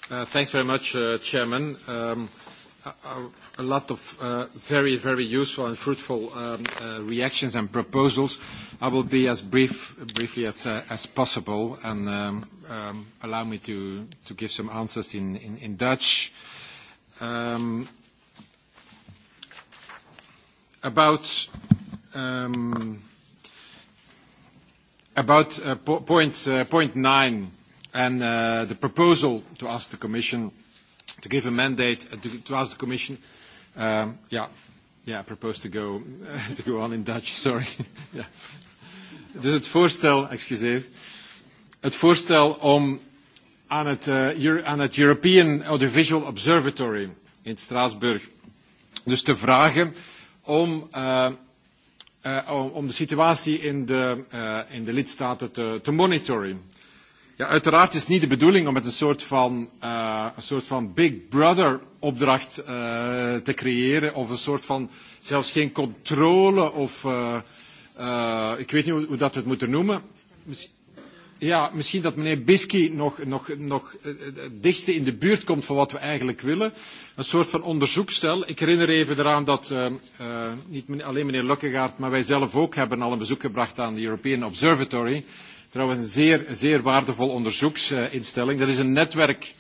Uh, thanks very much, uh, Chairman. Um, a, a lot of uh, very, very useful and fruitful um, uh, reactions and proposals. I will be as brief, briefly as, as possible, and um, um, allow me to, to give some answers in, in, in Dutch. Um, about, um, about point, point nine, and uh, the proposal to ask the Commission to give a mandate uh, to, to ask the Commission, um, yeah, yeah, I propose to go uh, to go on in Dutch. Sorry. ja. Dus het voorstel, excuseer, het voorstel om aan het, uh, aan het European Audiovisual Observatory in Straatsburg dus te vragen om uh, uh, om de situatie in de, uh, in de lidstaten te, te monitoren ja, uiteraard is het niet de bedoeling om met een soort van, uh, een soort van Big Brother opdracht uh, te creëren of een soort van zelfs geen controle of uh, uh, ik weet niet hoe, hoe dat we het moeten noemen. Miss ja, misschien dat meneer Bisky nog, nog, nog het dichtste in de buurt komt van wat we eigenlijk willen. Een soort van onderzoekstel. Ik herinner even eraan dat uh, uh, niet alleen meneer Lokkegaard, maar wij zelf ook hebben al een bezoek gebracht aan de European Observatory. Uh, Trouwens, een zeer, zeer waardevol onderzoeksinstelling. Dat is een netwerk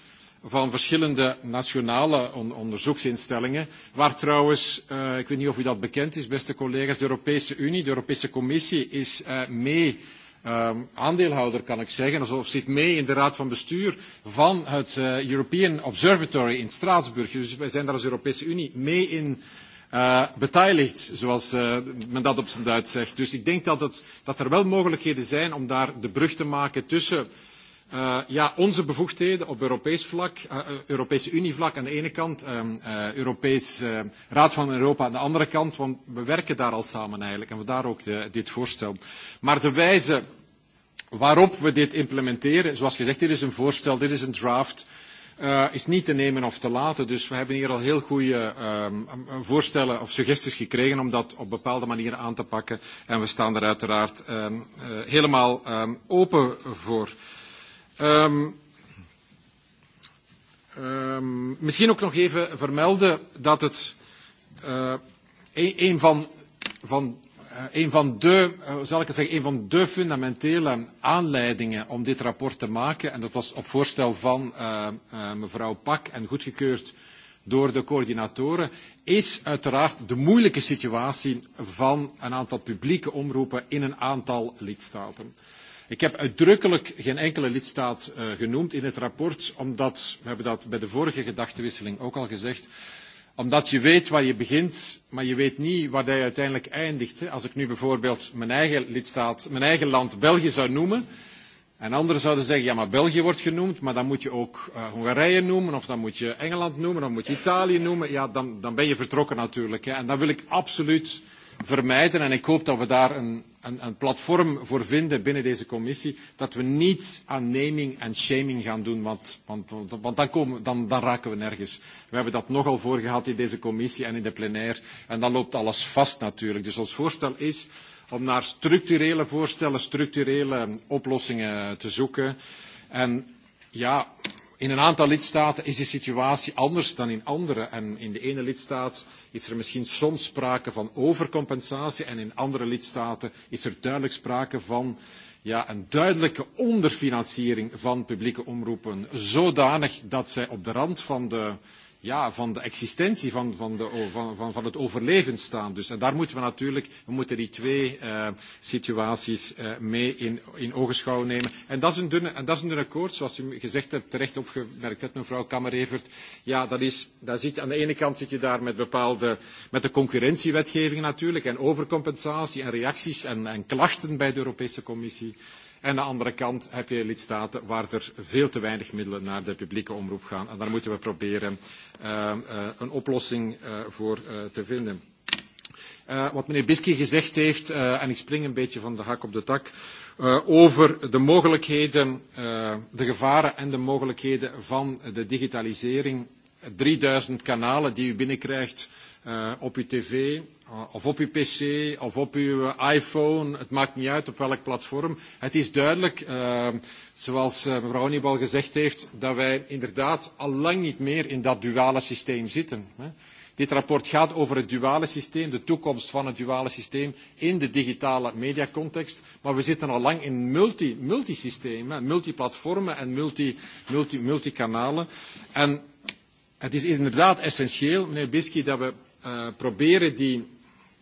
van verschillende nationale onderzoeksinstellingen, waar trouwens, uh, ik weet niet of u dat bekend is, beste collega's, de Europese Unie, de Europese Commissie is uh, mee um, aandeelhouder, kan ik zeggen, of zit mee in de raad van bestuur van het uh, European Observatory in Straatsburg. Dus wij zijn daar als Europese Unie mee in uh, eh, beteiligt, zoals uh, men dat op zijn Duits zegt. Dus ik denk dat, het, dat er wel mogelijkheden zijn om daar de brug te maken tussen uh, ja, onze bevoegdheden op Europees vlak, uh, Europese Unie vlak aan de ene kant, um, uh, Europees uh, Raad van Europa aan de andere kant, want we werken daar al samen eigenlijk en vandaar ook de, dit voorstel. Maar de wijze waarop we dit implementeren, zoals gezegd, dit is een voorstel, dit is een draft, uh, is niet te nemen of te laten. Dus we hebben hier al heel goede um, voorstellen of suggesties gekregen om dat op bepaalde manieren aan te pakken. En we staan er uiteraard um, uh, helemaal um, open voor. Um, um, misschien ook nog even vermelden dat het uh, eh, een, een van, van Eh, een van de, eh, zal ik het zeggen, een van de fundamentele aanleidingen om dit rapport te maken, en dat was op voorstel van uh, uh, mevrouw Pak en goedgekeurd door de coördinatoren, is uiteraard de moeilijke situatie van een aantal publieke omroepen in een aantal lidstaten. Ik heb uitdrukkelijk geen enkele lidstaat uh, genoemd in het rapport, omdat, we hebben dat bij de vorige gedachtenwisseling ook al gezegd, Omdat je weet waar je begint, maar je weet niet waar je uiteindelijk eindigt. Als ik nu bijvoorbeeld mijn eigen lidstaat, mijn eigen land België zou noemen, en anderen zouden zeggen, ja maar België wordt genoemd, maar dan moet je ook uh, Hongarije noemen, of dan moet je Engeland noemen, dan moet je Italië noemen. Ja, dan, dan ben je vertrokken natuurlijk. Hè. En dat wil ik absoluut vermijden, en ik hoop dat we daar een, een, een platform voor vinden binnen deze commissie, dat we niet aan naming en shaming gaan doen, want, want, want dan, komen, dan, dan raken we nergens. We hebben dat nogal voor gehad in deze commissie en in de plenaire, en dan loopt alles vast natuurlijk. Dus ons voorstel is om naar structurele voorstellen, structurele oplossingen te zoeken. En ja, In een aantal lidstaten is de situatie anders dan in andere. En in de ene lidstaat is er misschien soms sprake van overcompensatie en in andere lidstaten is er duidelijk sprake van ja, een duidelijke onderfinanciering van publieke omroepen, zodanig dat zij op de rand van de ja, van de existentie, van, van, de, van, van, van het overleven staan. Dus, en daar moeten we natuurlijk we moeten die twee uh, situaties uh, mee in, in ogenschouw nemen. En dat is een dunne, en dat is een dunne koord, zoals u gezegd hebt, terecht opgemerkt hebt, mevrouw Kammerevert. Ja, dat is, dat zit, aan de ene kant zit je daar met bepaalde, met de concurrentiewetgeving natuurlijk, en overcompensatie en reacties en, en klachten bij de Europese Commissie. En aan de andere kant heb je lidstaten waar er veel te weinig middelen naar de publieke omroep gaan. En daar moeten we proberen uh, uh, een oplossing uh, voor te vinden. wat meneer Biski gezegd heeft, en ik spring een beetje van de hak op de tak, over de mogelijkheden, de gevaren en de mogelijkheden van de digitalisering 3000 kanalen die u binnenkrijgt uh, op uw tv uh, of op uw pc of op uw eh, iPhone. Het maakt niet uit op welk platform. Het is duidelijk, uh, zoals mevrouw Honibal gezegd heeft, dat wij inderdaad al lang niet meer in dat duale systeem zitten. Hè. Dit rapport gaat over het duale systeem, de toekomst van het duale systeem in de digitale mediacontext. Maar we zitten al lang in multi, multisystemen, multiplatformen en multi, multi, multikanalen. En Het is inderdaad essentieel, meneer Bisky, dat we uh, proberen die,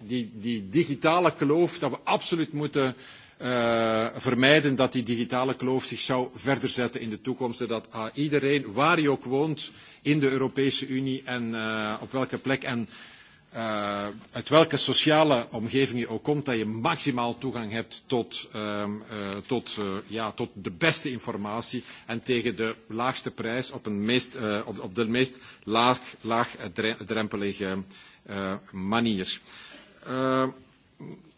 die, die digitale kloof, dat we absoluut moeten uh, vermijden dat die digitale kloof zich zou verder zetten in de toekomst. en uh, ah, iedereen, waar hij ook woont, in de Europese Unie en uh, op welke plek en uh, uit welke sociale omgeving je ook komt, dat je maximaal toegang hebt tot, uh, uh, tot, uh, ja, tot de beste informatie en tegen de laagste prijs op, een meest, uh, op, op de meest laag, laagdrempelige uh, manier. Uh,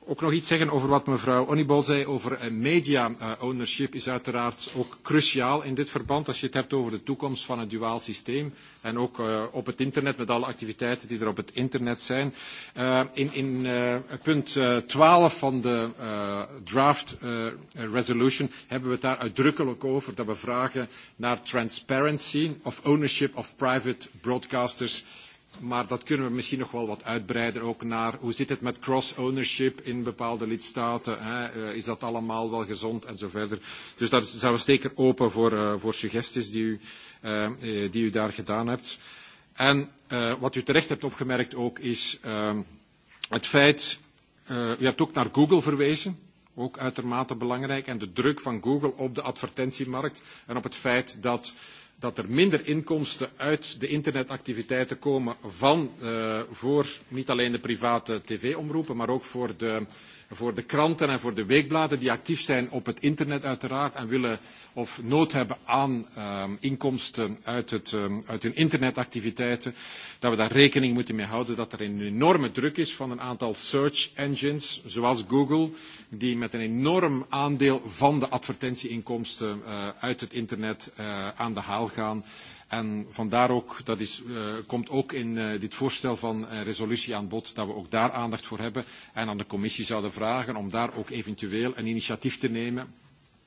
ook nog iets zeggen over wat mevrouw Onibol zei over eh, media eh, ownership is uiteraard ook cruciaal in dit verband als je het hebt over de toekomst van het duaal systeem en ook eh, op het internet met alle activiteiten die er op het internet zijn. In, in punt twaalf van de draft resolution hebben we het daar uitdrukkelijk over dat we vragen naar transparency of ownership of private broadcasters Maar dat kunnen we misschien nog wel wat uitbreiden ook naar hoe zit het met cross-ownership in bepaalde lidstaten. Hè? Eh, is dat allemaal wel gezond en zo verder. Dus daar zijn we zeker open voor, uh, voor suggesties die u, uh, die u daar gedaan hebt. En uh, wat u terecht hebt opgemerkt ook is uh, het feit, uh, u hebt ook naar Google verwezen ook uitermate belangrijk. En de druk van Google op de advertentiemarkt en op het feit dat dat er minder inkomsten uit de internetactiviteiten komen van, uh, voor niet alleen de private tv-omroepen, maar ook voor de voor de kranten en voor de weekbladen die actief zijn op het internet uiteraard en willen of nood hebben aan um, inkomsten uit, het, um, uit hun internetactiviteiten, dat we daar rekening moeten mee houden dat er een enorme druk is van een aantal search engines, zoals Google, die met een enorm aandeel van de advertentieinkomsten uh, uit het internet uh, aan de haal gaan. En vandaar ook, dat is, uh, komt ook in uh, dit voorstel van uh, resolutie aan bod, dat we ook daar aandacht voor hebben en aan de commissie zouden vragen om daar ook eventueel een initiatief te nemen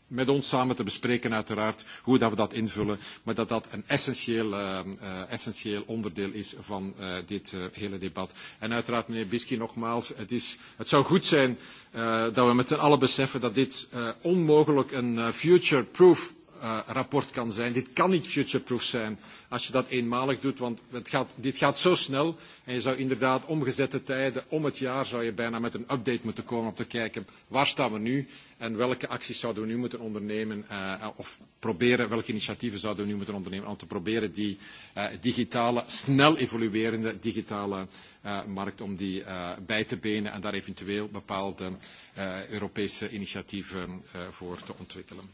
met ons samen te bespreken uiteraard hoe dat we dat invullen, maar dat dat een essentieel, uh, uh, essentieel onderdeel is van uh, dit uh, hele debat. En uiteraard, meneer Bisky, nogmaals, het, is, het zou goed zijn uh, dat we met z'n allen beseffen dat dit uh, onmogelijk een uh, future-proof Eh, rapport kan zijn. Dit kan niet futureproof zijn als je dat eenmalig doet, want het gaat, dit gaat zo snel. En je zou inderdaad omgezette tijden, om het jaar zou je bijna met een update moeten komen om te kijken waar staan we nu en welke acties zouden we nu moeten ondernemen uh, of proberen, welke initiatieven zouden we nu moeten ondernemen om te proberen die uh, digitale, snel evoluerende digitale uh, markt om die uh, bij te benen en daar eventueel bepaalde uh, Europese initiatieven uh, voor te ontwikkelen.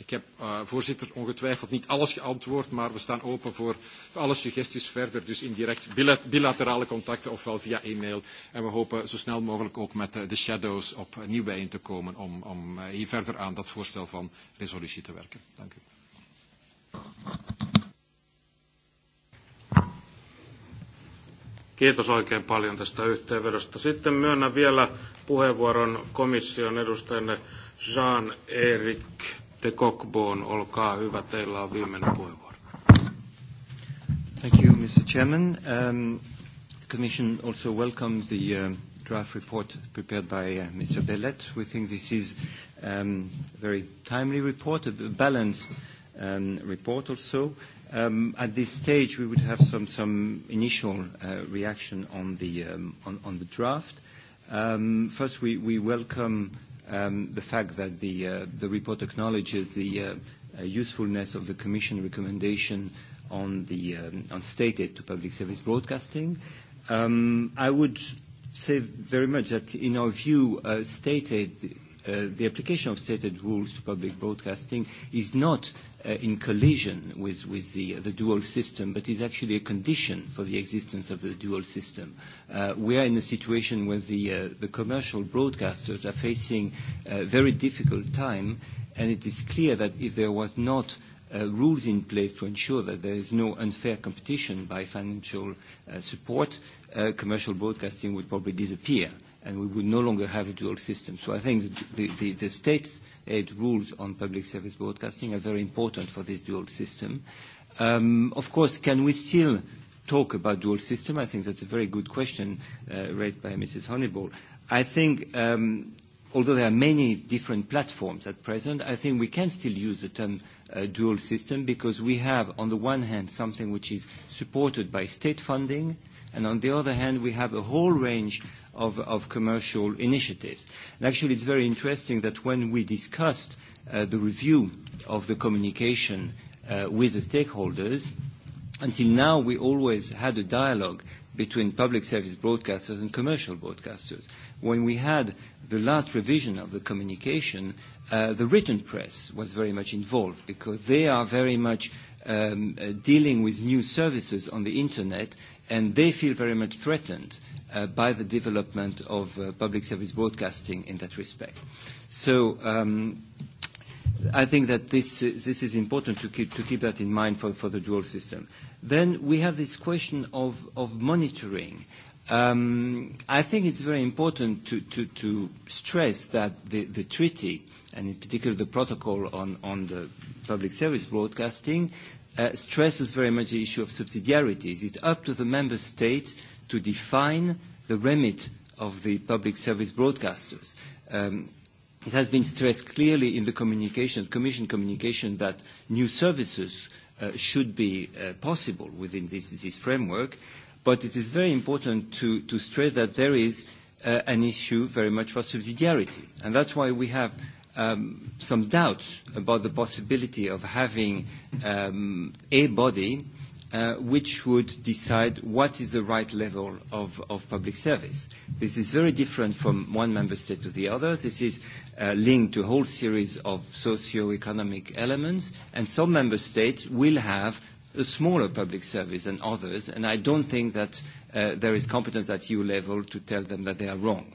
Ik heb, uh, voorzitter, ongetwijfeld niet alles geantwoord, maar we staan open voor alle suggesties verder, dus in direct bilaterale contacten ofwel via e-mail. En we hopen zo snel mogelijk ook met eh, de shadows opnieuw bijeen te komen om, om eh, hier verder aan dat voorstel van resolutie te werken. Dank u. Kiitos oikein paljon tästä yhteenvedosta. Sitten myönnän vielä puheenvuoron komission edustajalle Jean-Eric de Cockborn, olkaa hyvä, teillä on viimeinen puheenvuoro. Thank you, Mr. Chairman. Um, the Commission also welcomes the uh, draft report prepared by uh, Mr. Bellet. We think this is um, a very timely report, a balanced um, report also. Um, at this stage, we would have some, some initial uh, reaction on the, um, on, on the draft. Um, first, we, we welcome um, the fact that the, uh, the report acknowledges the uh, uh, usefulness of the Commission recommendation on, the, um, on state aid to public service broadcasting. Um, I would say very much that in our view, uh, state aid uh, the application of stated rules to public broadcasting is not uh, in collision with, with the, uh, the dual system, but is actually a condition for the existence of the dual system. Uh, we are in a situation where the, uh, the commercial broadcasters are facing a very difficult time, and it is clear that if there was not uh, rules in place to ensure that there is no unfair competition by financial uh, support, uh, commercial broadcasting would probably disappear. Uh, and we would no longer have a dual system. So I think the, the, the state aid rules on public service broadcasting are very important for this dual system. Um, of course, can we still talk about dual system? I think that's a very good question uh, raised by Mrs. Honeyball. I think um, although there are many different platforms at present, I think we can still use the term uh, dual system because we have, on the one hand, something which is supported by state funding, and on the other hand, we have a whole range of, of commercial initiatives. And actually, it's very interesting that when we discussed uh, the review of the communication uh, with the stakeholders, until now we always had a dialogue between public service broadcasters and commercial broadcasters. When we had the last revision of the communication, uh, the written press was very much involved because they are very much um, uh, dealing with new services on the internet and they feel very much threatened uh, Uh, by the development of uh, public service broadcasting in that respect. So um, I think that this, uh, this is important to keep, to keep that in mind for, for the dual system. Then we have this question of, of monitoring. Um, I think it's very important to, to, to stress that the, the treaty, and in particular the protocol on, on the public service broadcasting, uh, stresses very much the issue of subsidiarities. It's up to the member states to define the remit of the public service broadcasters. Um, it has been stressed clearly in the communication, Commission communication that new services uh, should be uh, possible within this, this framework, but it is very important to, to stress that there is uh, an issue very much for subsidiarity. And that's why we have um, some doubts about the possibility of having um, a body Uh, which would decide what is the right level of, of public service. This is very different from one member state to the other. This is uh, linked to a whole series of socio-economic elements, and some member states will have a smaller public service than others, and I don't think that uh, there is competence at EU level to tell them that they are wrong.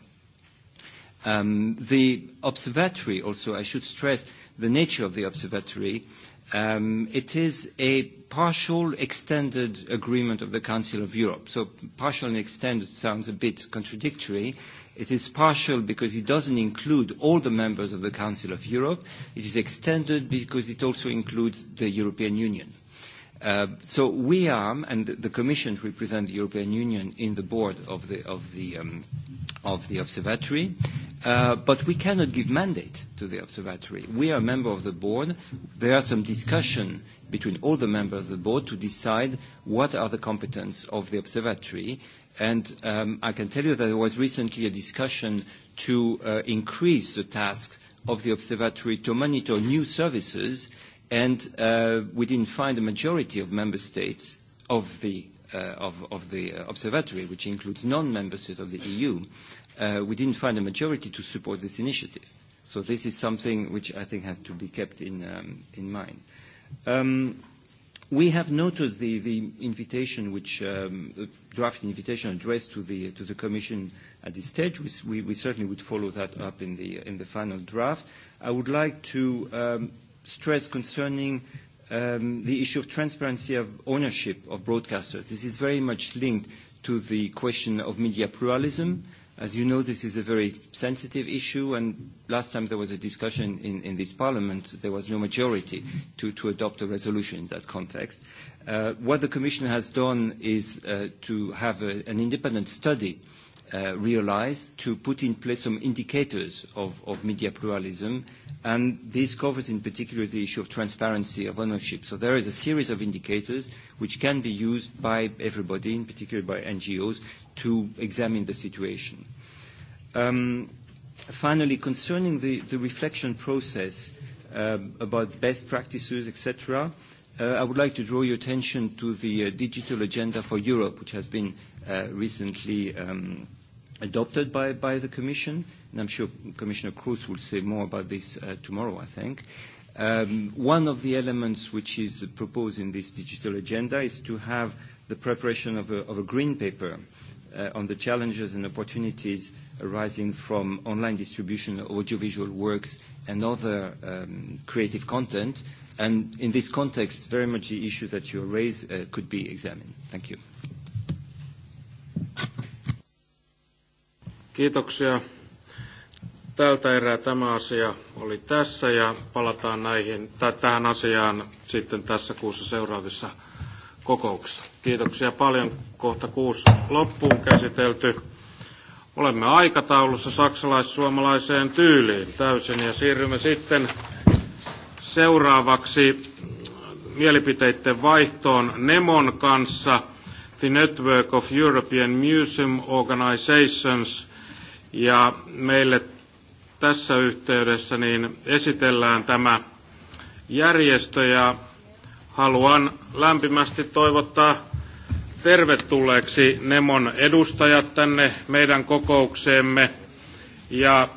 Um, the observatory also, I should stress the nature of the observatory. Um, it is a partial extended agreement of the Council of Europe. So partial and extended sounds a bit contradictory. It is partial because it doesn't include all the members of the Council of Europe. It is extended because it also includes the European Union. Uh, so we are, and the Commission represents the European Union in the board of the, of the, um, of the observatory, uh, but we cannot give mandate to the observatory. We are a member of the board. There are some discussion between all the members of the board to decide what are the competences of the observatory. And um, I can tell you that there was recently a discussion to uh, increase the task of the observatory to monitor new services – and uh, we didn't find a majority of member states of the, uh, of, of the uh, observatory, which includes non-member states of the EU, uh, we didn't find a majority to support this initiative. So this is something which I think has to be kept in, um, in mind. Um, we have noted the, the invitation, which um, the draft invitation addressed to the, to the Commission at this stage. We, we, we certainly would follow that up in the, in the final draft. I would like to um, stress concerning um, the issue of transparency of ownership of broadcasters. This is very much linked to the question of media pluralism. As you know, this is a very sensitive issue, and last time there was a discussion in, in this parliament, there was no majority to, to adopt a resolution in that context. Uh, what the Commission has done is uh, to have a, an independent study uh, Uh, realized to put in place some indicators of, of media pluralism, and this covers in particular the issue of transparency of ownership. So there is a series of indicators which can be used by everybody, in particular by NGOs, to examine the situation. Um, finally, concerning the, the reflection process um, about best practices, etc., Uh, I would like to draw your attention to the uh, Digital Agenda for Europe, which has been uh, recently um, adopted by, by the Commission, and I'm sure Commissioner Cruz will say more about this uh, tomorrow, I think. Um, one of the elements which is proposed in this digital agenda is to have the preparation of a, of a green paper uh, on the challenges and opportunities arising from online distribution of audiovisual works and other um, creative content, And in this context, very much the issue that you raise uh, could be examined. Thank you. Kiitoksia. Tältä erää tämä asia oli tässä ja palataan näihin, tai tähän asiaan sitten tässä kuussa seuraavissa kokouksissa. Kiitoksia paljon. Kohta kuusi loppuun käsitelty. Olemme aikataulussa saksalais-suomalaiseen tyyliin täysin ja siirrymme sitten Seuraavaksi mielipiteiden vaihtoon Nemon kanssa The Network of European Museum Organizations ja meille tässä yhteydessä niin esitellään tämä järjestö ja haluan lämpimästi toivottaa tervetulleeksi Nemon edustajat tänne meidän kokoukseemme ja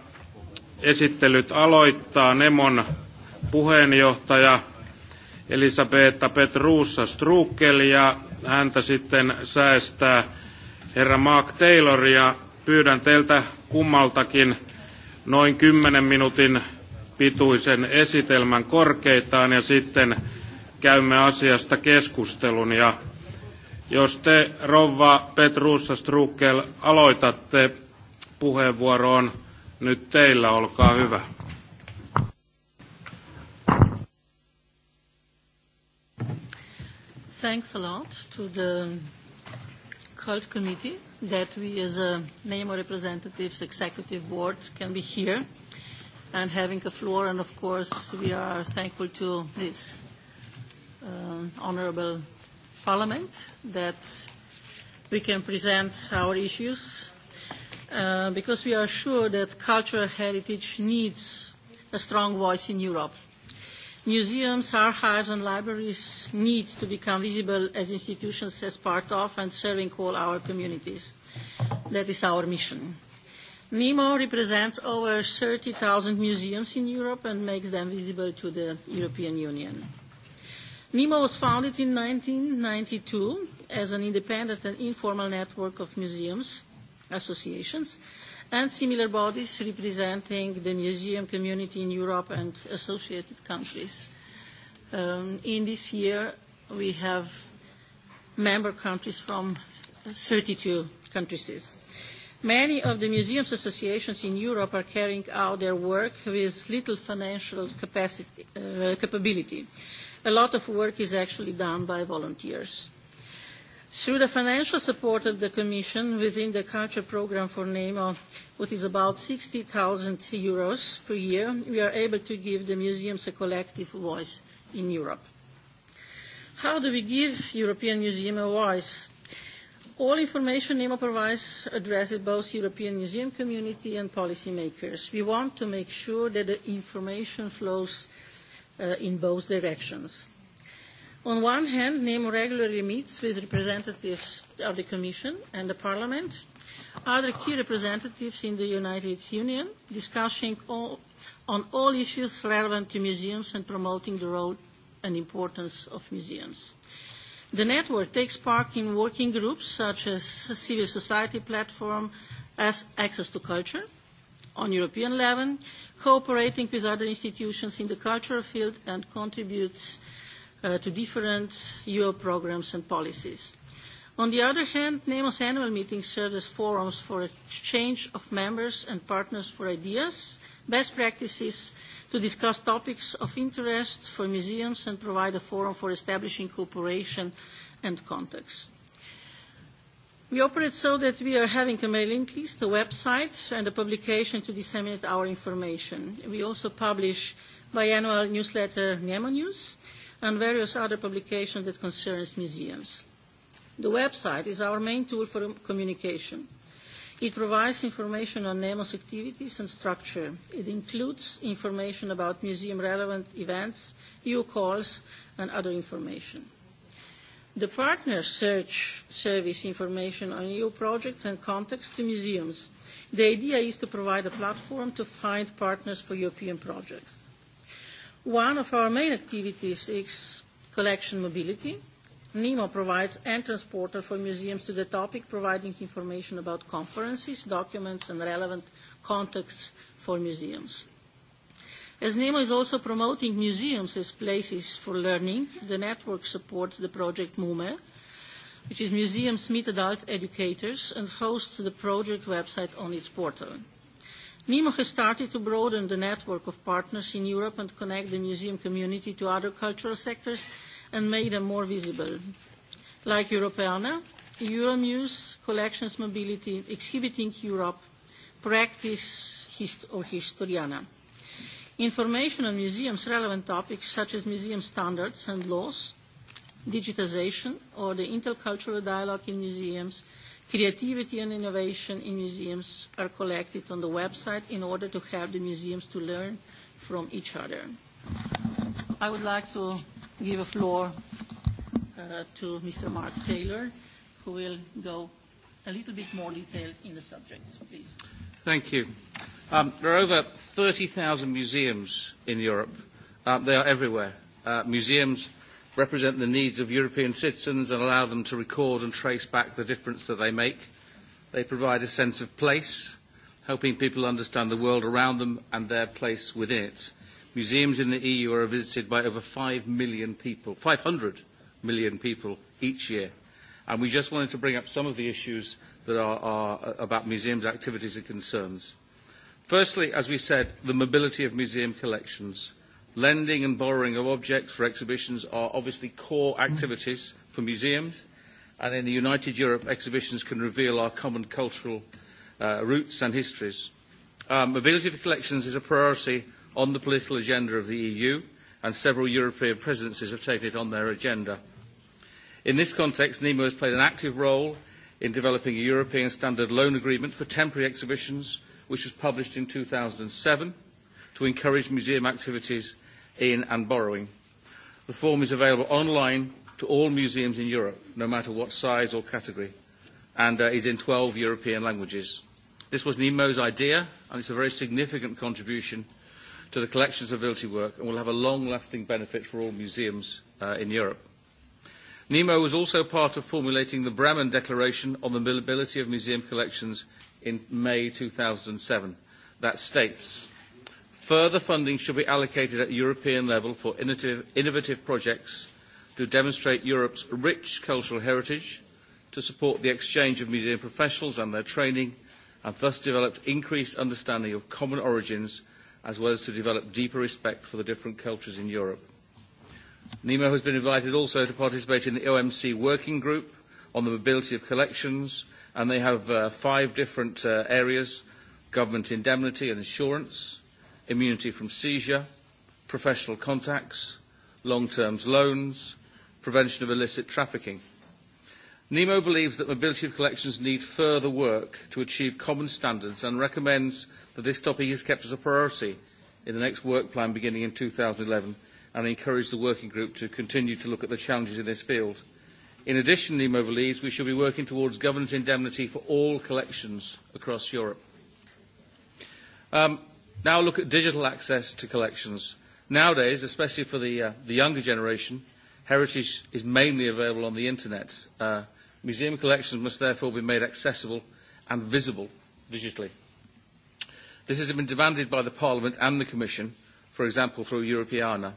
esittelyt aloittaa Nemon puheenjohtaja Elisabetta Petruussa Strukel ja häntä sitten säästää herra Mark Taylor ja pyydän teiltä kummaltakin noin kymmenen minuutin pituisen esitelmän korkeitaan ja sitten käymme asiasta keskustelun. Ja jos te, rouva Petruussa Strukel, aloitatte puheenvuoroon nyt teillä, olkaa hyvä. Thanks a lot to the cult committee that we as a NAMO representatives executive board can be here and having a floor and of course we are thankful to this uh, honorable parliament that we can present our issues uh, because we are sure that cultural heritage needs a strong voice in Europe Museums, archives and libraries need to become visible as institutions as part of and serving all our communities. That is our mission. NEMO represents over 30,000 museums in Europe and makes them visible to the European Union. NEMO was founded in 1992 as an independent and informal network of museums associations and similar bodies representing the museum community in Europe and associated countries. Um, in this year, we have member countries from 32 countries. Many of the museums associations in Europe are carrying out their work with little financial capacity, uh, capability. A lot of work is actually done by volunteers. Through the financial support of the Commission within the Culture Programme for NEMO, which is about 60,000 euros per year, we are able to give the museums a collective voice in Europe. How do we give European Museum a voice? All information NEMO provides addresses both European museum community and policymakers. We want to make sure that the information flows uh, in both directions. On one hand, NEMO regularly meets with representatives of the Commission and the Parliament, other key representatives in the United Union, discussing all, on all issues relevant to museums and promoting the role and importance of museums. The network takes part in working groups such as civil society platform as access to culture on European level, cooperating with other institutions in the cultural field and contributes uh, to different EU programs and policies. On the other hand, NEMO's annual meetings serve as forums for exchange of members and partners for ideas, best practices, to discuss topics of interest for museums and provide a forum for establishing cooperation and contacts. We operate so that we are having a mailing list, a website, and a publication to disseminate our information. We also publish biannual newsletter NEMO News, and various other publications that concern museums. The website is our main tool for um, communication. It provides information on NEMO's activities and structure. It includes information about museum-relevant events, EU calls, and other information. The partner search service information on EU projects and contacts to museums. The idea is to provide a platform to find partners for European projects. One of our main activities is collection mobility. NEMO provides entrance portal for museums to the topic, providing information about conferences, documents, and relevant contacts for museums. As NEMO is also promoting museums as places for learning, the network supports the project MUME, which is Museums Meet Adult Educators, and hosts the project website on its portal. NEMO has started to broaden the network of partners in Europe and connect the museum community to other cultural sectors and make them more visible. Like Europeana, Euromuse, Collections Mobility, Exhibiting Europe, Practice hist or Historiana. Information on museums' relevant topics such as museum standards and laws, digitization, or the intercultural dialogue in museums – Creativity and innovation in museums are collected on the website in order to help the museums to learn from each other. I would like to give a floor uh, to Mr. Mark Taylor, who will go a little bit more detailed in the subject, please. Thank you. Um, there are over 30,000 museums in Europe. Uh, they are everywhere. Uh, museums represent the needs of European citizens and allow them to record and trace back the difference that they make. They provide a sense of place, helping people understand the world around them and their place within it. Museums in the EU are visited by over 5 million people, 500 million people each year. And we just wanted to bring up some of the issues that are, are about museums' activities and concerns. Firstly, as we said, the mobility of museum collections. Lending and borrowing of objects for exhibitions are obviously core activities for museums, and in the United Europe, exhibitions can reveal our common cultural uh, roots and histories. Um, mobility for collections is a priority on the political agenda of the EU, and several European presidencies have taken it on their agenda. In this context, NEMO has played an active role in developing a European standard loan agreement for temporary exhibitions, which was published in two thousand seven to encourage museum activities in and borrowing. The form is available online to all museums in Europe, no matter what size or category, and uh, is in 12 European languages. This was Nemo's idea, and it's a very significant contribution to the collection's ability work and will have a long-lasting benefit for all museums uh, in Europe. Nemo was also part of formulating the Bremen Declaration on the Mobility of Museum Collections in May 2007. That states, Further funding should be allocated at European level for innovative, innovative projects to demonstrate Europe's rich cultural heritage, to support the exchange of museum professionals and their training, and thus develop increased understanding of common origins, as well as to develop deeper respect for the different cultures in Europe. NEMO has been invited also to participate in the OMC working group on the mobility of collections, and they have uh, five different uh, areas, government indemnity and insurance, immunity from seizure, professional contacts, long-term loans, prevention of illicit trafficking. NEMO believes that mobility of collections need further work to achieve common standards and recommends that this topic is kept as a priority in the next work plan beginning in 2011 and encourage the working group to continue to look at the challenges in this field. In addition, NEMO believes we should be working towards governance indemnity for all collections across Europe. Um, Now look at digital access to collections. Nowadays, especially for the, uh, the younger generation, heritage is mainly available on the internet. Uh, museum collections must therefore be made accessible and visible digitally. This has been demanded by the Parliament and the Commission, for example through Europeana.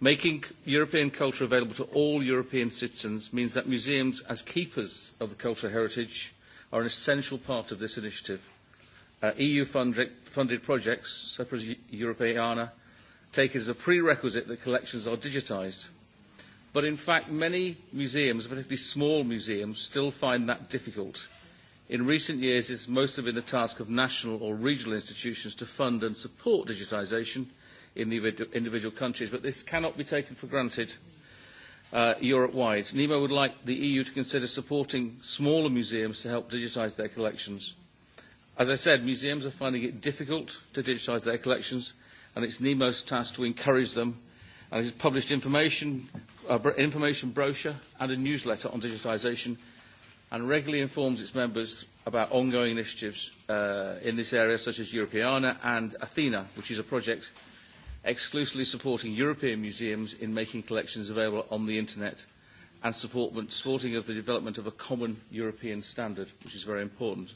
Making European culture available to all European citizens means that museums, as keepers of the cultural heritage, are an essential part of this initiative. Uh, EU-funded projects, such as Europeana, take it as a prerequisite that collections are digitised. But in fact, many museums, particularly small museums, still find that difficult. In recent years, it has mostly been the task of national or regional institutions to fund and support digitisation in the individual countries, but this cannot be taken for granted uh, Europe-wide. NEMO would like the EU to consider supporting smaller museums to help digitise their collections As I said, museums are finding it difficult to digitise their collections, and it's NEMO's task to encourage them. And it has published information, uh, information brochure and a newsletter on digitisation, and regularly informs its members about ongoing initiatives uh, in this area, such as Europeana and Athena, which is a project exclusively supporting European museums in making collections available on the internet and support, supporting of the development of a common European standard, which is very important.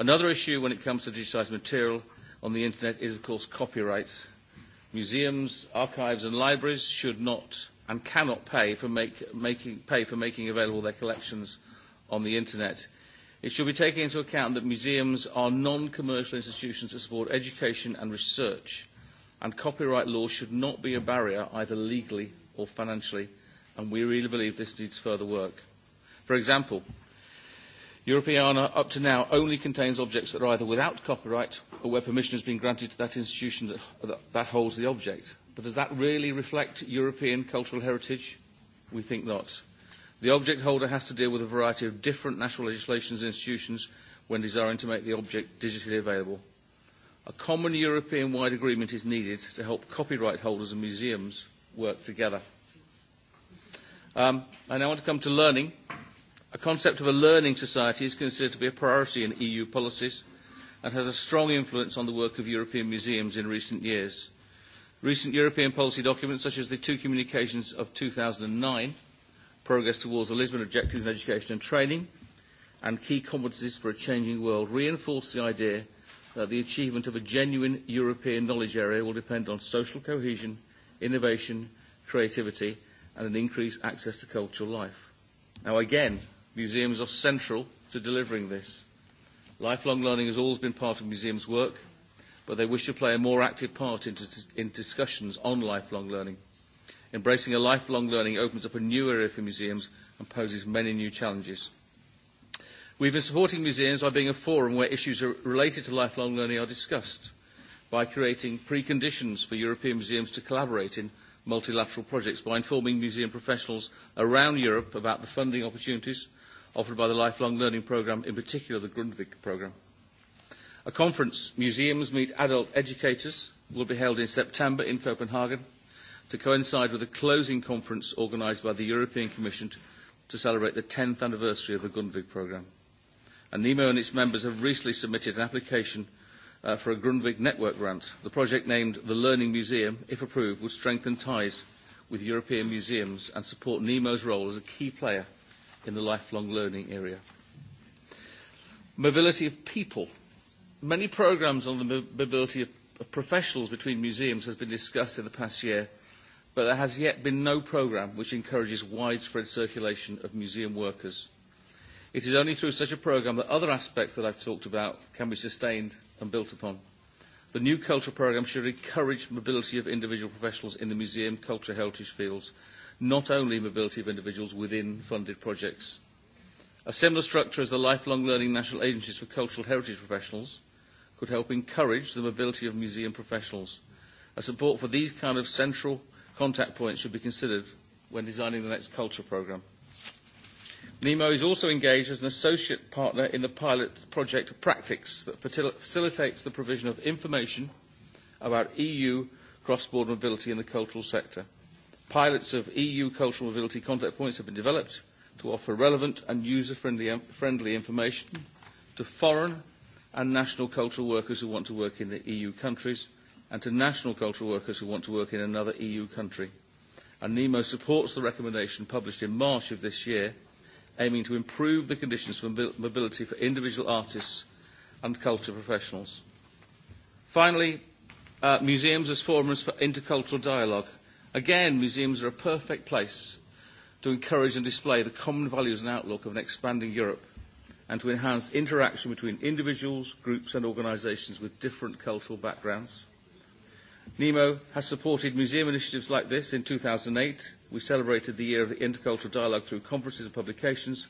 Another issue when it comes to digitised material on the internet is, of course, copyrights. Museums, archives and libraries should not and cannot pay for, make, making, pay for making available their collections on the internet. It should be taken into account that museums are non-commercial institutions that support education and research, and copyright law should not be a barrier either legally or financially, and we really believe this needs further work. For example, Europeana up to now only contains objects that are either without copyright or where permission has been granted to that institution that, that, holds the object. But does that really reflect European cultural heritage? We think not. The object holder has to deal with a variety of different national legislations and institutions when desiring to make the object digitally available. A common European-wide agreement is needed to help copyright holders and museums work together. Um, I now want to come to learning a concept of a learning society is considered to be a priority in EU policies and has a strong influence on the work of European museums in recent years. Recent European policy documents, such as the two communications of two thousand nine, Progress Towards the Lisbon Objectives in Education and Training, and Key Competencies for a Changing World, reinforce the idea that the achievement of a genuine European knowledge area will depend on social cohesion, innovation, creativity, and an increased access to cultural life. Now, again, Museums are central to delivering this. Lifelong learning has always been part of museums' work, but they wish to play a more active part in, in discussions on lifelong learning. Embracing a lifelong learning opens up a new area for museums and poses many new challenges. We've been supporting museums by being a forum where issues related to lifelong learning are discussed, by creating preconditions for European museums to collaborate in multilateral projects, by informing museum professionals around Europe about the funding opportunities, offered by the Lifelong Learning Programme, in particular the Grundvik Programme. A conference, Museums Meet Adult Educators, will be held in September in Copenhagen to coincide with a closing conference organised by the European Commission to celebrate the 10th anniversary of the Grundvik Programme. And NEMO and its members have recently submitted an application uh, for a Grundvik Network grant. The project named the Learning Museum, if approved, would strengthen ties with European museums and support NEMO's role as a key player – in the lifelong learning area. Mobility of people. Many programmes on the mobility of, of professionals between museums has been discussed in the past year, but there has yet been no programme which encourages widespread circulation of museum workers. It is only through such a programme that other aspects that I've talked about can be sustained and built upon. The new culture programme should encourage mobility of individual professionals in the museum culture heritage fields not only mobility of individuals within funded projects. A similar structure as the lifelong learning national agencies for cultural heritage professionals could help encourage the mobility of museum professionals. A support for these kind of central contact points should be considered when designing the next culture programme. NEMO is also engaged as an associate partner in the pilot project Practics that facilitates the provision of information about EU cross-border mobility in the cultural sector. Pilots of EU cultural mobility contact points have been developed to offer relevant and user-friendly information to foreign and national cultural workers who want to work in the EU countries and to national cultural workers who want to work in another EU country. And NEMO supports the recommendation published in March of this year aiming to improve the conditions for mobility for individual artists and culture professionals. Finally, uh, museums as forums for intercultural dialogue Again, museums are a perfect place to encourage and display the common values and outlook of an expanding Europe and to enhance interaction between individuals, groups and organisations with different cultural backgrounds. NEMO has supported museum initiatives like this. In two thousand eight we celebrated the year of the intercultural dialogue through conferences and publications,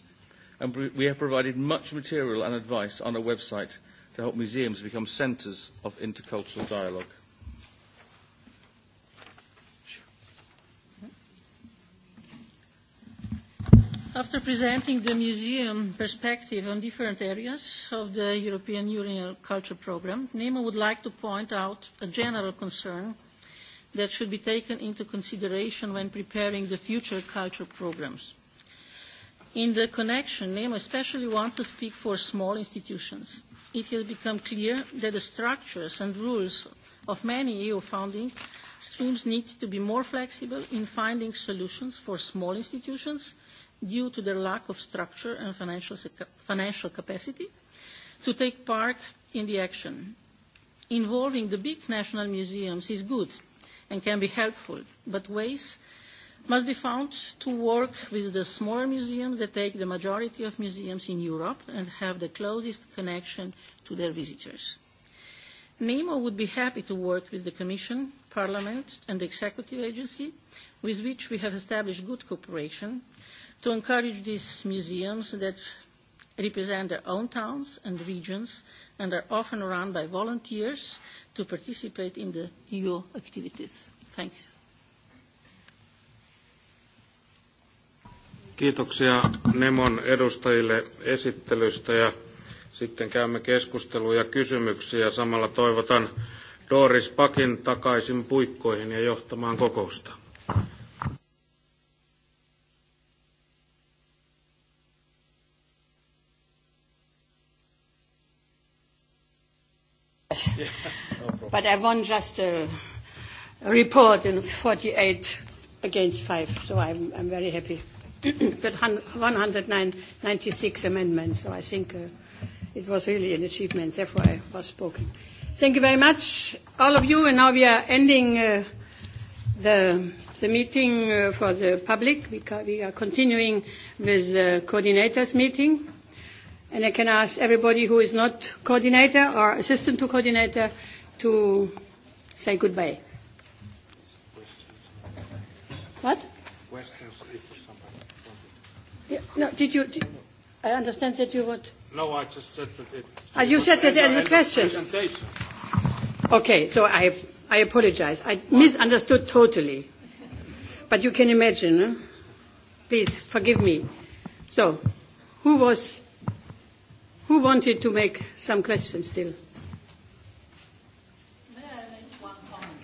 and we have provided much material and advice on our website to help museums become centres of intercultural dialogue. After presenting the museum perspective on different areas of the European Union Culture Programme, NEMA would like to point out a general concern that should be taken into consideration when preparing the future culture programmes. In the connection, NEMA especially wants to speak for small institutions. It has become clear that the structures and rules of many EU funding streams need to be more flexible in finding solutions for small institutions due to their lack of structure and financial, financial capacity to take part in the action. Involving the big national museums is good and can be helpful, but ways must be found to work with the smaller museums that take the majority of museums in Europe and have the closest connection to their visitors. NEMO would be happy to work with the Commission, Parliament and the Executive Agency, with which we have established good cooperation to encourage these museums that represent their own towns and regions and are often run by volunteers to participate in the EU activities. Thank you. Kiitoksia Nemon edustajille esittelystä ja sitten käymme keskustelua ja kysymyksiä. Samalla toivotan Doris Pakin takaisin puikkoihin ja johtamaan kokousta. Yeah, no but I won just a report in 48 against 5, so I'm, I'm very happy. but 196 amendments, so I think uh, it was really an achievement. Therefore, I was spoken. Thank you very much, all of you. And now we are ending uh, the, the meeting uh, for the public. We, ca- we are continuing with the coordinators' meeting. And I can ask everybody who is not coordinator or assistant to coordinator to say goodbye. What? Yeah, no, did you? Did, I understand that you would. No, I just said that it. Ah, you said that as a question. Okay, so I I apologize. I misunderstood totally. But you can imagine. Huh? Please forgive me. So, who was Who wanted to make some questions still? May I make one comment?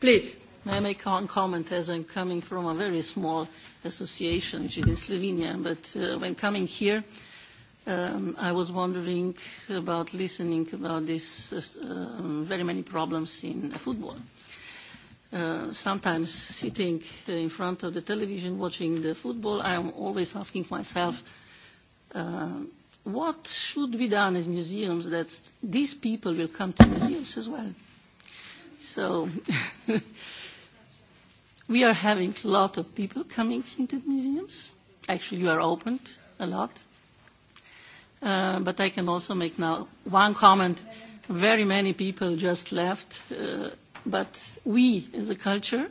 Please. May I make one comment as I'm coming from a very small association, which is in Slovenia, but uh, when coming here, um, I was wondering about listening about this uh, um, very many problems in football. Uh, sometimes sitting in front of the television watching the football, I am always asking myself, uh, what should be done in museums that these people will come to museums as well? So we are having a lot of people coming into museums. Actually, you are opened a lot. Uh, but I can also make now one comment. Very many people just left, uh, but we as a culture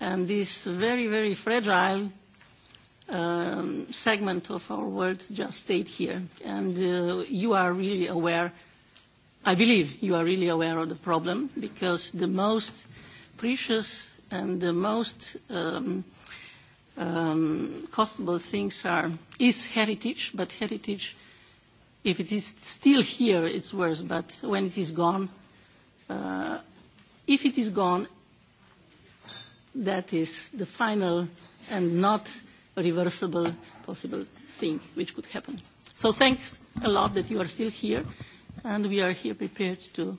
and this very, very fragile um, segment of our world just stayed here. And uh, you are really aware, I believe you are really aware of the problem because the most precious and the most um, um, costable things are, is heritage, but heritage, if it is still here, it's worse, but when it is gone, uh, if it is gone, that is the final and not reversible possible thing which could happen. So thanks a lot that you are still here, and we are here prepared to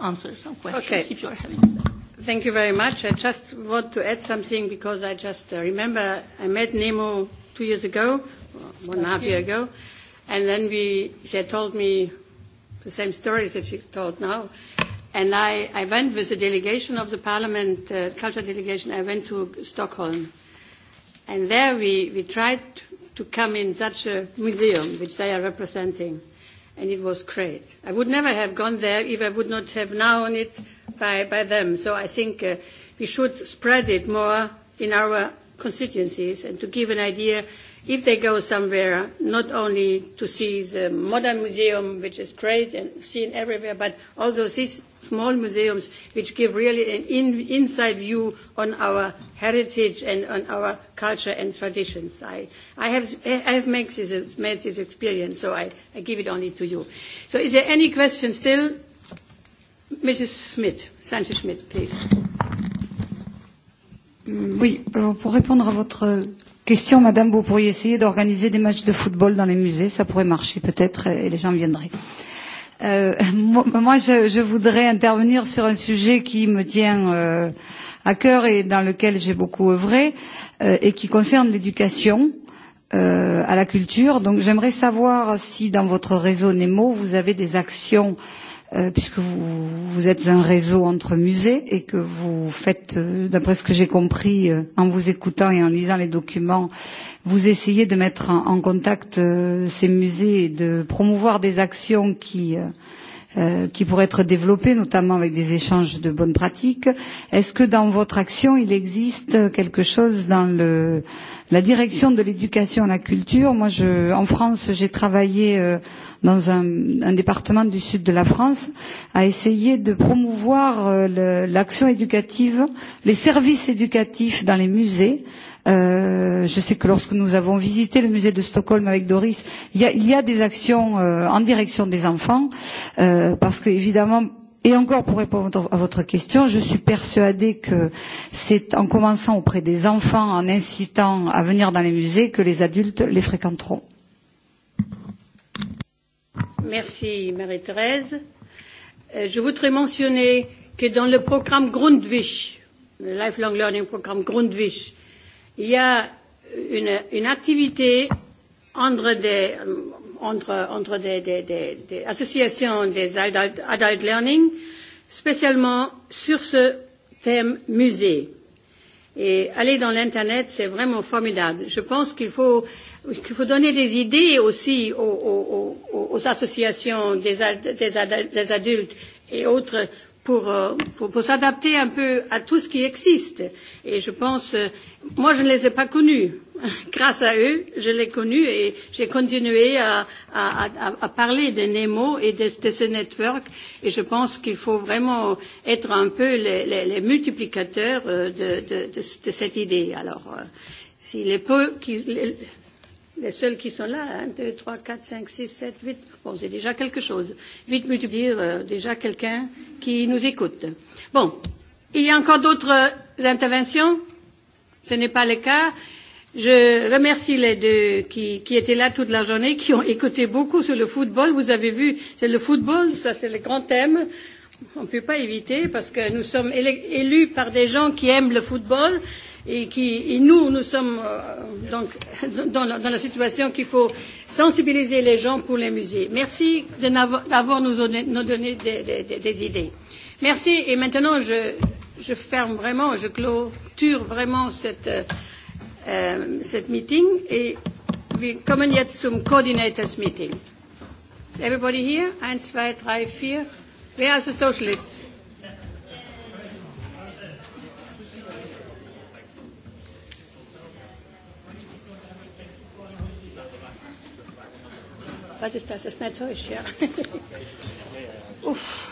answer some questions okay. if you are having them. Thank you very much. I just want to add something because I just uh, remember I met Nemo two years ago, uh, one and a half year ago, and then we, she had told me the same stories that she told now. And I, I went with a delegation of the parliament, uh, culture delegation, I went to Stockholm And there we, we tried to come in such a museum, which they are representing. And it was great. I would never have gone there if I would not have known it by, by them. So I think uh, we should spread it more in our constituencies and to give an idea if they go somewhere, not only to see the modern museum, which is great and seen everywhere, but also this small museums which give really an in, inside view on our heritage and on our culture and traditions. I, I, have, I have made this, made this experience, so I, I give it only to you. So is there any question still? Mrs. Smith, Sanchez Schmidt, please. Mm, oui, alors pour répondre à votre question, madame, vous pourriez essayer d'organiser des matchs de football dans les musées, ça pourrait marcher peut-être et les gens viendraient. Euh, Euh, moi, je, je voudrais intervenir sur un sujet qui me tient euh, à cœur et dans lequel j'ai beaucoup œuvré euh, et qui concerne l'éducation euh, à la culture. Donc, j'aimerais savoir si dans votre réseau Nemo, vous avez des actions euh, Euh, puisque vous, vous êtes un réseau entre musées et que vous faites, euh, d'après ce que j'ai compris euh, en vous écoutant et en lisant les documents, vous essayez de mettre en, en contact ces musées et de promouvoir des actions qui, Euh, qui pourrait être développée, notamment avec des échanges de bonnes pratiques. Est-ce que dans votre action, il existe quelque chose dans le, la direction de l'éducation à la culture Moi, je, en France, j'ai travaillé euh, dans un, un département du sud de la France à essayer de promouvoir euh, l'action éducative, les services éducatifs dans les musées, Euh, je sais que lorsque nous avons visité le musée de Stockholm avec Doris, il y a, il y a des actions euh, en direction des enfants, euh, parce que évidemment, Et encore pour répondre à votre question, je suis persuadée que c'est en commençant auprès des enfants, en incitant à venir dans les musées, que les adultes les fréquenteront. Merci Marie-Thérèse. Euh, je voudrais mentionner que dans le programme Grundwig, le Lifelong Learning Programme Grundwig, il y a une, une activité entre des, entre, entre des, des, des, des associations des adult, adult learning, spécialement sur ce thème musée. Et aller dans l'Internet, c'est vraiment formidable. Je pense qu'il faut, qu faut donner des idées aussi aux, aux, aux, aux associations des, des, des adultes et autres pour, euh, pour, pour s'adapter un peu à tout ce qui existe. Et je pense, euh, moi je ne les ai pas connus. Grâce à eux, je les ai connus et j'ai continué à, à, à, à parler de Nemo et de, de ce network. Et je pense qu'il faut vraiment être un peu les, les, les multiplicateurs euh, de, de, de, de cette idée. Alors, si les peu qui, les, Les seuls qui sont là, 1, 2, 3, 4, 5, 6, 7, 8, bon, c'est déjà quelque chose. 8 multiplier euh, déjà quelqu'un qui nous écoute. Bon, il y a encore d'autres euh, interventions Ce n'est pas le cas. Je remercie les deux qui, qui étaient là toute la journée, qui ont écouté beaucoup sur le football. Vous avez vu, c'est le football, ça c'est le grand thème. On ne peut pas éviter parce que nous sommes élus par des gens qui aiment le football et qui et nous nous sommes euh, donc dans la, dans la situation qu'il faut sensibiliser les gens pour les musées. Merci d'avoir nous nous donné des, des, des, des idées. Merci et maintenant je, je ferme vraiment, je clôture vraiment cette, euh, euh cette meeting et wir kommen jetzt some Coordinators Meeting. Is everybody here? 1, 2, 3, 4. Where are the socialists? Was ist das? ist mir zu ja. Uff.